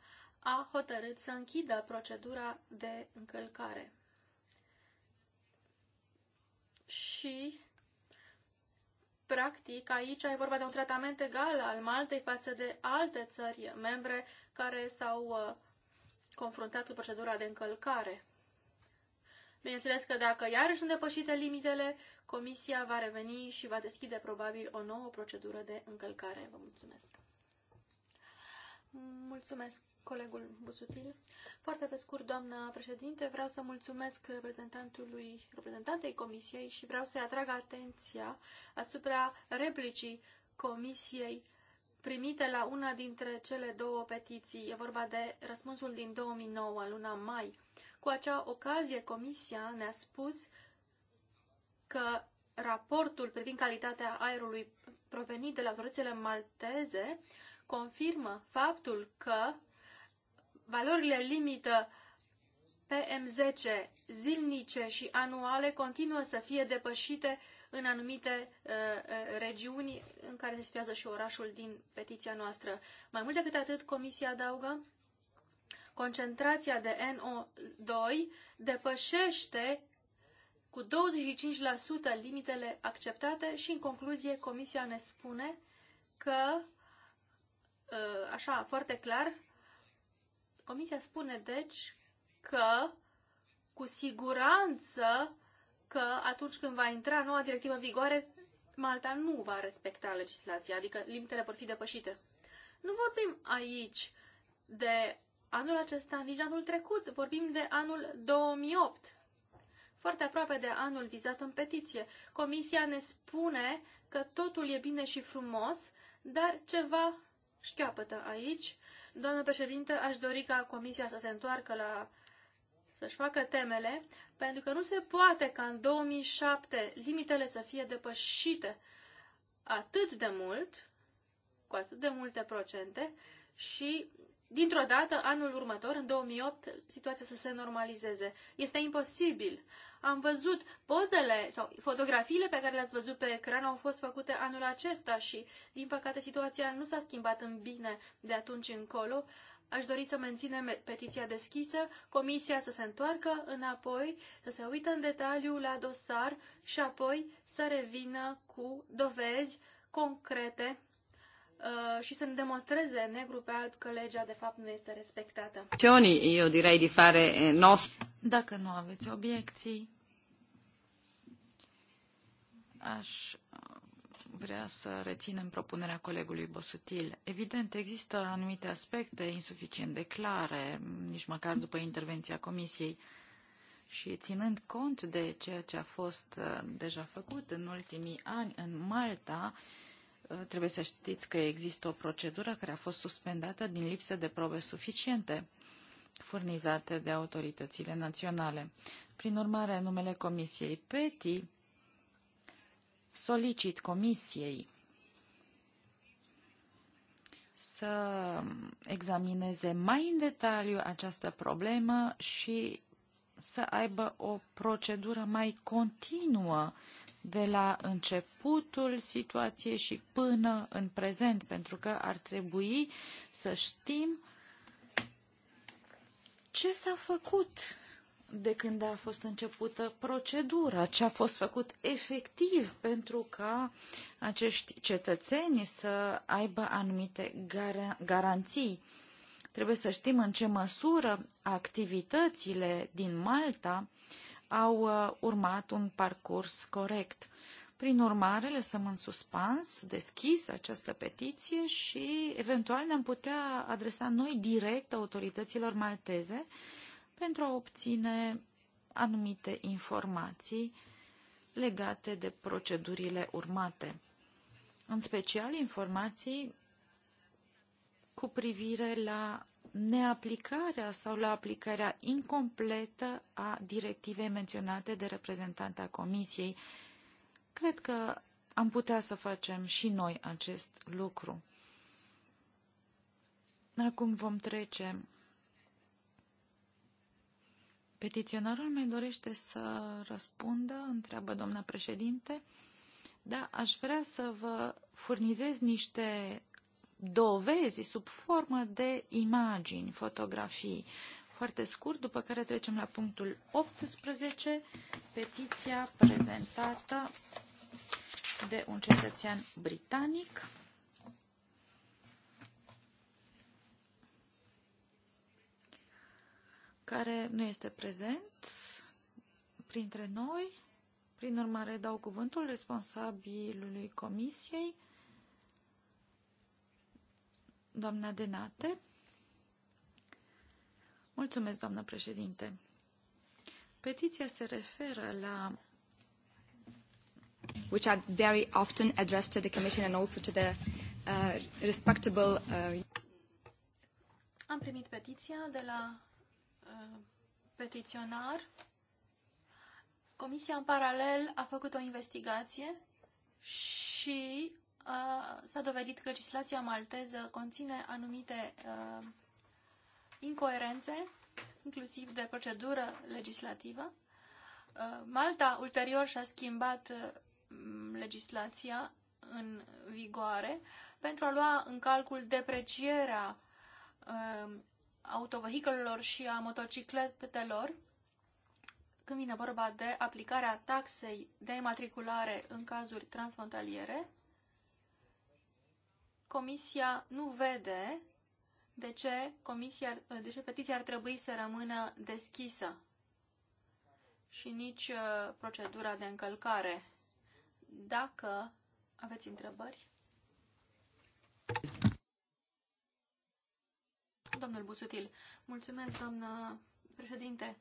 a hotărât să închidă procedura de încălcare. Și, practic, aici e vorba de un tratament egal al Maltei față de alte țări membre care s-au uh, confruntat cu procedura de încălcare. Bineînțeles că dacă iarăși sunt depășite limitele, Comisia va reveni și va deschide probabil o nouă procedură de încălcare. Vă mulțumesc! Mulțumesc, colegul Busutil. Foarte pe scurt, doamna președinte, vreau să mulțumesc reprezentantului, reprezentantei comisiei și vreau să-i atrag atenția asupra replicii comisiei primite la una dintre cele două petiții. E vorba de răspunsul din 2009, luna mai. Cu acea ocazie, comisia ne-a spus că raportul privind calitatea aerului provenit de la autoritățile malteze uh, confirmă faptul că valorile limită PM10 zilnice și anuale continuă să fie depășite în anumite uh, uh, regiuni în care se situează și orașul din petiția noastră. Mai mult decât atât, Comisia adaugă concentrația de NO2 depășește cu 25% limitele acceptate și, în concluzie, Comisia ne spune că Uh, așa foarte clar, Comisia spune deci că cu siguranță că atunci când va intra noua directivă în vigoare, Malta nu va respecta legislația, adică limitele vor fi depășite. Nu vorbim aici de anul acesta, nici anul trecut, vorbim de anul 2008, foarte aproape de anul vizat în petiție. Comisia ne spune că totul e bine și frumos, dar ceva șcheapătă aici. Doamnă președinte, aș dori ca comisia să se întoarcă la să-și facă temele, pentru că nu se poate ca în 2007 limitele să fie depășite atât de mult, cu atât de multe procente, și dintr-o dată, anul următor, în 2008, situația să se normalizeze. Este imposibil. Am văzut pozele sau fotografiile pe care le-ați văzut pe ecran au fost făcute anul acesta și, din păcate, situația nu s-a schimbat în bine de atunci încolo. Aș dori să menținem petiția deschisă, comisia să se întoarcă înapoi, să se uită în detaliu la dosar și apoi să revină cu dovezi concrete Uh, și să ne demonstreze negru pe alb că legea de fapt nu este respectată. Eu direi de fare eh, nos. Dacă nu aveți obiecții, aș uh, vrea să reținem propunerea colegului Bosutil. Evident, există anumite aspecte insuficient de clare, nici măcar după intervenția Comisiei. Și ținând cont de ceea ce a fost uh, deja făcut în ultimii ani în Malta, uh, Uh, trebuie să știți că există o procedură care a fost suspendată din lipsă de probe suficiente furnizate de autoritățile naționale. Prin urmare, numele Comisiei PETI solicit Comisiei să examineze mai în detaliu această problemă și să aibă o procedură mai continuă de la începutul situației și până în prezent, pentru că ar trebui să știm ce s-a făcut de când a fost începută procedura, ce a fost făcut efectiv pentru ca acești cetățeni să aibă anumite gar garanții. Trebuie să știm în ce măsură activitățile din Malta uh, au uh, urmat un parcurs corect. Prin urmare, lăsăm în suspans deschis această petiție și eventual ne-am putea adresa noi direct autorităților malteze pentru a obține anumite informații legate de procedurile urmate. În special informații cu privire la neaplicarea sau la aplicarea incompletă a directivei menționate de reprezentanta Comisiei. Cred că am putea să facem și noi acest lucru. Acum vom trece. Petiționarul mai dorește să răspundă, întreabă doamna președinte. Da, aș vrea să vă furnizez niște dovezi sub formă de imagini, fotografii. Foarte scurt, după care trecem la punctul 18, petiția prezentată de un cetățean britanic. care nu este prezent printre noi. Prin urmare, dau cuvântul responsabilului comisiei, Doamna Denate? Mulțumesc, doamnă președinte. Petiția se referă la which are very often addressed to the Commission and also to the uh, respectable... Uh... Am primit petiția de la uh, petiționar. Comisia în paralel a făcut o investigație și s-a dovedit că legislația malteză conține anumite uh, incoerențe, inclusiv de procedură legislativă. Malta ulterior și-a schimbat legislația în vigoare pentru a lua în calcul deprecierea autovehiculelor și a motocicletelor când vine vorba de aplicarea taxei de matriculare în cazuri transfrontaliere Comisia nu vede de ce, comisia, de ce petiția ar trebui să rămână deschisă și nici uh, procedura de încălcare. Dacă aveți întrebări? Domnul Busutil, mulțumesc, doamnă președinte.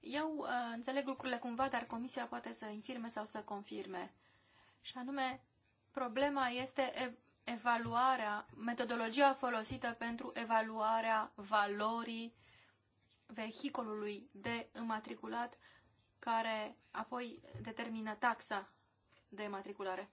Eu uh, înțeleg lucrurile cumva, dar comisia poate să infirme sau să confirme. Și anume, problema este evaluarea, metodologia folosită pentru evaluarea valorii vehiculului de înmatriculat care apoi determină taxa de matriculare.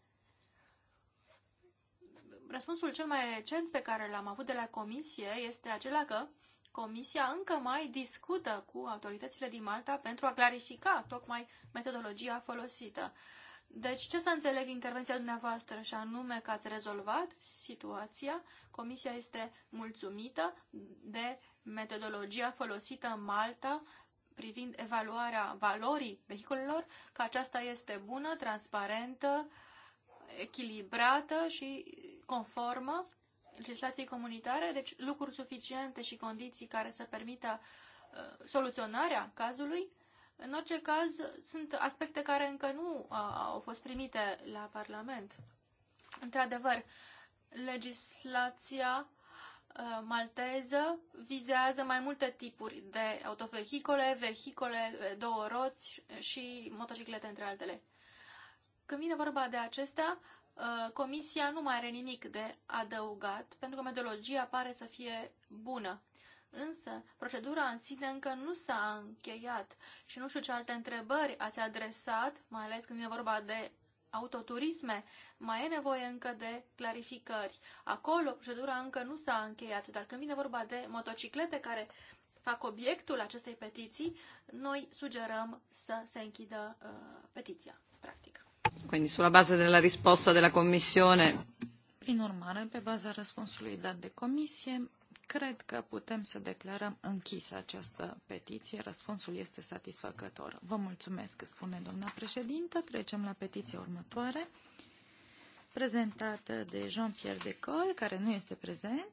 Răspunsul cel mai recent pe care l-am avut de la comisie este acela că comisia încă mai discută cu autoritățile din Malta pentru a clarifica tocmai metodologia folosită. Uh, deci, ce să înțeleg intervenția dumneavoastră și anume că ați rezolvat situația, comisia este mulțumită de metodologia folosită în Malta privind evaluarea valorii vehiculelor, că aceasta este bună, transparentă, echilibrată și conformă legislației comunitare, deci lucruri suficiente și condiții care să permită uh, soluționarea cazului în orice caz, sunt aspecte care încă nu au fost primite la Parlament. Într-adevăr, legislația malteză vizează mai multe tipuri de autovehicole, vehicole, două roți și motociclete, între altele. Când vine vorba de acestea, Comisia nu mai are nimic de adăugat, pentru că metodologia pare să fie bună. Însă, procedura în sine încă nu s-a încheiat și nu știu ce alte întrebări ați adresat, mai ales când e vorba de autoturisme, mai e nevoie încă de clarificări. Acolo procedura încă nu s-a încheiat, dar când vine vorba de motociclete care fac obiectul acestei petiții, noi sugerăm să se închidă uh, petiția, practic. Quindi sulla base della risposta della Commissione. Prin urmare, pe baza răspunsului dat de Comisie, Cred că putem să declarăm închisă această petiție. Răspunsul este satisfăcător. Vă mulțumesc, spune doamna președintă. Trecem la petiția următoare, prezentată de Jean-Pierre Decol, care nu este prezent.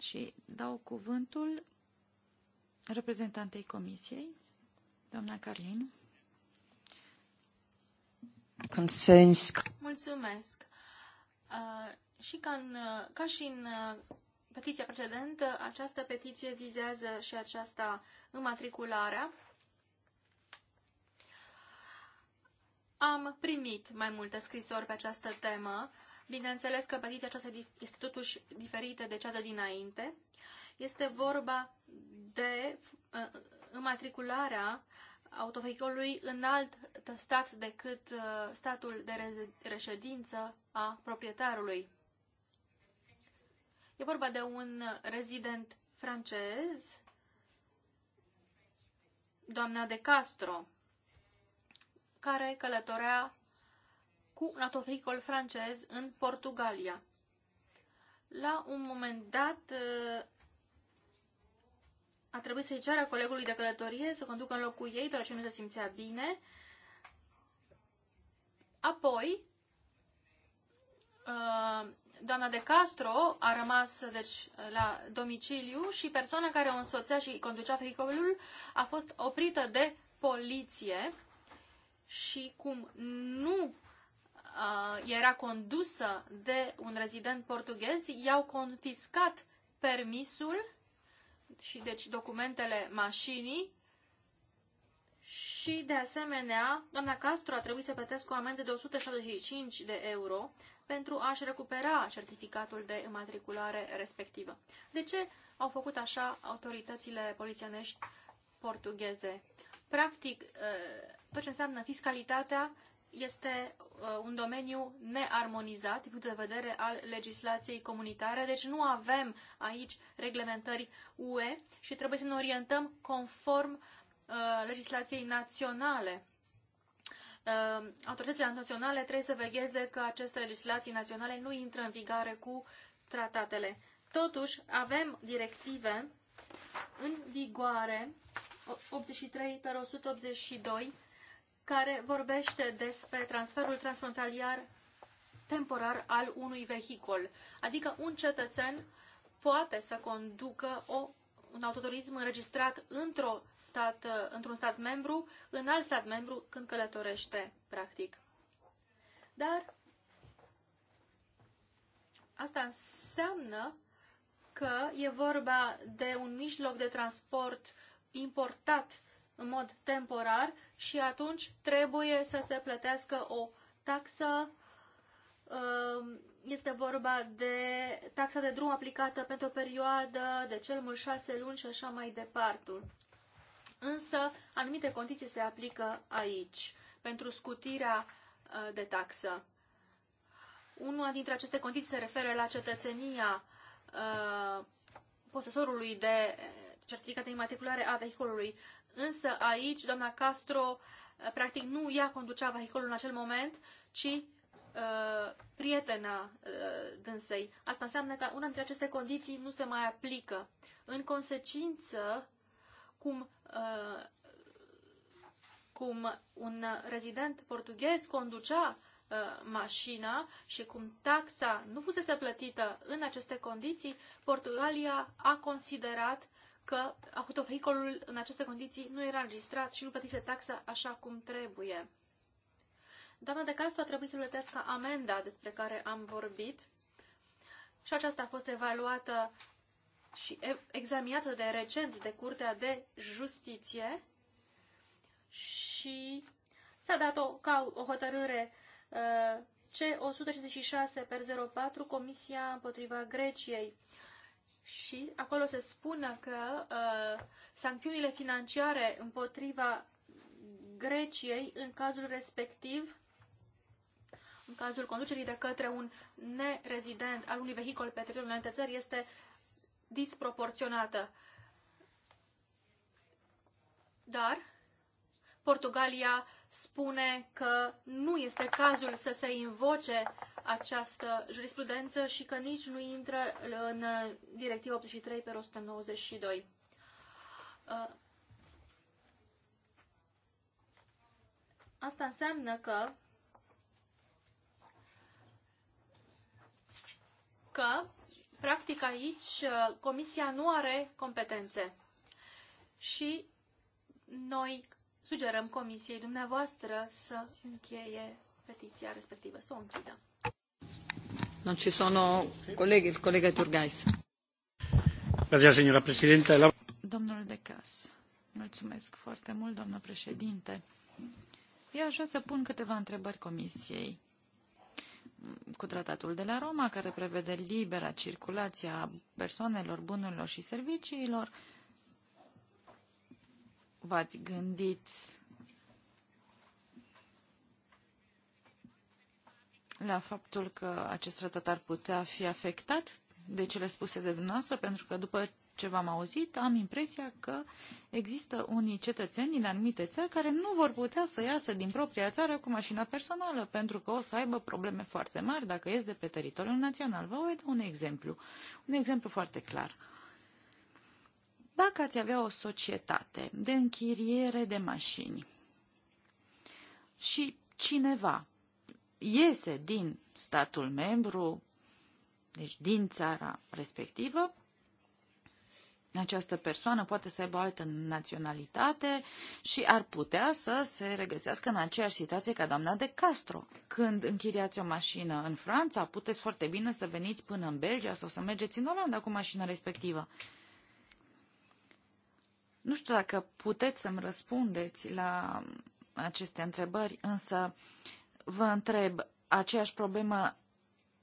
Și dau cuvântul reprezentantei comisiei, doamna Carlin. Concerns. Mulțumesc. Uh și ca, în, ca și în uh, petiția precedentă, uh, această petiție vizează și aceasta înmatricularea. Am primit mai multe scrisori pe această temă. Bineînțeles că petiția aceasta este totuși diferită de cea de dinainte. Este vorba de uh, înmatricularea autovehicolului în alt stat decât statul de reședință a proprietarului. E vorba de un rezident francez, doamna de Castro, care călătorea cu un autovricol francez în Portugalia. La un moment dat a trebuit să-i ceară colegului de călătorie să conducă în locul ei, deoarece nu se simțea bine. Apoi, uh, doamna de Castro a rămas deci, la domiciliu și persoana care o însoțea și conducea vehiculul a fost oprită de poliție și cum nu uh, era condusă de un rezident portughez, i-au confiscat permisul și deci documentele mașinii și, de asemenea, doamna Castro a trebuit să plătească o amendă de 175 de euro pentru a-și recupera certificatul de înmatriculare respectivă. De ce au făcut așa autoritățile polițienești portugheze? Practic, eh, tot ce înseamnă fiscalitatea este eh, un domeniu nearmonizat din punct de vedere al legislației comunitare, deci nu avem aici reglementări UE și trebuie să ne orientăm conform eh, legislației naționale Uh, autoritățile naționale trebuie să vegheze că aceste legislații naționale nu intră în vigoare cu tratatele. Totuși, avem directive în vigoare 83 pe 182 care vorbește despre transferul transfrontalier temporar al unui vehicul. Adică un cetățen poate să conducă o un autoturism înregistrat într-un stat, într stat membru în alt stat membru când călătorește, practic. Dar asta înseamnă că e vorba de un mijloc de transport importat în mod temporar și atunci trebuie să se plătească o taxă um, este vorba de taxa de drum aplicată pentru o perioadă de cel mult șase luni și așa mai departe. Însă, anumite condiții se aplică aici pentru scutirea uh, de taxă. Una dintre aceste condiții se referă la cetățenia uh, posesorului de certificat de imatriculare a vehiculului. Însă aici, doamna Castro, uh, practic nu ea conducea vehiculul în acel moment, ci Uh, prietena uh, dânsei. Asta înseamnă că una dintre aceste condiții nu se mai aplică. În consecință, cum, uh, cum un rezident portughez conducea uh, mașina și cum taxa nu fusese plătită în aceste condiții, Portugalia a considerat că autovehiculul în aceste condiții nu era înregistrat și nu plătise taxa așa cum trebuie. Doamna de Castro a trebuit să plătească amenda despre care am vorbit și aceasta a fost evaluată și examinată de recent de Curtea de Justiție și s-a dat o, ca o hotărâre uh, C166 per 04 Comisia împotriva Greciei și acolo se spune că uh, sancțiunile financiare împotriva Greciei în cazul respectiv în cazul conducerii de către un nerezident al unui vehicul pe teritoriul unei țări este disproporționată. Dar Portugalia spune că nu este cazul să se invoce această jurisprudență și că nici nu intră în directiva 83 pe 192. Uh, asta înseamnă că că, practic, aici uh, Comisia nu are competențe. Și noi sugerăm Comisiei dumneavoastră să încheie petiția respectivă, să o închidă. Non ci sono colleghi, il collega Turgais. Grazie, signora Presidente. La... Domnul De Cas, mulțumesc foarte mult, doamnă președinte. Eu aș vrea să pun câteva întrebări Comisiei cu tratatul de la Roma, care prevede libera circulație a persoanelor, bunurilor și serviciilor. V-ați gândit la faptul că acest tratat ar putea fi afectat de cele spuse de dumneavoastră, pentru că după ce v-am auzit, am impresia că există unii cetățeni din anumite țări care nu vor putea să iasă din propria țară cu mașina personală, pentru că o să aibă probleme foarte mari dacă ies de pe teritoriul național. Vă voi da un exemplu, un exemplu foarte clar. Dacă ați avea o societate de închiriere de mașini și cineva iese din statul membru, deci din țara respectivă, această persoană poate să aibă o altă naționalitate și ar putea să se regăsească în aceeași situație ca doamna de Castro. Când închiriați o mașină în Franța, puteți foarte bine să veniți până în Belgia sau să mergeți în Olanda cu mașina respectivă. Nu știu dacă puteți să-mi răspundeți la aceste întrebări, însă vă întreb, aceeași problemă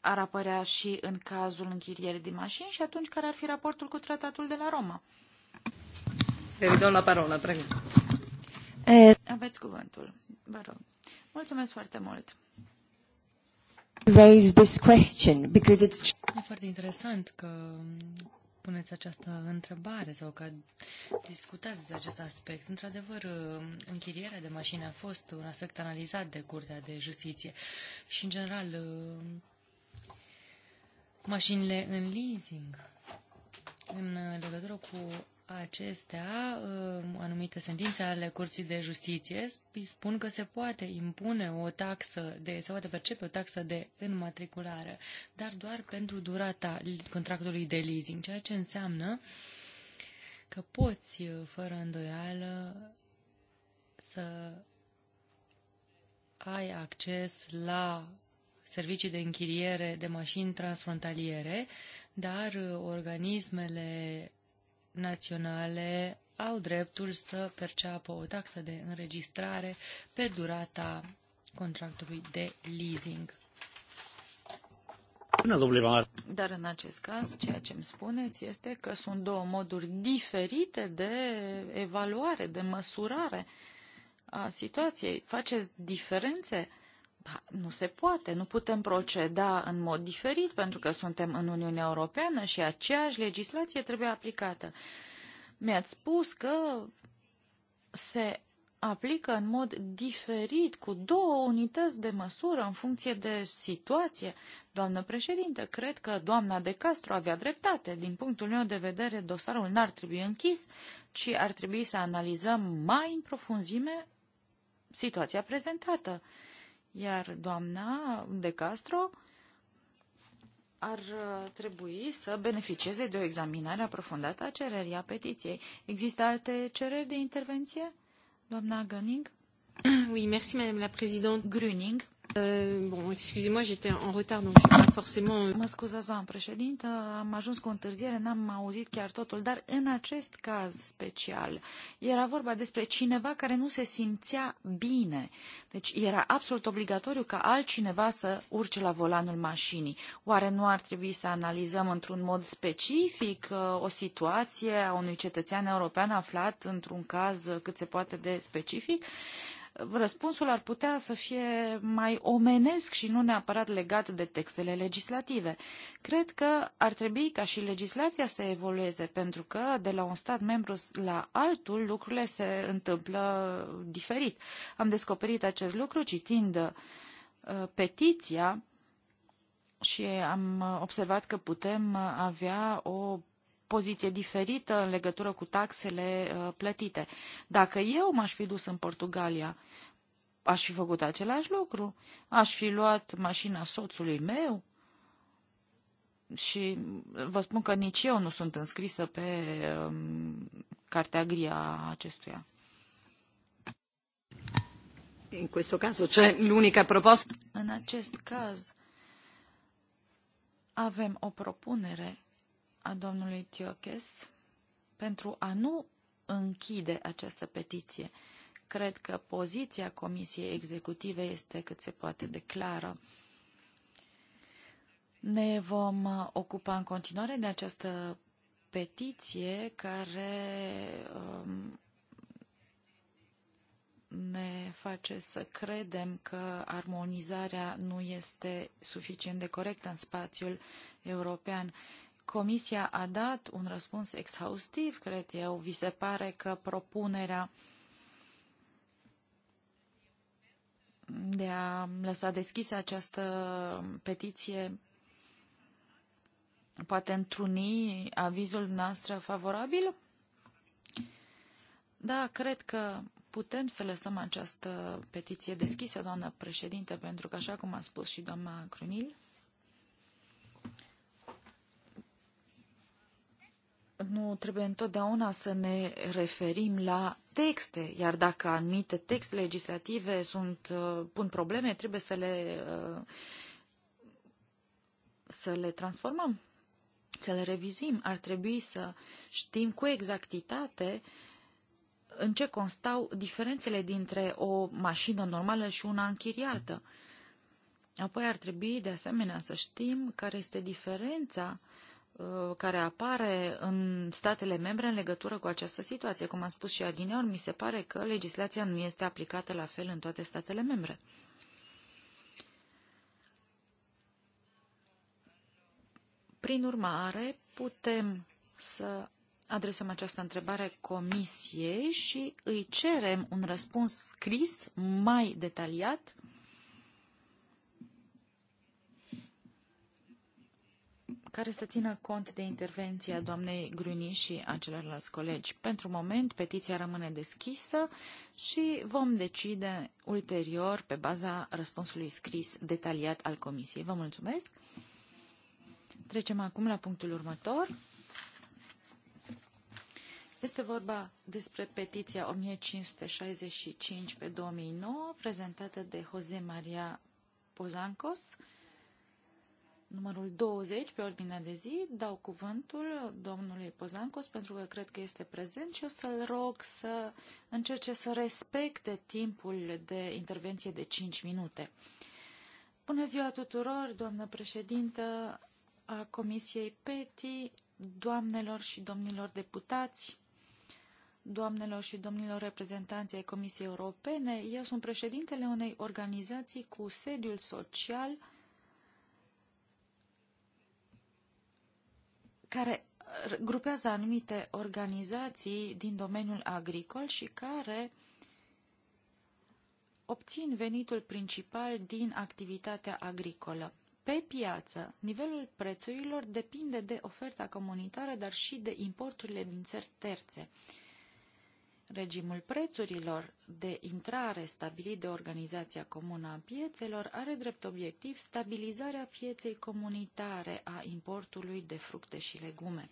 ar apărea și în cazul închirierii de mașini și atunci care ar fi raportul cu tratatul de la Roma? Ridon la parola, prego. E... Aveți cuvântul, vă rog. Mulțumesc foarte mult. Raise this question because it's... E foarte interesant că puneți această întrebare sau că discutați acest aspect. Într-adevăr, închirierea de mașini a fost un aspect analizat de Curtea de Justiție și, în general, mașinile în leasing. În uh, legătură cu acestea, uh, anumite sentințe ale Curții de Justiție spun că se poate impune o taxă de, se poate percepe o taxă de înmatriculare, dar doar pentru durata contractului de leasing, ceea ce înseamnă că poți, uh, fără îndoială, să ai acces la servicii de închiriere de mașini transfrontaliere, dar uh, organismele naționale au dreptul să perceapă o taxă de înregistrare pe durata contractului de leasing. Dar în acest caz, ceea ce îmi spuneți este că sunt două moduri diferite de evaluare, de măsurare a situației. Faceți diferențe nu se poate, nu putem proceda în mod diferit pentru că suntem în Uniunea Europeană și aceeași legislație trebuie aplicată. Mi-ați spus că se aplică în mod diferit cu două unități de măsură în funcție de situație. Doamnă președinte, cred că doamna de Castro avea dreptate. Din punctul meu de vedere, dosarul n-ar trebui închis, ci ar trebui să analizăm mai în profunzime situația prezentată. Iar doamna De Castro ar uh, trebui să beneficieze de o examinare aprofundată a cererii, a petiției. Există alte cereri de intervenție? Doamna Gunning? Oui, merci, madame la présidente. Grüning. Euh, bon, excusez-moi, j'étais en retard, donc pas forcément... Euh, mă scuzați, doamnă președintă, am ajuns cu întârziere, n-am auzit chiar totul, dar în acest caz special era vorba despre cineva care nu se simțea bine. Deci era absolut obligatoriu ca altcineva să urce la volanul mașinii. Oare nu ar trebui să analizăm într-un mod specific uh, o situație a unui cetățean european aflat într-un caz cât se poate de specific? răspunsul ar putea să fie mai omenesc și nu neapărat legat de textele legislative. Cred că ar trebui ca și legislația să evolueze, pentru că de la un stat membru la altul lucrurile se întâmplă diferit. Am descoperit acest lucru citind uh, petiția și am observat că putem avea o poziție diferită în legătură cu taxele uh, plătite. Dacă eu m-aș fi dus în Portugalia, aș fi făcut același lucru. Aș fi luat mașina soțului meu și vă spun că nici eu nu sunt înscrisă pe um, cartea gri a acestuia. În acest caz, ce l'unica proposta. În acest caz avem o propunere a domnului Tioches pentru a nu închide această petiție. Cred că poziția Comisiei Executive este cât se poate de clară. Ne vom uh, ocupa în continuare de această petiție care um, ne face să credem că armonizarea nu este suficient de corectă în spațiul european. Comisia a dat un răspuns exhaustiv, cred eu. Vi se pare că propunerea de a lăsa deschisă această petiție poate întruni avizul noastră favorabil? Da, cred că putem să lăsăm această petiție deschisă, doamnă președinte, pentru că, așa cum a spus și doamna Crunil, nu trebuie întotdeauna să ne referim la texte, iar dacă anumite texte legislative sunt, uh, pun probleme, trebuie să le, uh, să le transformăm, să le revizuim. Ar trebui să știm cu exactitate în ce constau diferențele dintre o mașină normală și una închiriată. Apoi ar trebui, de asemenea, să știm care este diferența uh, Uh, care apare în statele membre în legătură cu această situație. Cum am spus și adineori, mi se pare că legislația nu este aplicată la fel în toate statele membre. Prin urmare, putem să adresăm această întrebare comisiei și îi cerem un răspuns scris mai detaliat care să țină cont de intervenția doamnei Gruni și a celorlalți colegi. Pentru moment, petiția rămâne deschisă și vom decide ulterior pe baza răspunsului scris detaliat al Comisiei. Vă mulțumesc! Trecem acum la punctul următor. Este vorba despre petiția 1565 pe 2009, prezentată de Jose Maria Pozancos, numărul 20 pe ordinea de zi. Dau cuvântul domnului Pozancos pentru că cred că este prezent și o să-l rog să încerce să respecte timpul de intervenție de 5 minute. Bună ziua tuturor, doamnă președintă a Comisiei PETI, doamnelor și domnilor deputați, doamnelor și domnilor reprezentanți ai Comisiei Europene. Eu sunt președintele unei organizații cu sediul social – care uh, grupează anumite organizații din domeniul agricol și care obțin venitul principal din activitatea agricolă. Pe piață, nivelul prețurilor depinde de oferta comunitară, dar și de importurile din țări terțe. Regimul prețurilor de intrare stabilit de Organizația Comună a Piețelor are drept obiectiv stabilizarea pieței comunitare a importului de fructe și legume.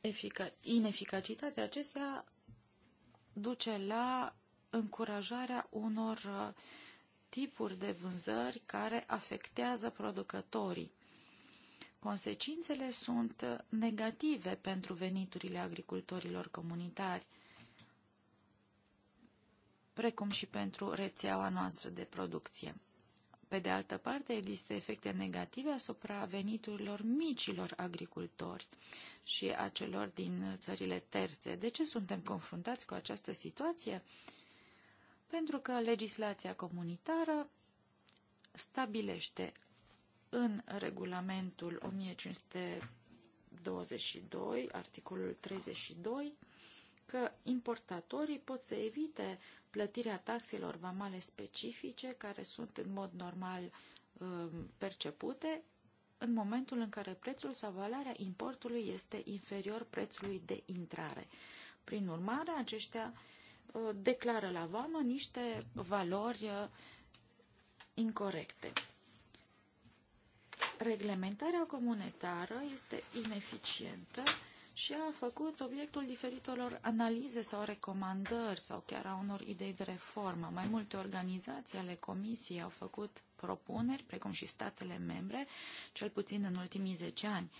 Efica ineficacitatea acestea duce la încurajarea unor uh, tipuri de vânzări care afectează producătorii. Consecințele sunt negative pentru veniturile agricultorilor comunitari, precum și pentru rețeaua noastră de producție. Pe de altă parte, există efecte negative asupra veniturilor micilor agricultori și a celor din țările terțe. De ce suntem confruntați cu această situație? Pentru că legislația comunitară stabilește în regulamentul 1522, articolul 32, că importatorii pot să evite plătirea taxelor vamale specifice care sunt în mod normal um, percepute în momentul în care prețul sau valoarea importului este inferior prețului de intrare. Prin urmare, aceștia uh, declară la vamă niște valori uh, incorrecte. Reglementarea comunitară este ineficientă și a făcut obiectul diferitelor analize sau recomandări sau chiar a unor idei de reformă. Mai multe organizații ale Comisiei au făcut propuneri, precum și statele membre, cel puțin în ultimii 10 ani.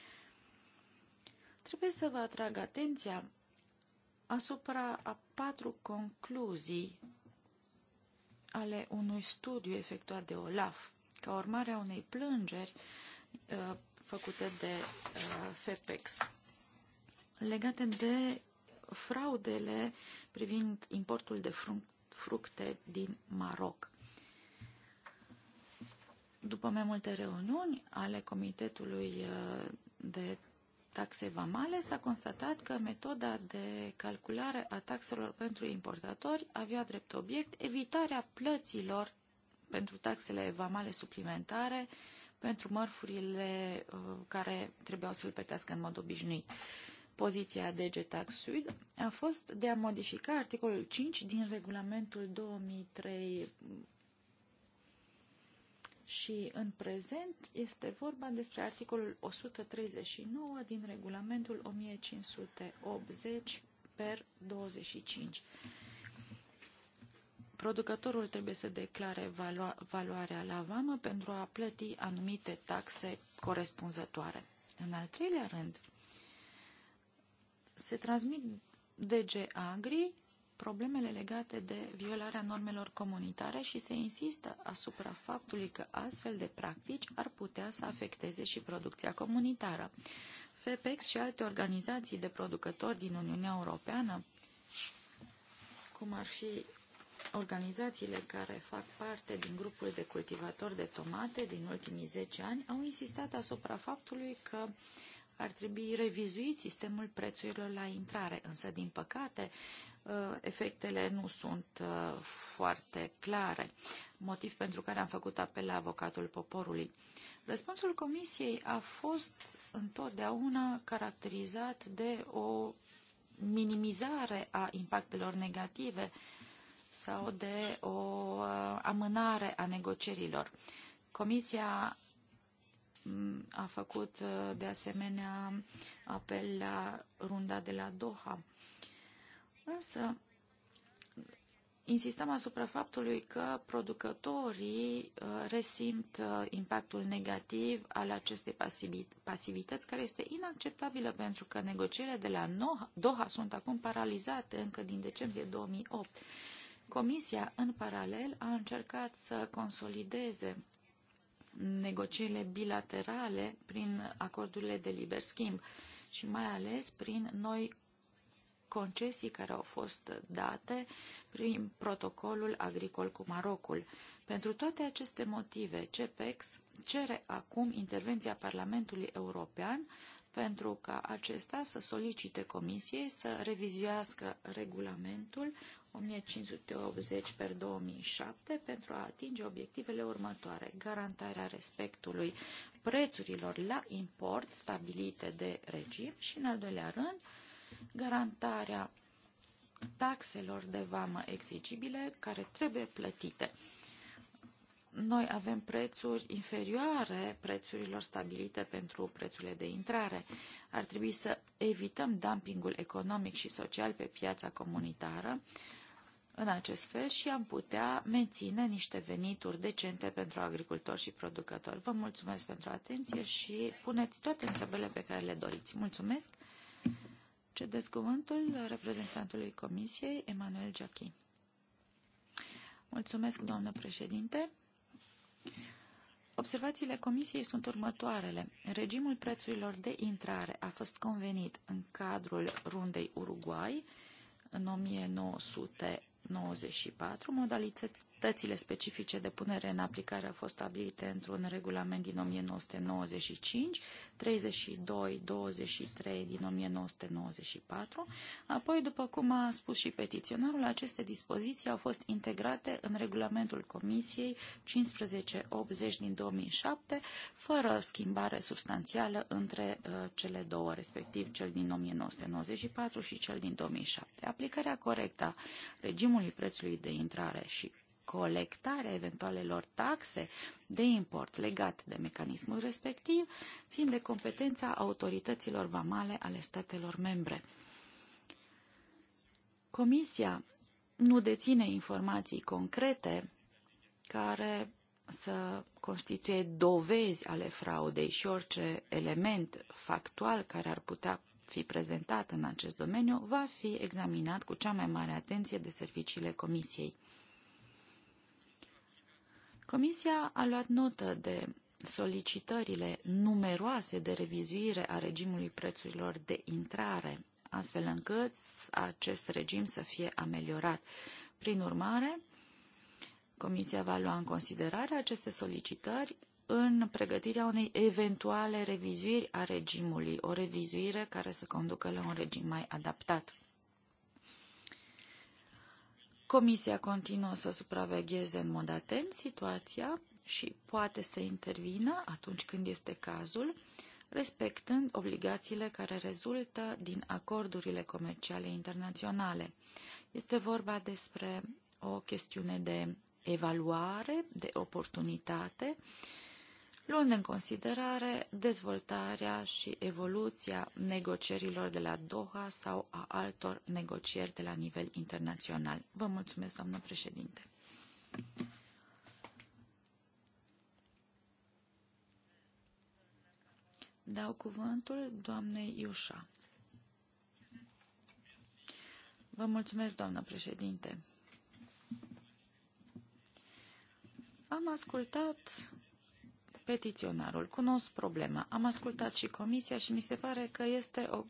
Trebuie să vă atrag atenția asupra a patru concluzii ale unui studiu efectuat de OLAF ca urmare a unei plângeri uh, făcute de uh, FEPEX legate de fraudele privind importul de fructe din Maroc. După mai multe reuniuni ale Comitetului uh, de taxe vamale, s-a constatat că metoda de calculare a taxelor pentru importatori avea drept obiect evitarea plăților pentru taxele vamale suplimentare pentru mărfurile uh, care trebuiau să îl plătească în mod obișnuit. Poziția DG Tax Sud a fost de a modifica articolul 5 din regulamentul 2003 și în prezent este vorba despre articolul 139 din regulamentul 1580 per 25 producătorul trebuie să declare valo valoarea la vamă pentru a plăti anumite taxe corespunzătoare. În al treilea rând, se transmit DG Agri problemele legate de violarea normelor comunitare și se insistă asupra faptului că astfel de practici ar putea să afecteze și producția comunitară. FEPEX și alte organizații de producători din Uniunea Europeană, cum ar fi Organizațiile care fac parte din grupul de cultivatori de tomate din ultimii 10 ani au insistat asupra faptului că ar trebui revizuit sistemul prețurilor la intrare, însă, din păcate, uh, efectele nu sunt uh, foarte clare, motiv pentru care am făcut apel la avocatul poporului. Răspunsul comisiei a fost întotdeauna caracterizat de o minimizare a impactelor negative uh, sau de o uh, amânare a negocierilor. Comisia mm, a făcut uh, de asemenea apel la runda de la Doha. Însă, insistăm asupra faptului că producătorii uh, resimt impactul negativ al acestei pasivități, care este inacceptabilă pentru că negocierile de la Doha sunt acum paralizate încă din decembrie 2008 Comisia, în paralel, a încercat să consolideze negocierile bilaterale prin acordurile de liber schimb și mai ales prin noi concesii care au fost date prin protocolul agricol cu Marocul. Pentru toate aceste motive, CEPEX cere acum intervenția Parlamentului European pentru ca acesta să solicite comisiei să revizuiască regulamentul 1580 per 2007 pentru a atinge obiectivele următoare. Garantarea respectului prețurilor la import stabilite de regim și, în al doilea rând, garantarea taxelor de vamă exigibile care trebuie plătite noi avem prețuri inferioare prețurilor stabilite pentru prețurile de intrare. Ar trebui să evităm dumpingul economic și social pe piața comunitară în acest fel și am putea menține niște venituri decente pentru agricultori și producători. Vă mulțumesc pentru atenție și puneți toate întrebările pe care le doriți. Mulțumesc! Cedeți cuvântul reprezentantului Comisiei, Emanuel Giachin. Mulțumesc, doamnă președinte. Observațiile Comisiei sunt următoarele. Regimul prețurilor de intrare a fost convenit în cadrul rundei Uruguay în 1994. modalități modalitățile specifice de punere în aplicare au fost stabilite într-un regulament din 1995, 32, 23 din 1994. Apoi, după cum a spus și petiționarul, aceste dispoziții au fost integrate în regulamentul Comisiei 1580 din 2007, fără schimbare substanțială între uh, cele două, respectiv cel din 1994 și cel din 2007. Aplicarea corectă a regimului prețului de intrare și Colectarea eventualelor taxe de import legate de mecanismul respectiv țin de competența autorităților vamale ale statelor membre. Comisia nu deține informații concrete care să constituie dovezi ale fraudei și orice element factual care ar putea fi prezentat în acest domeniu va fi examinat cu cea mai mare atenție de serviciile Comisiei. Comisia a luat notă de solicitările numeroase de revizuire a regimului prețurilor de intrare, astfel încât acest regim să fie ameliorat. Prin urmare, Comisia va lua în considerare aceste solicitări în pregătirea unei eventuale revizuiri a regimului, o revizuire care să conducă la un regim mai adaptat. Comisia continuă să supravegheze în mod atent situația și poate să intervină atunci când este cazul, respectând obligațiile care rezultă din acordurile comerciale internaționale. Este vorba despre o chestiune de evaluare, de oportunitate luând în considerare dezvoltarea și evoluția negocierilor de la Doha sau a altor negocieri de la nivel internațional. Vă mulțumesc, doamnă președinte. Dau cuvântul doamnei Iușa. Vă mulțumesc, doamnă președinte. Am ascultat petiționarul. Cunosc problema. Am ascultat și comisia și mi se pare că este o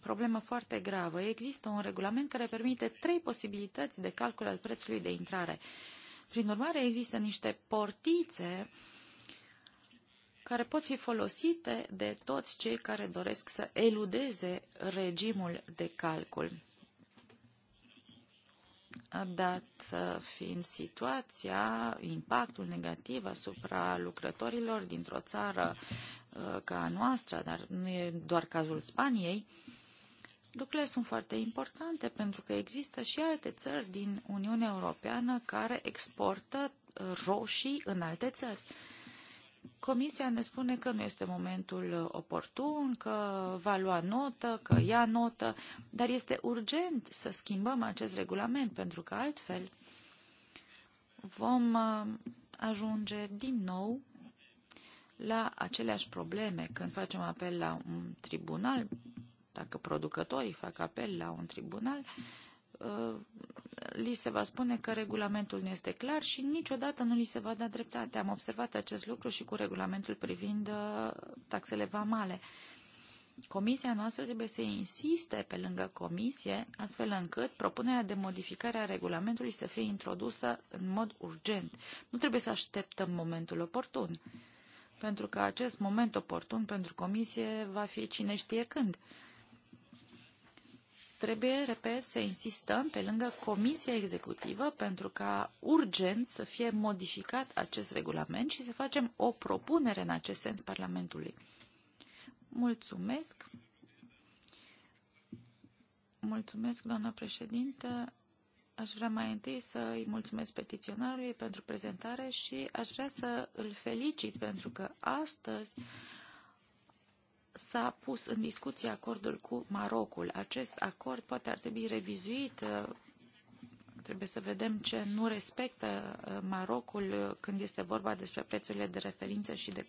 problemă foarte gravă. Există un regulament care permite trei posibilități de calcul al prețului de intrare. Prin urmare, există niște portițe care pot fi folosite de toți cei care doresc să eludeze regimul de calcul dat uh, fiind situația, impactul negativ asupra lucrătorilor dintr-o țară uh, ca a noastră, dar nu e doar cazul Spaniei, lucrurile sunt foarte importante pentru că există și alte țări din Uniunea Europeană care exportă uh, roșii în alte țări. Comisia ne spune că nu este momentul oportun, că va lua notă, că ia notă, dar este urgent să schimbăm acest regulament, pentru că altfel vom uh, ajunge din nou la aceleași probleme când facem apel la un tribunal, dacă producătorii fac apel la un tribunal, uh, li se va spune că regulamentul nu este clar și niciodată nu li se va da dreptate. Am observat acest lucru și cu regulamentul privind uh, taxele vamale. Comisia noastră trebuie să insiste pe lângă comisie, astfel încât propunerea de modificare a regulamentului să fie introdusă în mod urgent. Nu trebuie să așteptăm momentul oportun, pentru că acest moment oportun pentru comisie va fi cine știe când. Trebuie, repet, să insistăm pe lângă Comisia Executivă pentru ca urgent să fie modificat acest regulament și să facem o propunere în acest sens Parlamentului. Mulțumesc. Mulțumesc, doamnă președintă. Aș vrea mai întâi să îi mulțumesc petiționarului pentru prezentare și aș vrea să îl felicit pentru că astăzi s-a pus în discuție acordul cu Marocul. Acest acord poate ar trebui revizuit. Uh, trebuie să vedem ce nu respectă uh, Marocul uh, când este vorba despre prețurile de referință și de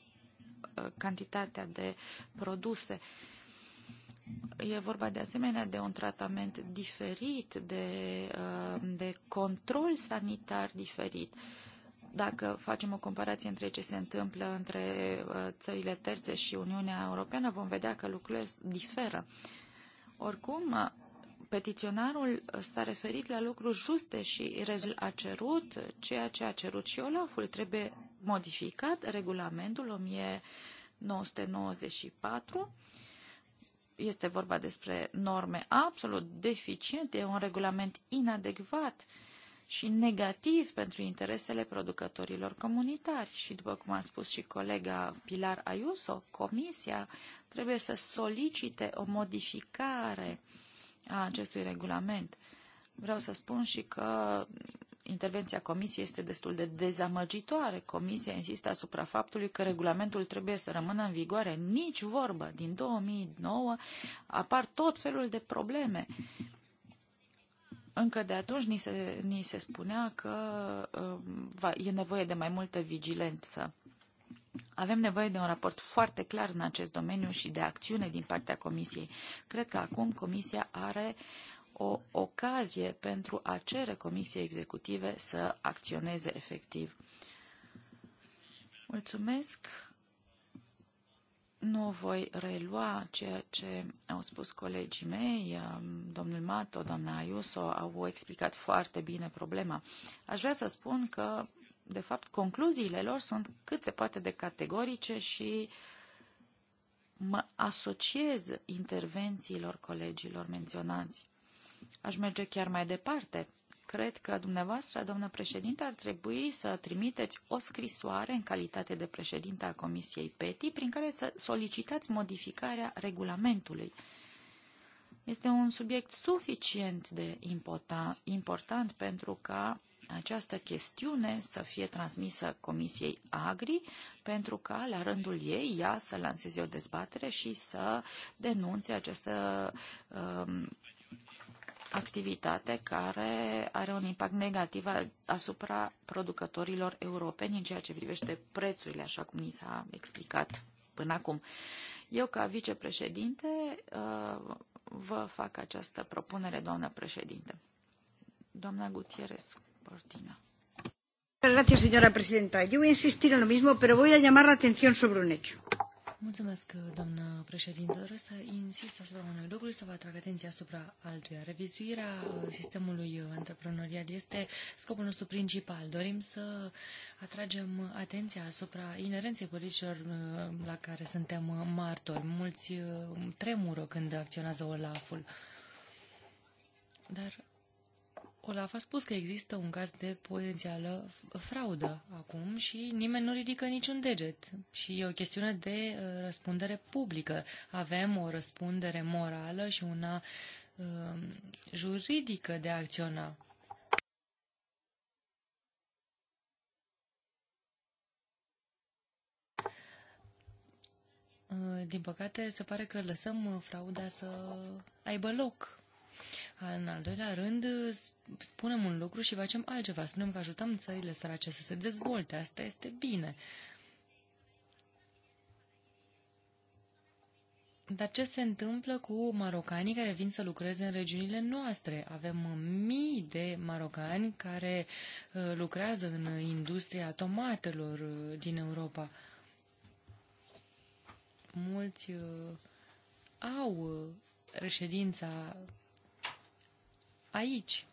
cantitatea de produse. E vorba de asemenea de un tratament diferit, de, de control sanitar diferit. Uh, dacă facem o comparație între ce se întâmplă între uh, țările terțe și Uniunea Europeană, vom vedea că lucrurile diferă. Oricum, uh, petiționarul uh, s-a referit la lucruri juste și a cerut ceea ce a cerut și Olaful. Trebuie modificat regulamentul 1994 este vorba despre norme absolut deficiente, un regulament inadecvat uh, și negativ pentru interesele producătorilor comunitari. Și după cum a spus și colega Pilar Ayuso, Comisia trebuie să solicite o modificare a acestui regulament. Vreau să spun și că intervenția Comisiei este destul de dezamăgitoare. Comisia insistă asupra faptului că regulamentul trebuie să rămână în vigoare. Nici vorbă. Din 2009 apar tot felul de probleme încă de atunci ni se, ni se spunea că um, va, e nevoie de mai multă vigilență. Avem nevoie de un raport foarte clar în acest domeniu și de acțiune din partea Comisiei. Cred că acum Comisia are o ocazie pentru a cere Comisiei Executive să acționeze efectiv. Mulțumesc. Nu voi relua ceea ce au spus colegii mei, domnul Mato, doamna Ayuso, au explicat foarte bine problema. Aș vrea să spun că, de fapt, concluziile lor sunt cât se poate de categorice și mă asociez intervențiilor colegilor menționați. Aș merge chiar mai departe Cred că dumneavoastră, doamnă președinte, ar trebui să trimiteți o scrisoare în calitate de președinte a Comisiei PETI prin care să solicitați modificarea regulamentului. Este un subiect suficient de important, pentru ca această chestiune să fie transmisă Comisiei Agri pentru ca, la rândul ei, ea să lanseze o dezbatere și să denunțe această uh, activitate care are un impact negativ asupra producătorilor europeni în ceea ce privește prețurile, așa cum ni s-a explicat până acum. Eu, ca vicepreședinte, uh, vă fac această propunere, doamnă președinte. Doamna Gutierrez Cortina. Gracias, señora presidenta. Yo voy a insistir en lo mismo, pero voy a llamar la atención sobre un hecho. Mulțumesc, doamnă președinte. Doresc să insist asupra unui lucru și să vă atrag atenția asupra altuia. Revizuirea uh, sistemului antreprenorial este scopul nostru principal. Dorim să atragem atenția asupra inerenței politicilor uh, la care suntem martori. Mulți uh, tremură când acționează Olaful. Dar Olaf a spus că există un caz de potențială fraudă acum și nimeni nu ridică niciun deget. Și e o chestiune de uh, răspundere publică. Avem o răspundere morală și una uh, juridică de a acționa. Uh, din păcate, se pare că lăsăm frauda să aibă loc în al doilea rând, spunem un lucru și facem altceva. Spunem că ajutăm țările sărace să se dezvolte. Asta este bine. Dar ce se întâmplă cu marocanii care vin să lucreze în regiunile noastre? Avem mii de marocani care uh, lucrează în industria tomatelor uh, din Europa. Mulți uh, au reședința aici.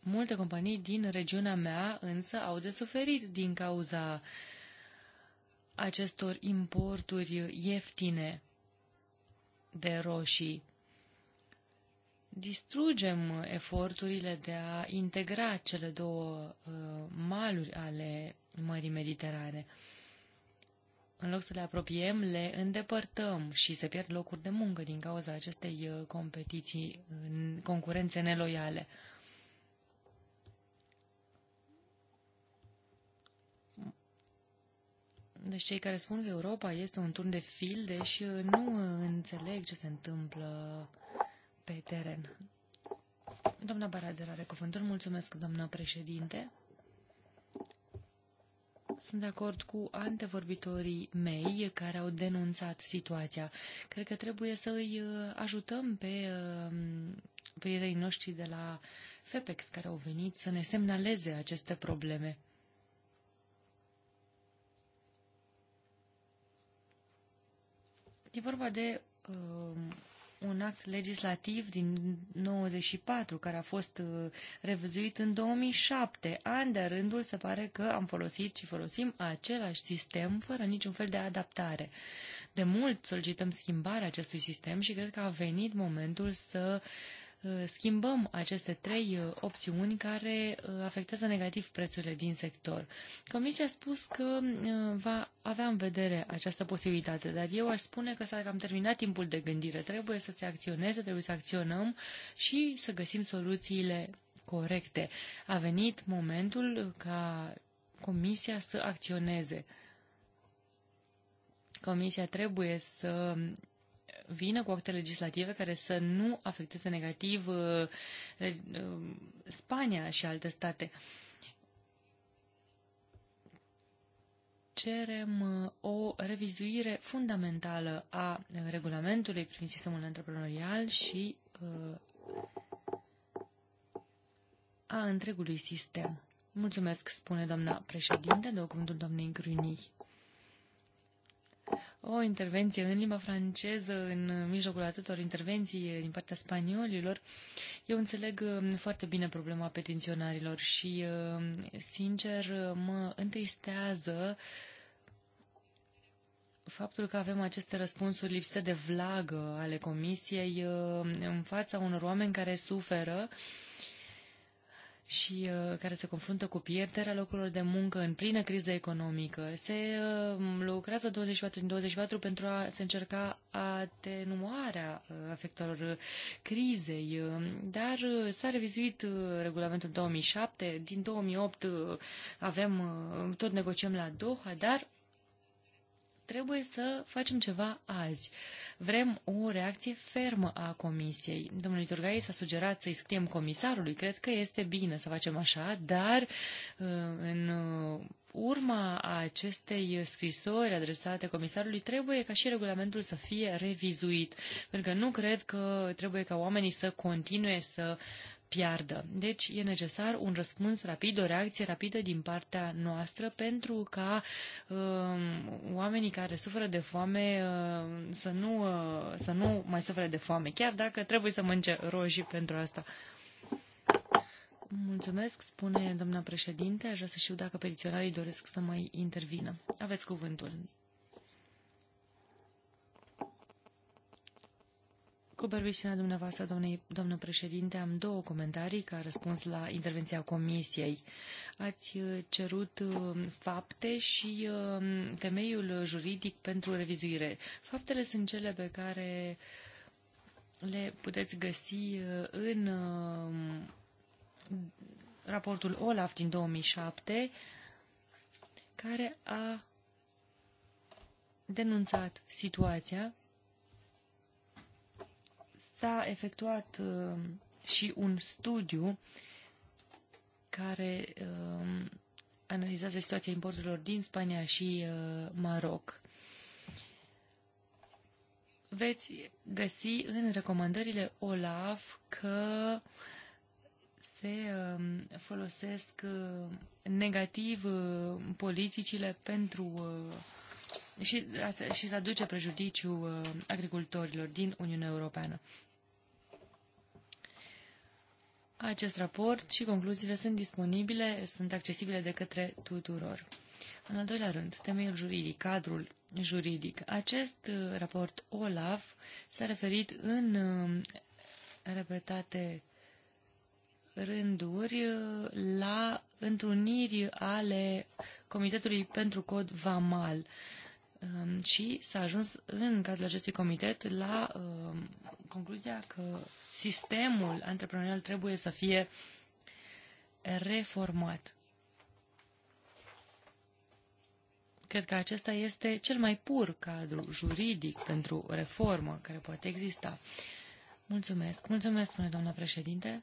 Multe companii din regiunea mea însă au de suferit din cauza acestor importuri ieftine de roșii. Distrugem eforturile de a integra cele două uh, maluri ale Mării Mediterane. Uh, în loc să le apropiem, le îndepărtăm și se pierd locuri de muncă din cauza acestei uh, competiții, concurențe neloiale. Deci cei care spun că Europa este un turn de filde și uh, nu uh, înțeleg ce se întâmplă pe teren. Doamna Baradera are cuvântul. Mulțumesc, doamna președinte sunt de acord cu antevorbitorii mei care au denunțat situația. Cred că trebuie să îi uh, ajutăm pe uh, prietenii noștri de la FEPEX care au venit să ne semnaleze aceste probleme. E vorba de uh, un act legislativ din 94 care a fost uh, revizuit în 2007. An de rândul se pare că am folosit și folosim același sistem fără niciun fel de adaptare. De mult solicităm schimbarea acestui sistem și cred că a venit momentul să uh, Uh, schimbăm aceste trei uh, opțiuni care uh, afectează negativ prețurile din sector. Comisia a spus că va avea în vedere această posibilitate, dar eu aș spune că s-a cam terminat timpul de gândire. Trebuie să se acționeze, trebuie să acționăm și să găsim soluțiile corecte. A venit momentul ca Comisia să acționeze. Comisia trebuie să vină cu acte legislative care să nu afecteze negativ uh, uh, Spania și alte state. cerem uh, o revizuire fundamentală a regulamentului privind sistemul antreprenorial și a întregului sistem. Mulțumesc, spune doamna președinte, de cuvântul doamnei Grunii o intervenție în limba franceză, în mijlocul atâtor intervenții eh, din partea spaniolilor, eu înțeleg eh, foarte bine problema petiționarilor și, eh, sincer, mă întristează faptul că avem aceste răspunsuri lipsite de vlagă ale comisiei în fața unor oameni care suferă uh, și uh, care se confruntă cu pierderea locurilor de muncă în plină criză economică. Se uh, lucrează 24 din 24 pentru a se încerca atenuarea afectelor uh, crizei, dar s-a revizuit regulamentul 2007, din 2008 avem, tot negociem la Doha, dar trebuie să facem ceva azi. Vrem o reacție fermă a Comisiei. Domnul Turgai s-a sugerat să-i scriem comisarului. Cred că este bine să facem așa, dar uh, în uh, urma acestei scrisori adresate comisarului trebuie ca și regulamentul să fie revizuit, pentru că nu cred că trebuie ca oamenii să continue să uh, piardă. Deci e necesar un răspuns rapid, o reacție rapidă din partea noastră pentru ca uh, oamenii care suferă de foame uh, să, nu, uh, să nu mai suferă de foame, chiar dacă trebuie să mânce roșii pentru asta. Mulțumesc, spune doamna președinte. Aș vrea să știu dacă petiționarii doresc să mai intervină. Aveți cuvântul. Cu permisiunea dumneavoastră, domnei, domnul președinte, am două comentarii ca răspuns la intervenția comisiei. Ați uh, cerut uh, fapte și uh, temeiul juridic pentru revizuire. Faptele sunt cele pe care le puteți găsi în raportul OLAF din 2007, care a denunțat situația s-a efectuat uh, și un studiu care uh, analizează situația importurilor din Spania și uh, Maroc. Veți găsi în recomandările OLAF că se folosesc negativ politicile pentru și, și să aduce prejudiciu agricultorilor din Uniunea Europeană. Acest raport și concluziile sunt disponibile, sunt accesibile de către tuturor. În al doilea rând, temeiul juridic, cadrul juridic. Acest uh, raport OLAF s-a referit în uh, repetate rânduri uh, la întruniri ale Comitetului pentru Cod Vamal. Um, și s-a ajuns în cadrul acestui comitet la um, concluzia că sistemul antreprenorial trebuie să fie reformat. Cred că acesta este cel mai pur cadru juridic pentru reformă care poate exista. Mulțumesc. Mulțumesc, spune doamna președinte.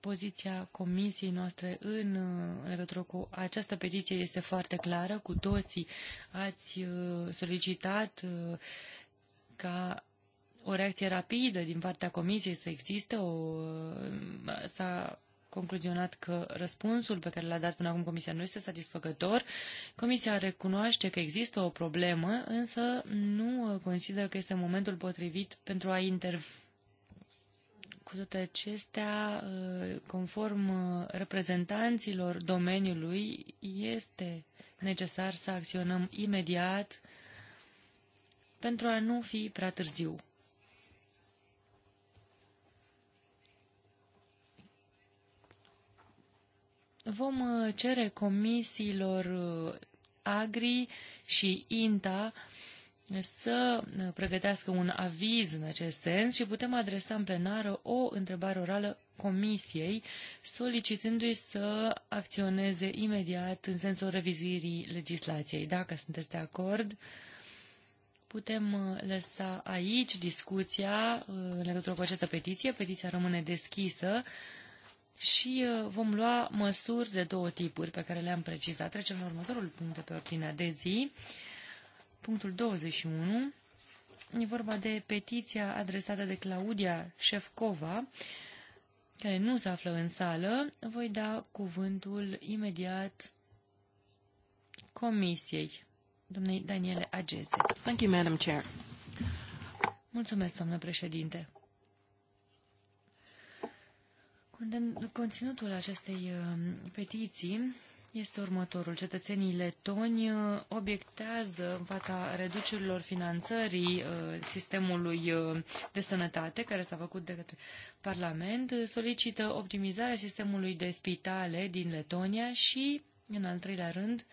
Poziția comisiei noastre uh, în legătură cu această petiție este foarte clară. Cu toții ați uh, solicitat uh, ca o reacție rapidă din partea comisiei să existe. O, s-a concluzionat că răspunsul pe care l-a dat până acum comisia nu este satisfăcător. Comisia recunoaște că există o problemă, însă nu consideră că este momentul potrivit pentru a interveni cu toate acestea, uh, conform uh, reprezentanților domeniului, este necesar să acționăm imediat pentru a nu fi prea târziu. Vom uh, cere comisiilor Agri și INTA să uh, pregătească un aviz în acest sens și putem adresa în plenară o întrebare orală Comisiei, solicitându-i să acționeze imediat în sensul revizuirii legislației. Dacă sunteți de acord, putem uh, lăsa aici discuția uh, în legătură cu această petiție. Petiția rămâne deschisă și vom lua măsuri de două tipuri pe care le-am precizat. Trecem la următorul punct de pe ordinea de zi. Punctul 21. E vorba de petiția adresată de Claudia Șefcova, care nu se află în sală. Voi da cuvântul imediat comisiei, domnei Daniele Ageze. Thank you, Madam Chair. Mulțumesc, doamnă președinte. Conținutul acestei uh, petiții este următorul. Cetățenii letoni uh, obiectează în fața reducerilor finanțării uh, sistemului uh, de sănătate care s-a făcut de către Parlament, solicită optimizarea sistemului de spitale din Letonia și, în al treilea rând,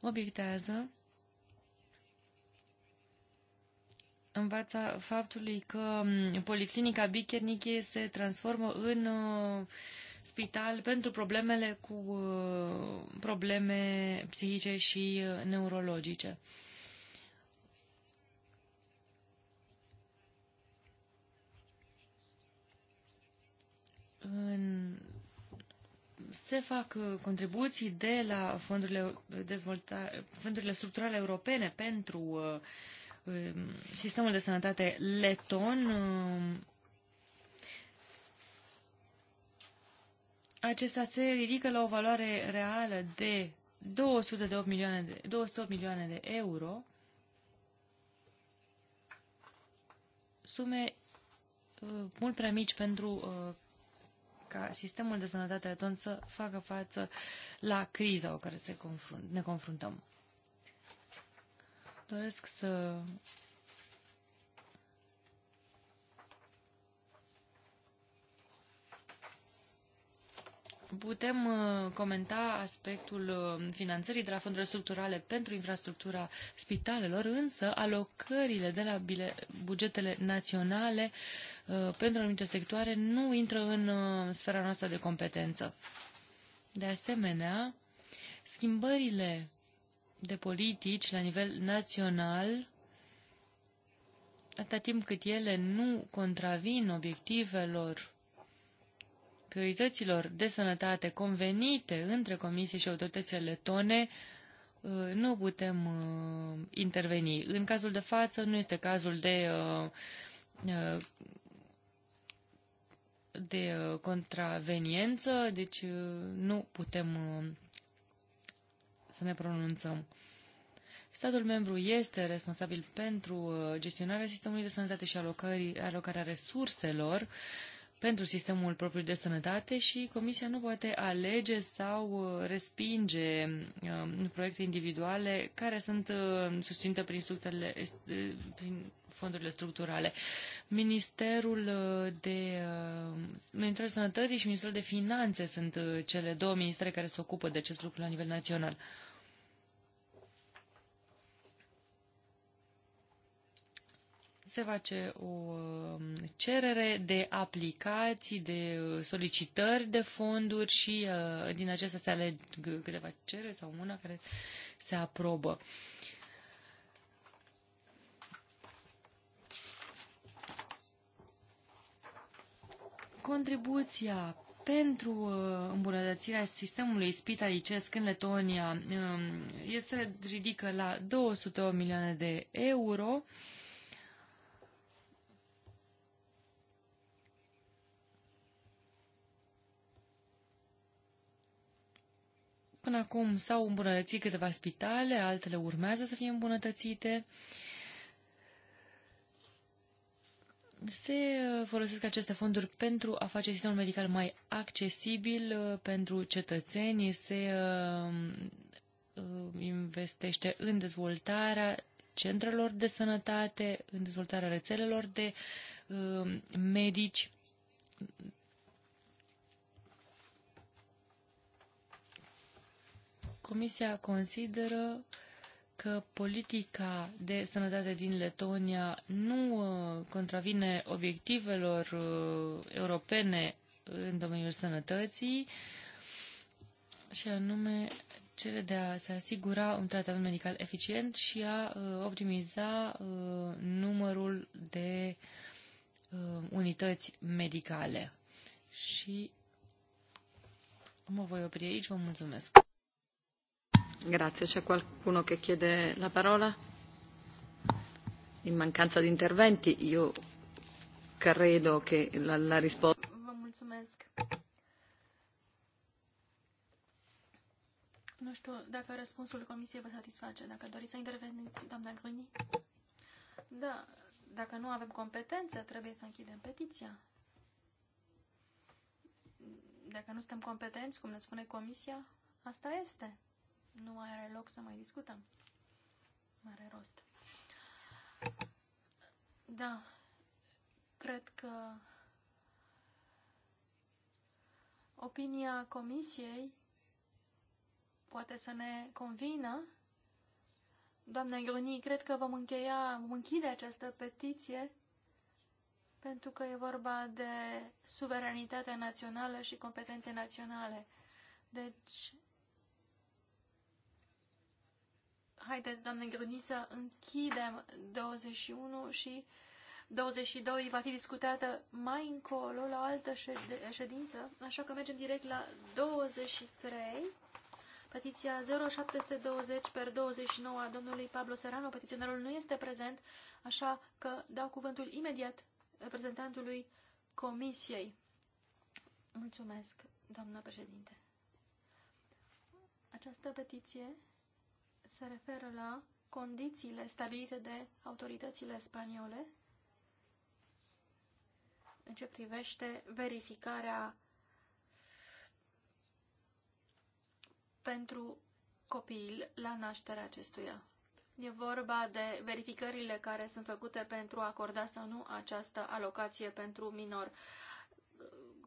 obiectează în fața faptului că mm, Policlinica Bichernic se transformă în uh, spital pentru problemele cu uh, probleme psihice și uh, neurologice. În se fac uh, contribuții de la fondurile, dezvolta, fondurile structurale europene pentru um, sistemul de sănătate leton um, acesta se ridică la o valoare reală de 208 milioane de, 208 milioane de euro, sume uh, mult prea mici pentru uh, ca sistemul de sănătate atunci să facă față la criza cu care se confrunt, ne confruntăm. Doresc să putem uh, comenta aspectul uh, finanțării de la fondurile structurale pentru infrastructura spitalelor, însă alocările de la bugetele naționale uh, pentru anumite sectoare nu intră în sfera noastră de competență. De asemenea, schimbările de politici la nivel național atâta timp cât ele nu contravin obiectivelor priorităților de sănătate convenite între Comisie și autoritățile letone, uh, nu putem uh, interveni. În cazul de față nu este cazul de, uh, de contraveniență, deci nu putem să ne pronunțăm. Statul membru este responsabil pentru gestionarea sistemului de sănătate și alocarea resurselor pentru sistemul propriu de sănătate și Comisia nu poate alege sau uh, respinge um, proiecte individuale care sunt uh, susținute prin, uh, prin fondurile structurale. Ministerul de Ministerul Sănătății și Ministerul de Finanțe sunt cele două ministere care se ocupă de acest lucru la nivel național. se face o um, cerere de aplicații, de uh, solicitări de fonduri și uh, din acestea se aleg câteva cereri sau una care se aprobă. Contribuția pentru uh, îmbunătățirea sistemului spitalicesc în Letonia um, este ridică la 200 milioane de euro. Până acum s-au îmbunătățit câteva spitale, altele urmează să fie îmbunătățite. Se folosesc aceste fonduri pentru a face sistemul medical mai accesibil uh, pentru cetățeni, se uh, um, investește în dezvoltarea centrelor de sănătate, în dezvoltarea rețelelor de uh, medici Comisia consideră că politica de sănătate din Letonia nu uh, contravine obiectivelor uh, europene în domeniul sănătății și anume cele de a se asigura un tratament medical eficient și a uh, optimiza numărul de unități medicale. Și mă voi opri aici, vă mulțumesc. Grazie. C'è qualcuno che chiede la parola? In mancanza di interventi io credo che la, la risposta... Vă mulțumesc. Nu știu dacă răspunsul Comisiei vă satisface. Dacă doriți să interveniți, doamna Gruni. Da, dacă nu avem competență, trebuie să închidem petiția. Dacă nu suntem competenți, cum ne spune Comisia, asta este. Nu mai are loc să mai discutăm. Mare rost. Da, cred că opinia comisiei poate să ne convină. Doamna Ioni, cred că vom încheia, vom închide această petiție pentru că e vorba de suveranitatea națională și competențe naționale. Deci, Haideți, doamne Grâni, să închidem 21 și 22 va fi discutată mai încolo, la o altă ședință, așa că mergem direct la 23, petiția 0720 per 29 a domnului Pablo Serrano. Petiționarul nu este prezent, așa că dau cuvântul imediat reprezentantului Comisiei. Mulțumesc, doamnă președinte. Această petiție se referă la condițiile stabilite de autoritățile spaniole în ce privește verificarea pentru copil la nașterea acestuia. E vorba de verificările care sunt făcute pentru a acorda sau nu această alocație pentru minor.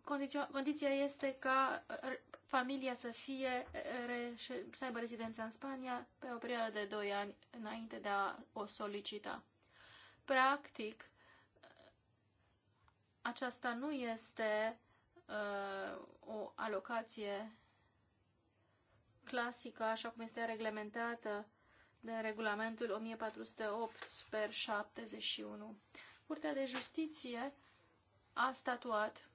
Condiția, condiția este ca uh, familia să, fie, uh, să aibă rezidența în Spania pe o perioadă de 2 ani înainte de a o solicita. Practic, uh, aceasta nu este uh, o alocație clasică, așa cum este reglementată de regulamentul 1408 per 71. Curtea de Justiție a statuat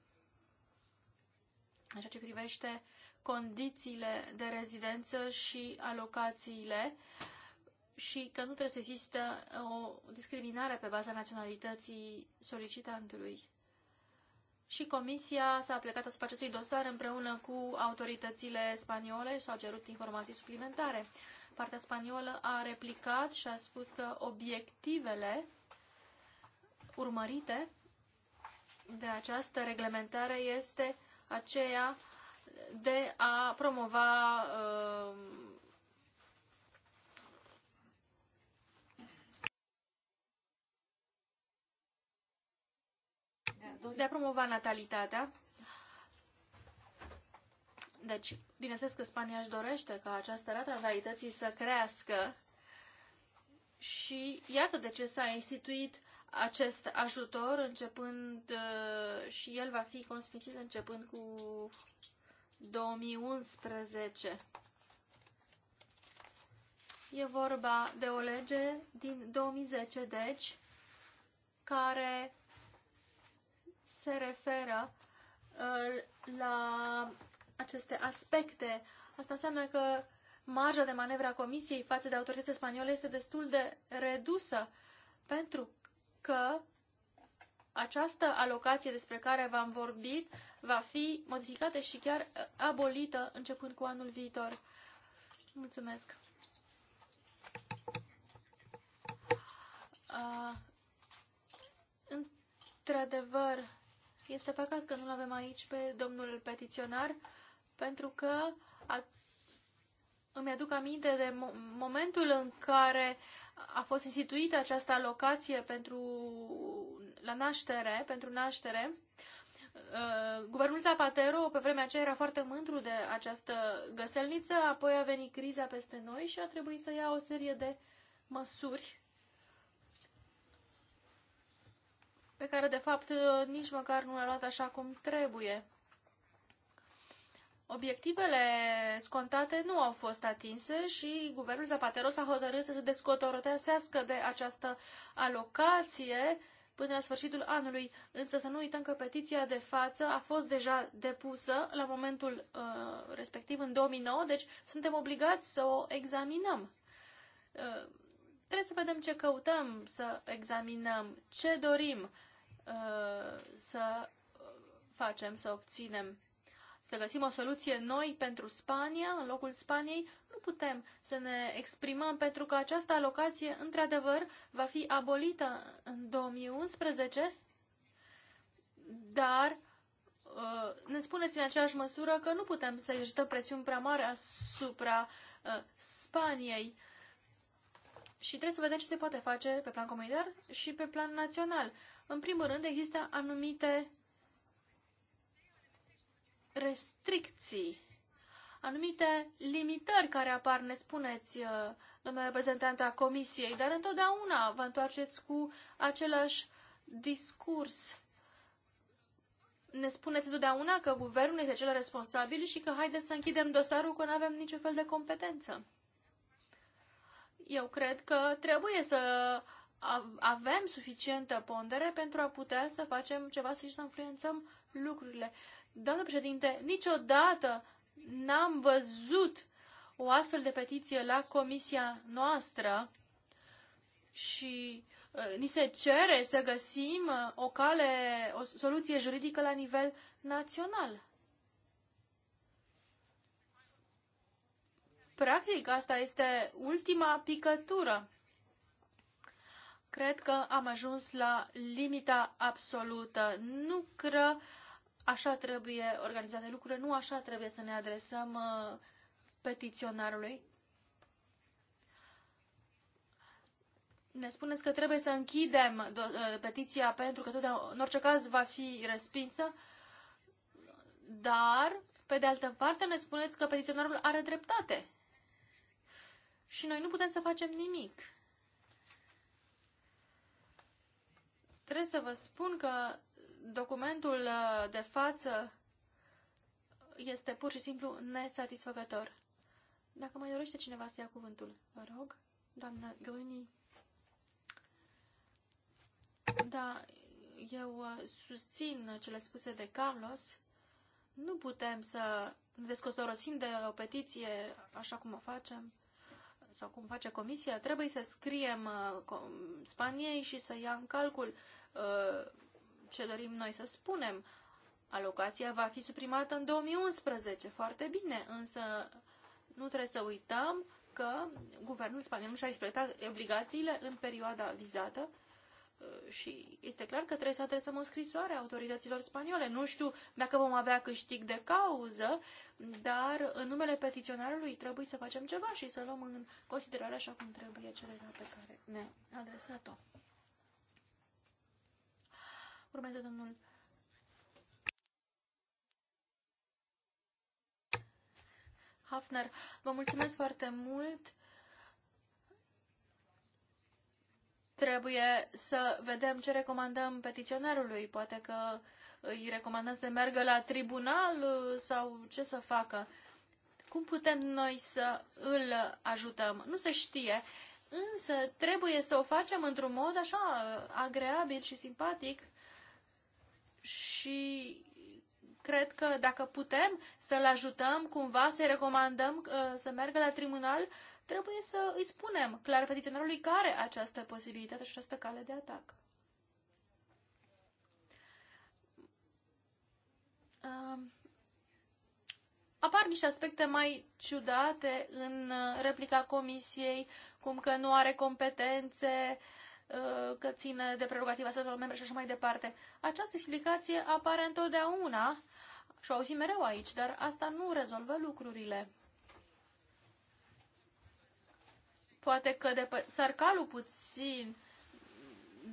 în ceea ce privește condițiile de rezidență și alocațiile și că nu trebuie să există o discriminare pe baza naționalității solicitantului. Și comisia s-a plecat asupra acestui dosar împreună cu autoritățile spaniole și au cerut informații suplimentare. Partea spaniolă a replicat și a spus că obiectivele urmărite de această reglementare este aceea de a promova uh, de a promova natalitatea. Deci, bineînțeles că Spania își dorește ca această rată a natalității să crească și iată de ce s-a instituit acest ajutor, începând uh, și el va fi consfințit începând cu 2011. E vorba de o lege din 2010, deci, care se referă uh, la aceste aspecte. Asta înseamnă că marja de manevră a Comisiei față de autoritățile spaniole este destul de redusă, pentru că această alocație despre care v-am vorbit va fi modificată și chiar uh, abolită începând cu anul viitor. Mulțumesc! Uh, într-adevăr, este păcat că nu-l avem aici pe domnul petiționar, pentru că a, îmi aduc aminte de mo momentul în care a fost instituită această alocație pentru, la naștere, pentru naștere, uh, Guvernul Zapatero pe vremea aceea era foarte mândru de această găselniță, apoi a venit criza peste noi și a trebuit să ia o serie de măsuri pe care de fapt nici măcar nu le-a luat așa cum trebuie. Obiectivele scontate nu au fost atinse și guvernul Zapatero s-a hotărât să se descotorotească de această alocație până la sfârșitul anului. Însă să nu uităm că petiția de față a fost deja depusă la momentul uh, respectiv în 2009, deci suntem obligați să o examinăm. Uh, trebuie să vedem ce căutăm să examinăm, ce dorim uh, să facem, să obținem să găsim o soluție noi pentru Spania, în locul Spaniei, nu putem să ne exprimăm pentru că această alocație, într-adevăr, va fi abolită în 2011, dar uh, ne spuneți în aceeași măsură că nu putem să ajutăm presiuni prea mari asupra uh, Spaniei. Și trebuie să vedem ce se poate face pe plan comunitar și pe plan național. În primul rând, există anumite restricții, anumite limitări care apar, ne spuneți, uh, domnule reprezentant a Comisiei, dar întotdeauna vă întoarceți cu același discurs. Ne spuneți întotdeauna că guvernul este cel responsabil și că haideți să închidem dosarul, că nu avem niciun fel de competență. Eu cred că trebuie să avem suficientă pondere pentru a putea să facem ceva, și să influențăm lucrurile. Doamnă președinte, niciodată n-am văzut o astfel de petiție la comisia noastră și uh, ni se cere să găsim uh, o cale, o soluție juridică la nivel național. Practic, asta este ultima picătură. Cred că am ajuns la limita absolută. Nu, cred așa trebuie organizate lucrurile, nu așa trebuie să ne adresăm uh, petiționarului. Ne spuneți că trebuie să închidem uh, petiția pentru că, în orice caz, va fi respinsă, dar, pe de altă parte, ne spuneți că petiționarul are dreptate. Și noi nu putem să facem nimic. Trebuie să vă spun că documentul uh, de față este pur și simplu nesatisfăcător. Dacă mai dorește cineva să ia cuvântul, vă rog, doamna Găuni. Da, eu uh, susțin cele spuse de Carlos. Nu putem să ne descosorosim de o petiție așa cum o facem sau cum face comisia. Trebuie să scriem uh, Spaniei și să ia în calcul uh, ce dorim noi să spunem. Alocația va fi suprimată în 2011, foarte bine, însă nu trebuie să uităm că guvernul spaniol nu și-a exploatat obligațiile în perioada vizată uh, și este clar că trebuie să adresăm o scrisoare autorităților spaniole. Nu știu dacă vom avea câștig de cauză, dar în numele petiționarului trebuie să facem ceva și să luăm în considerare așa cum trebuie cererea pe care ne-a adresat-o. Urmează domnul Hafner. Vă mulțumesc foarte mult. Trebuie să vedem ce recomandăm petiționarului. Poate că îi recomandăm să meargă la tribunal sau ce să facă. Cum putem noi să îl ajutăm? Nu se știe, însă trebuie să o facem într-un mod așa agreabil și simpatic și cred că dacă putem să-l ajutăm cumva, să-i recomandăm uh, să meargă la tribunal, trebuie să îi spunem clar petiționarului care această posibilitate și această cale de atac. Um, apar niște aspecte mai ciudate în uh, replica comisiei, cum că nu are competențe Uh, că ține de prerogativa statelor membre și așa mai departe. Această explicație apare întotdeauna și o auzim mereu aici, dar asta nu rezolvă lucrurile. Poate că de sarcalul puțin,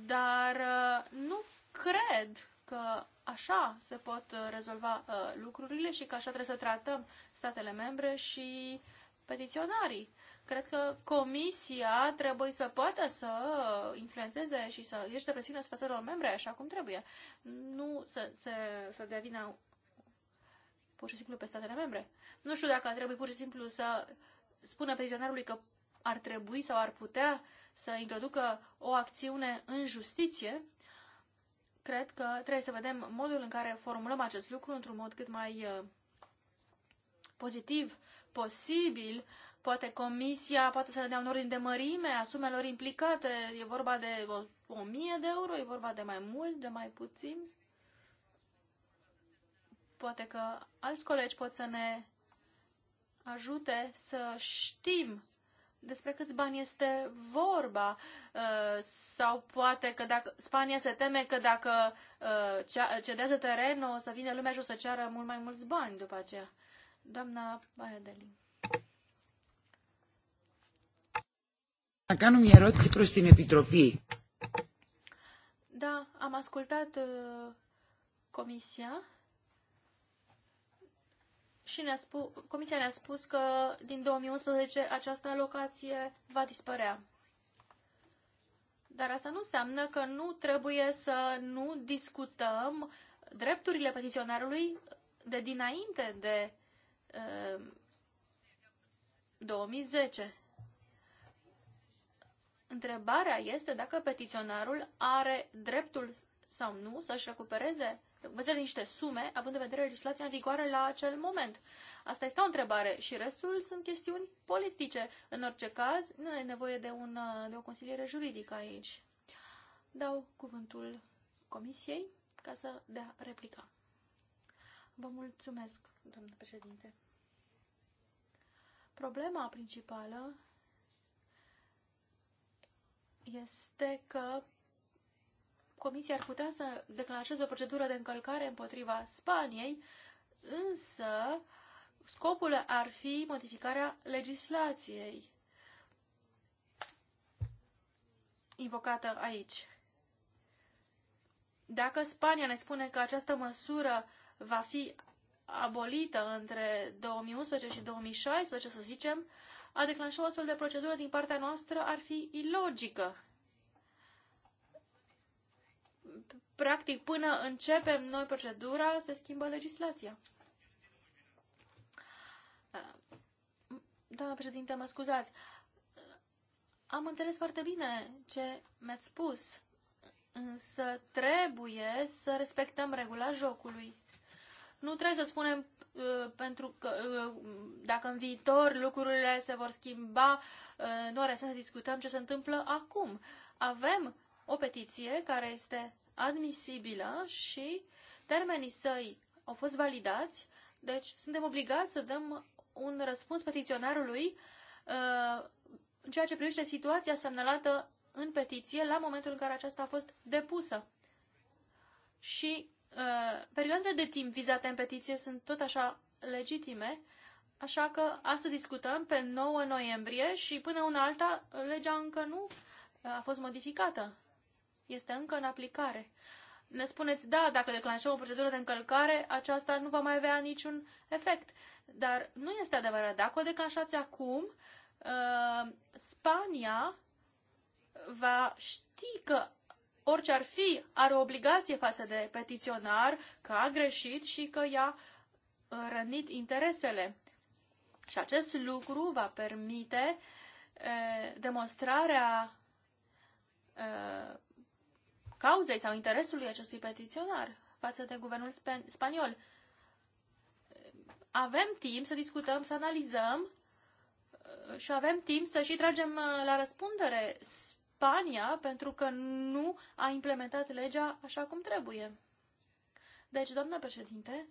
dar uh, nu cred că așa se pot uh, rezolva lucrurile și că așa trebuie să tratăm statele membre și petiționarii. Cred că comisia trebuie să poată să influențeze și să presiune presiunea statelor membre așa cum trebuie. Nu să, să, să devină pur și simplu pe statele membre. Nu știu dacă trebuie pur și simplu să spună petiționarului că ar trebui sau ar putea să introducă o acțiune în justiție, cred că trebuie să vedem modul în care formulăm acest lucru într-un mod cât mai uh, pozitiv posibil Poate comisia poate să ne dea un ordin de mărime a sumelor implicate. E vorba de o, o mie de euro, e vorba de mai mult, de mai puțin. Poate că alți colegi pot să ne ajute să știm despre câți bani este vorba uh, sau poate că dacă Spania se teme că dacă uh, cedează terenul o să vină lumea și o să ceară mult mai mulți bani după aceea. Doamna Baredeli. Να κάνω μια ερώτηση προς την Επιτροπή. Da, am ascultat uh, comisia și ne-a spus, comisia ne-a spus că din 2011 această locație va dispărea. Dar asta nu înseamnă că nu trebuie să nu discutăm drepturile petiționarului de dinainte de uh, 2010. Întrebarea este dacă petiționarul are dreptul sau nu să-și recupereze, recupereze niște sume, având în vedere legislația în vigoare la acel moment. Asta este o întrebare și restul sunt chestiuni politice. În orice caz, nu e nevoie de, un, de o consiliere juridică aici. Dau cuvântul comisiei ca să dea replica. Vă mulțumesc, doamnă președinte. Problema principală este că Comisia ar putea să declanșeze o procedură de încălcare împotriva Spaniei, însă scopul ar fi modificarea legislației invocată aici. Dacă Spania ne spune că această măsură va fi abolită între 2011 și 2016, să zicem, a declanșa o astfel de procedură din partea noastră ar fi ilogică. Practic, până începem noi procedura, se schimbă legislația. Doamna președinte, mă scuzați. Am înțeles foarte bine ce mi-ați spus, însă trebuie să respectăm regula jocului. Nu trebuie să spunem uh, pentru că uh, dacă în viitor lucrurile se vor schimba, uh, nu are sens să discutăm ce se întâmplă acum. Avem o petiție care este admisibilă și termenii săi au fost validați, deci suntem obligați să dăm un răspuns petiționarului în ceea ce privește situația semnalată în petiție la momentul în care aceasta a fost depusă. Și Uh, perioadele de timp vizate în petiție sunt tot așa legitime, așa că asta discutăm pe 9 noiembrie și până una alta legea încă nu uh, a fost modificată. Este încă în aplicare. Ne spuneți, da, dacă declanșăm o procedură de încălcare, aceasta nu va mai avea niciun efect. Dar nu este adevărat. Dacă o declanșați acum, uh, Spania va ști că orice ar fi, are o obligație față de petiționar că a greșit și că i-a uh, rănit interesele. Și acest lucru va permite e, uh, demonstrarea e, uh, cauzei sau interesului acestui petiționar față de guvernul spaniol. Avem timp să discutăm, să analizăm și avem timp să și tragem la răspundere Spania pentru că nu a implementat legea așa cum trebuie. Deci, doamnă președinte,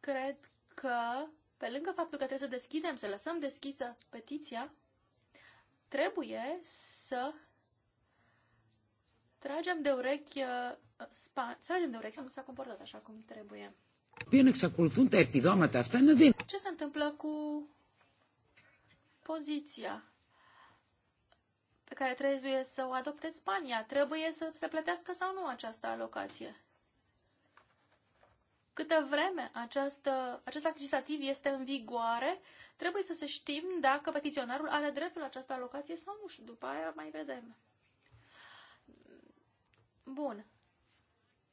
cred că, pe lângă faptul că trebuie să deschidem, să lăsăm deschisă petiția, trebuie să tragem de urechi, uh, spa, să tragem de urechi să nu s-a comportat așa cum trebuie. Bine, s-a τα επιδόματα asta, nu vin. Ce se întâmplă cu poziția care trebuie să o adopte Spania. Trebuie să se plătească sau nu această alocație. Câtă vreme această, acest legislativ este în vigoare, trebuie să se știm dacă petiționarul are dreptul la această alocație sau nu și după aia mai vedem. Bun.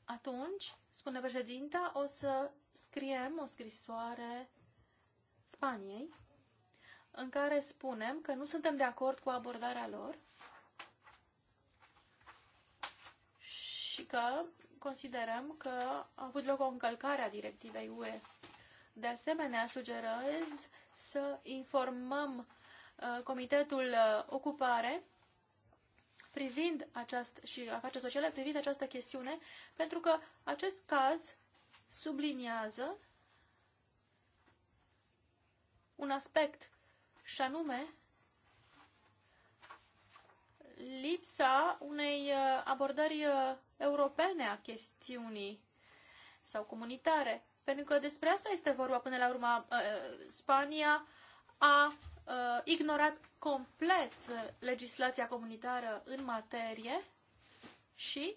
Atunci, spune președinta, o să scriem o scrisoare Spaniei în care spunem că nu suntem de acord cu abordarea lor că considerăm că a avut loc o încălcare a directivei UE. De asemenea, sugerez să informăm uh, Comitetul uh, Ocupare privind această și afaceri sociale privind această chestiune, pentru că acest caz subliniază un aspect și anume lipsa unei uh, abordări europene a chestiunii sau comunitare. Pentru că despre asta este vorba până la urmă. Uh, Spania a uh, ignorat complet legislația comunitară în materie și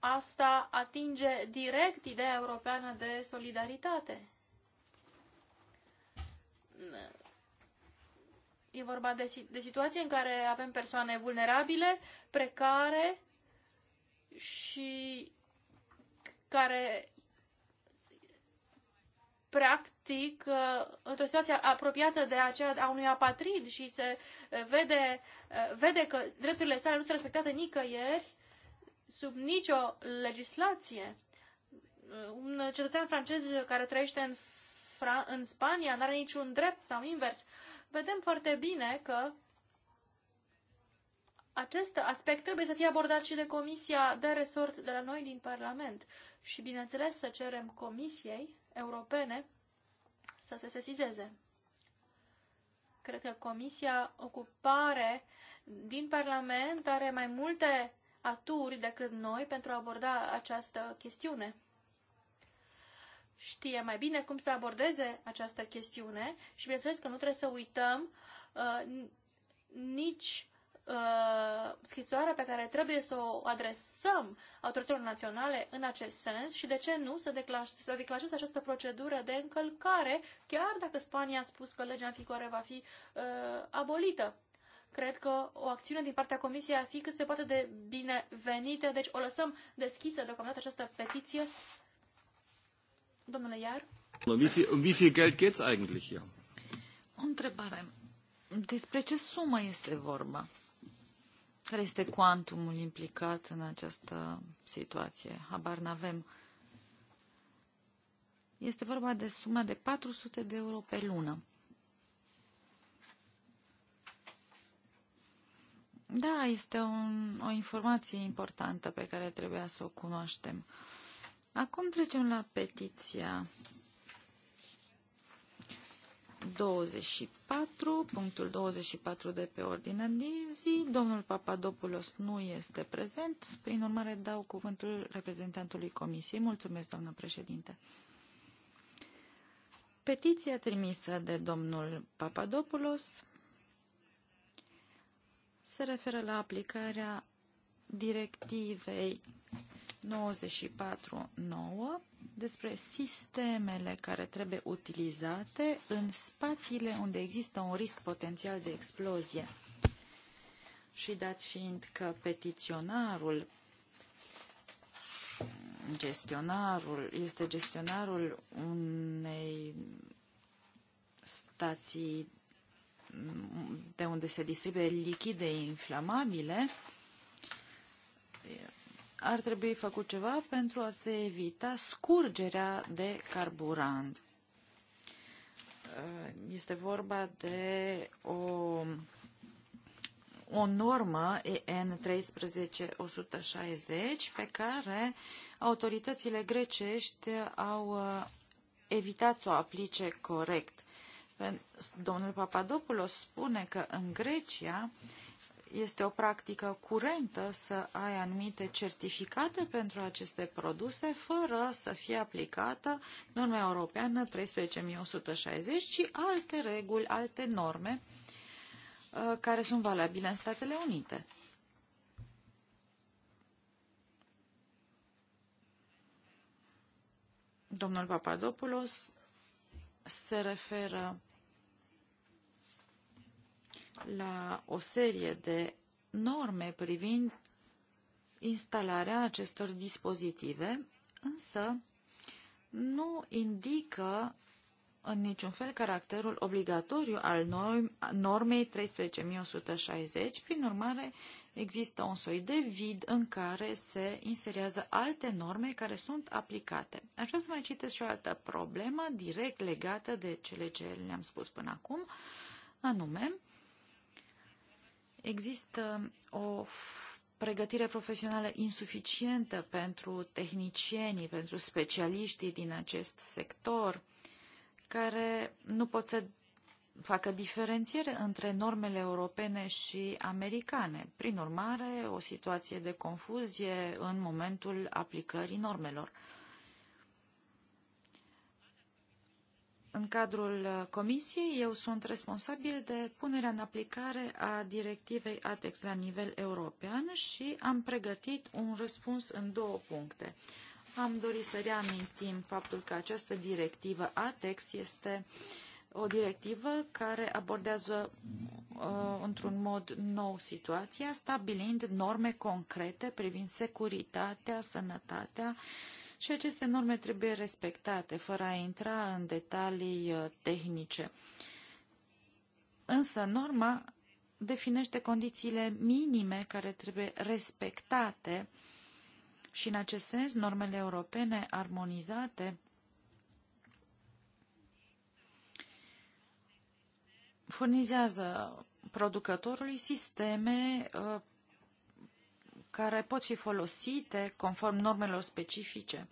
asta atinge direct ideea europeană de solidaritate. E vorba de, de situație în care avem persoane vulnerabile, precare, și care practic uh, într-o situație apropiată de aceea a unui apatrid și se uh, vede, uh, vede că drepturile sale nu sunt respectate nicăieri sub nicio legislație. Un cetățean francez care trăiește în, Fra- în Spania nu are niciun drept sau invers. Vedem foarte bine că acest aspect trebuie să fie abordat și de Comisia de Resort de la noi din Parlament și, bineînțeles, să cerem Comisiei Europene să se sesizeze. Cred că Comisia Ocupare din Parlament are mai multe aturi decât noi pentru a aborda această chestiune. Știe mai bine cum să abordeze această chestiune și, bineînțeles, că nu trebuie să uităm uh, nici uh, scrisoarea pe care trebuie să o adresăm autorităților naționale în acest sens și de ce nu să, declaș, să declanșeze această procedură de încălcare, chiar dacă Spania a spus că legea în vigoare va fi uh, abolită. Cred că o acțiune din partea Comisiei ar fi cât se poate de binevenită, deci o lăsăm deschisă deocamdată această petiție. Domnule Iar. wie viel, um wie viel Geld eigentlich hier? O întrebare. Despre ce sumă este vorba? Care este cuantumul implicat în această situație? Habar n-avem. Este vorba de suma de 400 de euro pe lună. Da, este un, o informație importantă pe care trebuia să o cunoaștem. Acum trecem la petiția 24, punctul 24 de pe ordinea de zi. Domnul Papadopoulos nu este prezent. Prin urmare, dau cuvântul reprezentantului Comisiei. Mulțumesc, doamnă președinte. Petiția trimisă de domnul Papadopoulos se referă la aplicarea directivei 94.9 despre sistemele care trebuie utilizate în spațiile unde există un risc potențial de explozie. Și dat fiind că petiționarul, gestionarul, este gestionarul unei stații de unde se distribuie lichide inflamabile, ar trebui făcut ceva pentru a se evita scurgerea de carburant. Uh, este vorba de o, o normă EN 13160 pe care autoritățile grecești au uh, evitat să o aplice corect. Domnul Papadopoulos spune că în Grecia este o practică curentă să ai anumite certificate pentru aceste produse fără să fie aplicată norma europeană 13160, ci alte reguli, alte norme uh, care sunt valabile în Statele Unite. Domnul Papadopoulos se referă la o serie de norme privind instalarea acestor dispozitive, însă nu indică în niciun fel caracterul obligatoriu al normei 13.160. Prin urmare, există un soi de vid în care se inserează alte norme care sunt aplicate. Aș vrea să mai citesc și o altă problemă direct legată de cele ce le-am spus până acum, anume, Există o pregătire profesională insuficientă pentru tehnicienii, pentru specialiștii din acest sector, care nu pot să facă diferențiere între normele europene și americane. Prin urmare, o situație de confuzie în momentul aplicării normelor. În cadrul uh, Comisiei, eu sunt responsabil de punerea în aplicare a directivei ATEX la nivel european și am pregătit un răspuns în două puncte. Am dorit să reamintim faptul că această directivă ATEX este o directivă care abordează uh, într-un mod nou situația, stabilind norme concrete privind securitatea, sănătatea, uh, și aceste norme trebuie respectate, fără a intra în detalii uh, tehnice. Însă norma definește condițiile minime care trebuie respectate și în acest sens normele europene armonizate furnizează producătorului sisteme uh, care pot fi folosite conform normelor specifice.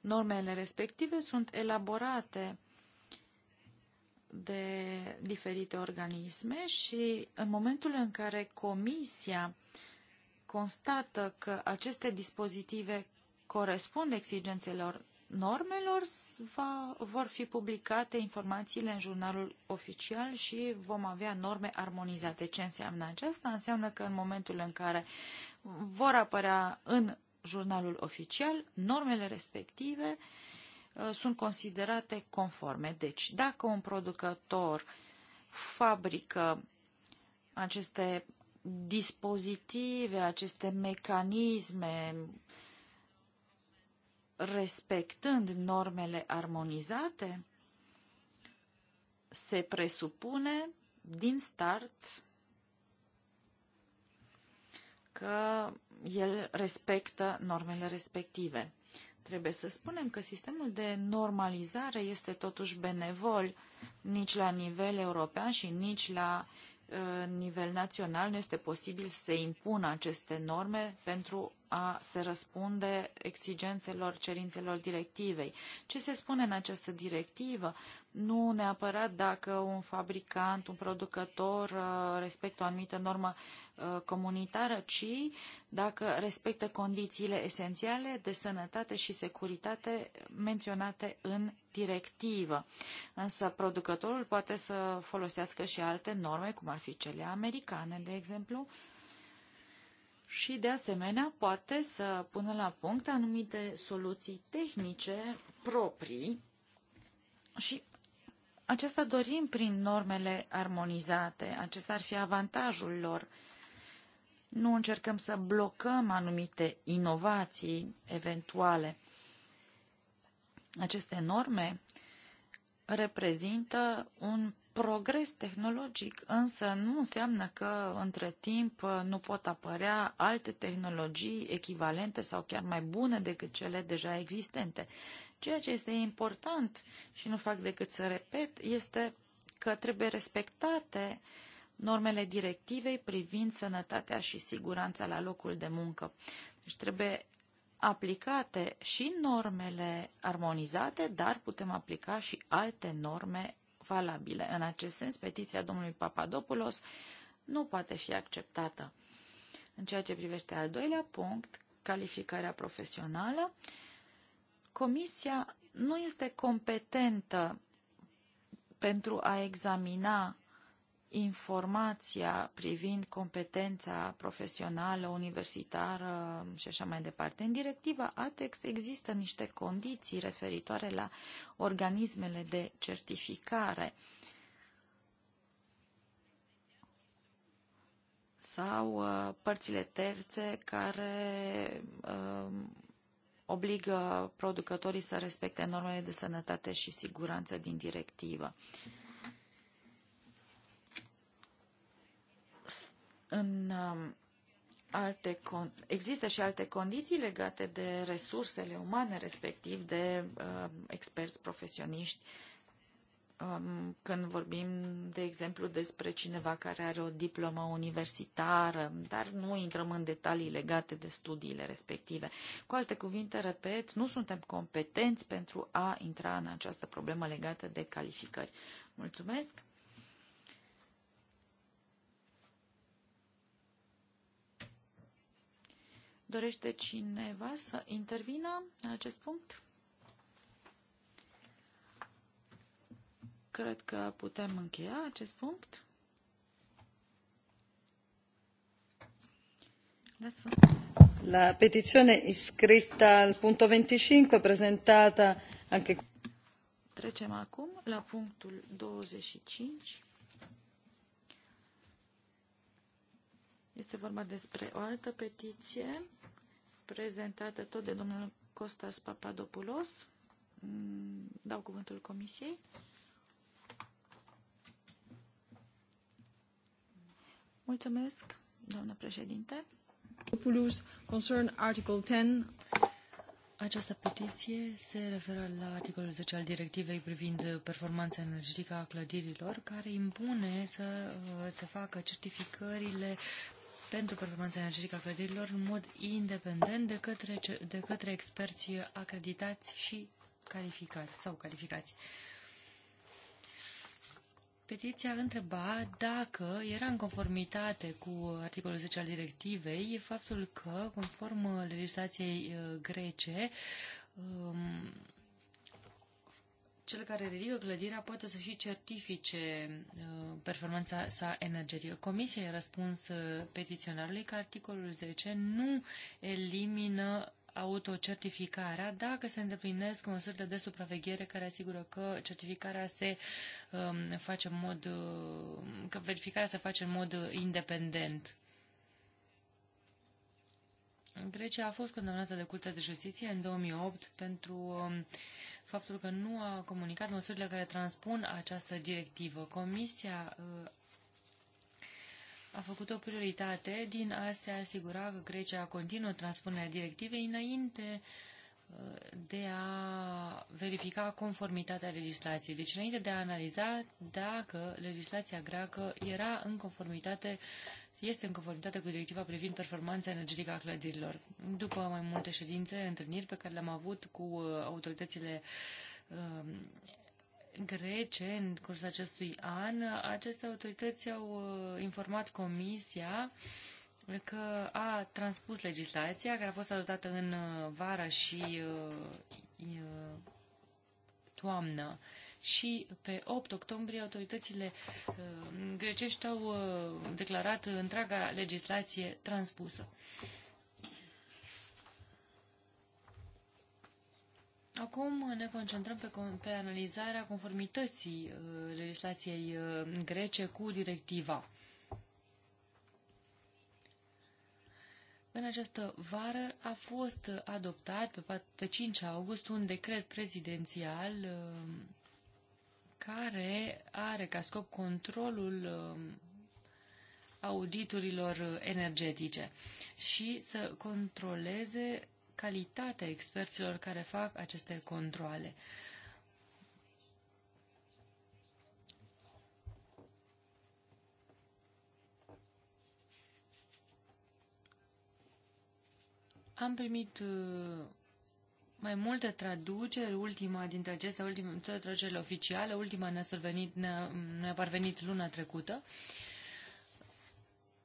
Normele respective sunt elaborate de diferite organisme și în momentul în care comisia constată că aceste dispozitive corespund exigențelor normelor, va, vor fi publicate informațiile în jurnalul oficial și vom avea norme armonizate. Ce înseamnă aceasta? Înseamnă că în momentul în care vor apărea în jurnalul oficial, normele respective uh, sunt considerate conforme. Deci, dacă un producător fabrică aceste dispozitive, aceste mecanisme, respectând normele armonizate, se presupune din start că el respectă normele respective. Trebuie să spunem că sistemul de normalizare este totuși benevol nici la nivel european și nici la uh, nivel național nu este posibil să se impună aceste norme pentru a se răspunde exigențelor, cerințelor directivei. Ce se spune în această directivă? Nu neapărat dacă un fabricant, un producător uh, respectă o anumită normă Uh, comunitară, ci dacă respectă condițiile esențiale de sănătate și securitate menționate în directivă. Însă producătorul poate să folosească și alte norme, cum ar fi cele americane, de exemplu, și, de asemenea, poate să pună la punct anumite soluții tehnice proprii și acesta dorim prin normele armonizate. Acesta ar fi avantajul lor nu încercăm să blocăm anumite inovații eventuale. Aceste norme reprezintă un progres tehnologic, însă nu înseamnă că între timp nu pot apărea alte tehnologii echivalente sau chiar mai bune decât cele deja existente. Ceea ce este important și nu fac decât să repet este că trebuie respectate uh, normele directivei privind sănătatea și siguranța la locul de muncă. Deci trebuie aplicate și normele armonizate, dar putem aplica și alte norme valabile. În acest sens, petiția domnului Papadopoulos nu poate fi acceptată. În ceea ce privește al doilea punct, calificarea profesională, Comisia nu este competentă pentru a examina informația privind competența profesională, universitară și așa mai departe. În directiva ATEX există niște condiții referitoare la organismele de certificare sau uh, părțile terțe care uh, obligă producătorii să respecte normele de sănătate și siguranță din directivă. Uh, În um, alte există și alte condiții legate de resursele umane, respectiv de uh, experți profesioniști. Um, când vorbim, de exemplu, despre cineva care are o diplomă universitară, dar nu intrăm în detalii legate de studiile respective. Cu alte cuvinte, repet, nu suntem competenți pentru a intra în această problemă legată de calificări. Mulțumesc! Dorește cineva să intervină în acest punct? Cred că putem încheia acest punct. Lasă. La petizione iscritta al punto 25 presentata anche Trecem acum la punctul 25 Este vorba despre o altă petiție prezentată tot de domnul Costas Papadopoulos. Mm, dau cuvântul comisiei. Mulțumesc, doamnă președinte. Papadopoulos, concern article 10 această petiție se referă la articolul 10 al directivei privind performanța energetică a clădirilor, care impune să uh, se facă certificările pentru performanța energetică a clădirilor în mod independent de către, de către experți acreditați și calificați sau calificați. Petiția întreba dacă era în conformitate cu articolul 10 al directivei faptul că, conform legislației uh, grece, um, cel care ridică clădirea poate să și certifice uh, performanța sa energetică. Comisia a răspuns uh, petiționarului că articolul 10 nu elimină autocertificarea dacă se îndeplinesc măsurile de supraveghere care asigură că certificarea se uh, face în mod, uh, că verificarea se face în mod independent. Grecia a fost condamnată de Curtea de Justiție în 2008 pentru um, faptul că nu a comunicat măsurile care transpun această directivă. Comisia uh, a făcut o prioritate din a se asigura că Grecia continuă transpunerea directivei înainte uh, de a verifica conformitatea legislației. Deci, înainte de a analiza dacă legislația greacă era în conformitate, este în conformitate cu directiva privind performanța energetică a clădirilor. După mai multe ședințe, întâlniri pe care le-am avut cu uh, autoritățile um, grece în cursul acestui an, aceste autorități au uh, informat Comisia uh, că a transpus legislația care a fost adoptată în uh, vară și uh, uh, toamnă și pe 8 octombrie autoritățile grecești au declarat întreaga legislație transpusă. Acum ne concentrăm pe, pe analizarea conformității legislației grece cu directiva. În această vară a fost adoptat pe 5 august un decret prezidențial uh, care are ca scop controlul uh, auditurilor energetice și să controleze calitatea experților care fac aceste controle. Uh, Am primit uh, mai multe traduceri, ultima dintre acestea, ultima dintre traducerile oficiale, ultima ne-a survenit, ne-a, ne parvenit luna trecută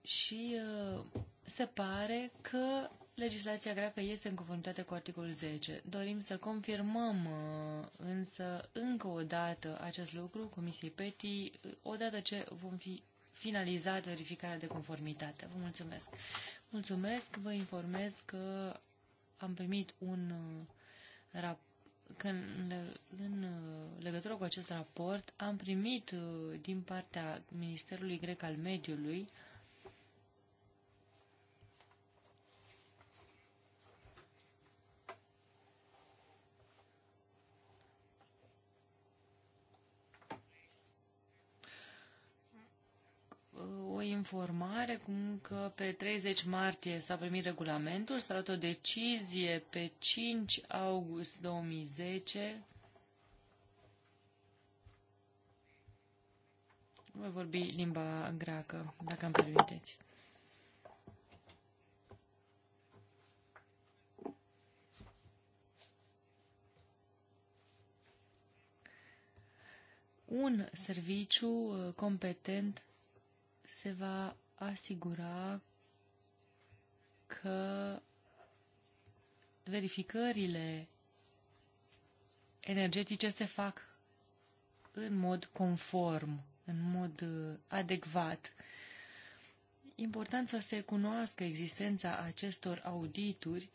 și uh, se pare că legislația greacă este în conformitate cu articolul 10. Dorim să confirmăm uh, însă încă o dată acest lucru Comisiei PETI, uh, odată ce vom fi finalizat verificarea de conformitate. Vă mulțumesc. Mulțumesc, vă informez că am primit un uh, raport că în, în uh, legătură cu acest raport am primit uh, din partea Ministerului Grec al Mediului informare cum că pe 30 martie s-a primit regulamentul, s-a luat o decizie pe 5 august 2010. Voi vorbi limba greacă, dacă îmi permiteți. un serviciu uh, competent se va asigura că verificările energetice se fac în mod conform, în mod uh, adecvat. Important să se cunoască existența acestor audituri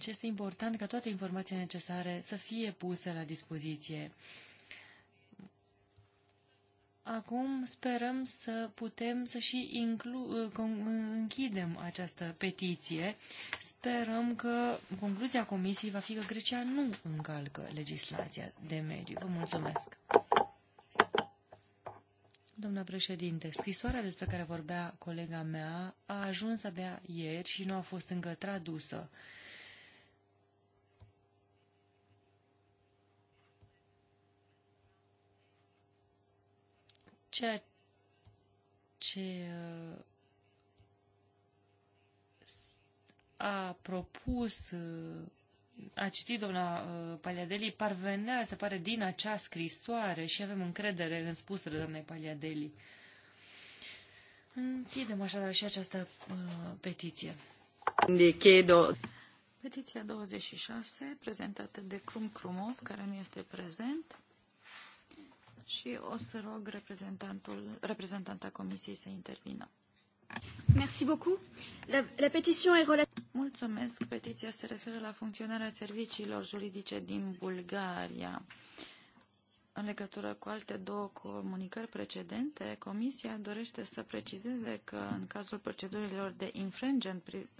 și este important ca toate informațiile necesare să fie puse la dispoziție. Acum sperăm să putem să și inclu- uh, uh, închidem această petiție. Sperăm că concluzia comisiei va fi că Grecia nu încalcă legislația de mediu. Vă mulțumesc. Domnule președinte, scrisoarea despre care vorbea colega mea a ajuns abia ieri și nu a fost încă tradusă. ceea ce uh, a propus, uh, a citit doamna uh, Paliadeli, parvenea, se pare, din acea scrisoare și avem încredere în spusele doamnei Paliadeli. Închidem așadar și această petiție. Chiedo. Petiția 26, prezentată de Crum Crumov, care nu este prezent și o să rog reprezentantul, reprezentanta Comisiei să intervină. Merci beaucoup. La, la petition est relative... Mulțumesc. Petiția se referă la funcționarea serviciilor juridice din Bulgaria. Uh, în legătură cu alte două comunicări precedente, Comisia dorește să precizeze că în cazul procedurilor de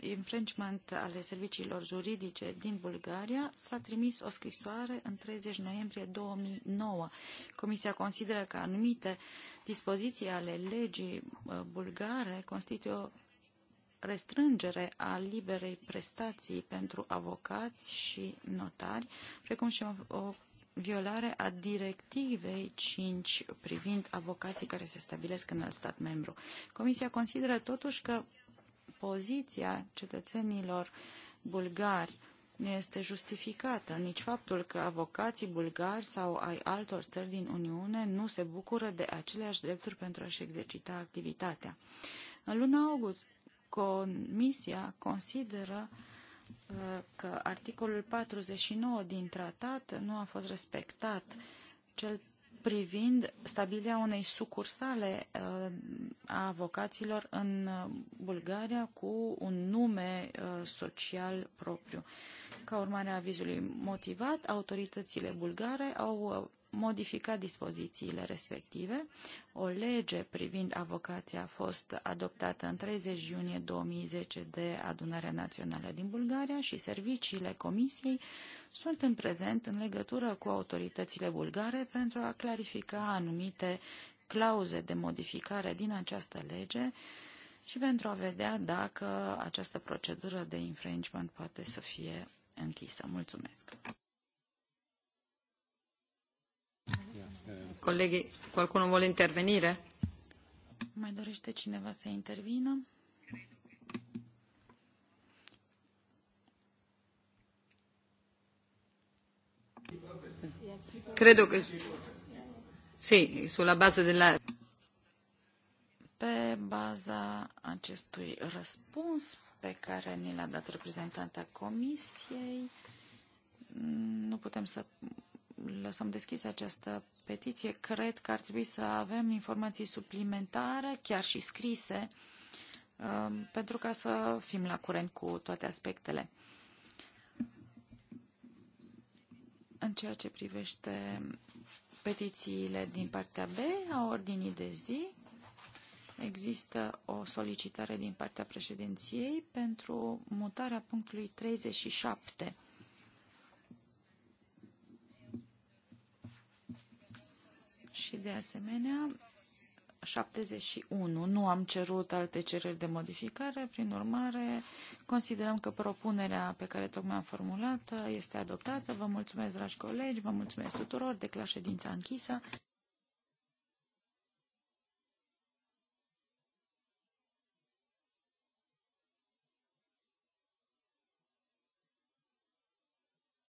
infringement ale serviciilor juridice din Bulgaria s-a trimis o scrisoare în 30 noiembrie 2009. Comisia consideră că anumite dispoziții ale legii uh, bulgare constituie o restrângere a liberei prestații pentru avocați și notari, precum și o, o violare a directivei 5 privind avocații care se stabilesc în alt stat membru. Comisia consideră totuși că poziția cetățenilor bulgari nu este justificată, nici faptul că avocații bulgari sau ai altor țări din Uniune nu se bucură de aceleași drepturi pentru a-și exercita activitatea. În luna august, Comisia consideră că articolul 49 din tratat nu a fost respectat, cel privind stabilirea unei sucursale uh, a avocaților în uh, Bulgaria cu un nume uh, social propriu. Ca urmare a avizului motivat, autoritățile bulgare au modifica dispozițiile respective. O lege privind avocația a fost adoptată în 30 iunie 2010 de Adunarea Națională din Bulgaria și serviciile Comisiei sunt în prezent în legătură cu autoritățile bulgare pentru a clarifica anumite clauze de modificare din această lege și pentru a vedea dacă această procedură de infringement poate să fie închisă. Mulțumesc! Colegi, qualcuno vuole intervenire? Mai dorește cineva să intervină? Credo că, sì, sulla base della pe baza acestui răspuns pe care ni l-a dat reprezentanta Comisiei, nu putem să lăsăm deschisă această petiție, cred că ar trebui să avem informații suplimentare, chiar și scrise, um, pentru ca să fim la curent cu toate aspectele. În ceea ce privește petițiile din partea B a ordinii de zi, există o solicitare din partea președinției pentru mutarea punctului 37 Și de asemenea, 71. Nu am cerut alte cereri de modificare, prin urmare, considerăm că propunerea pe care tocmai am formulat este adoptată. Vă mulțumesc, dragi colegi, vă mulțumesc tuturor, declar ședința închisă.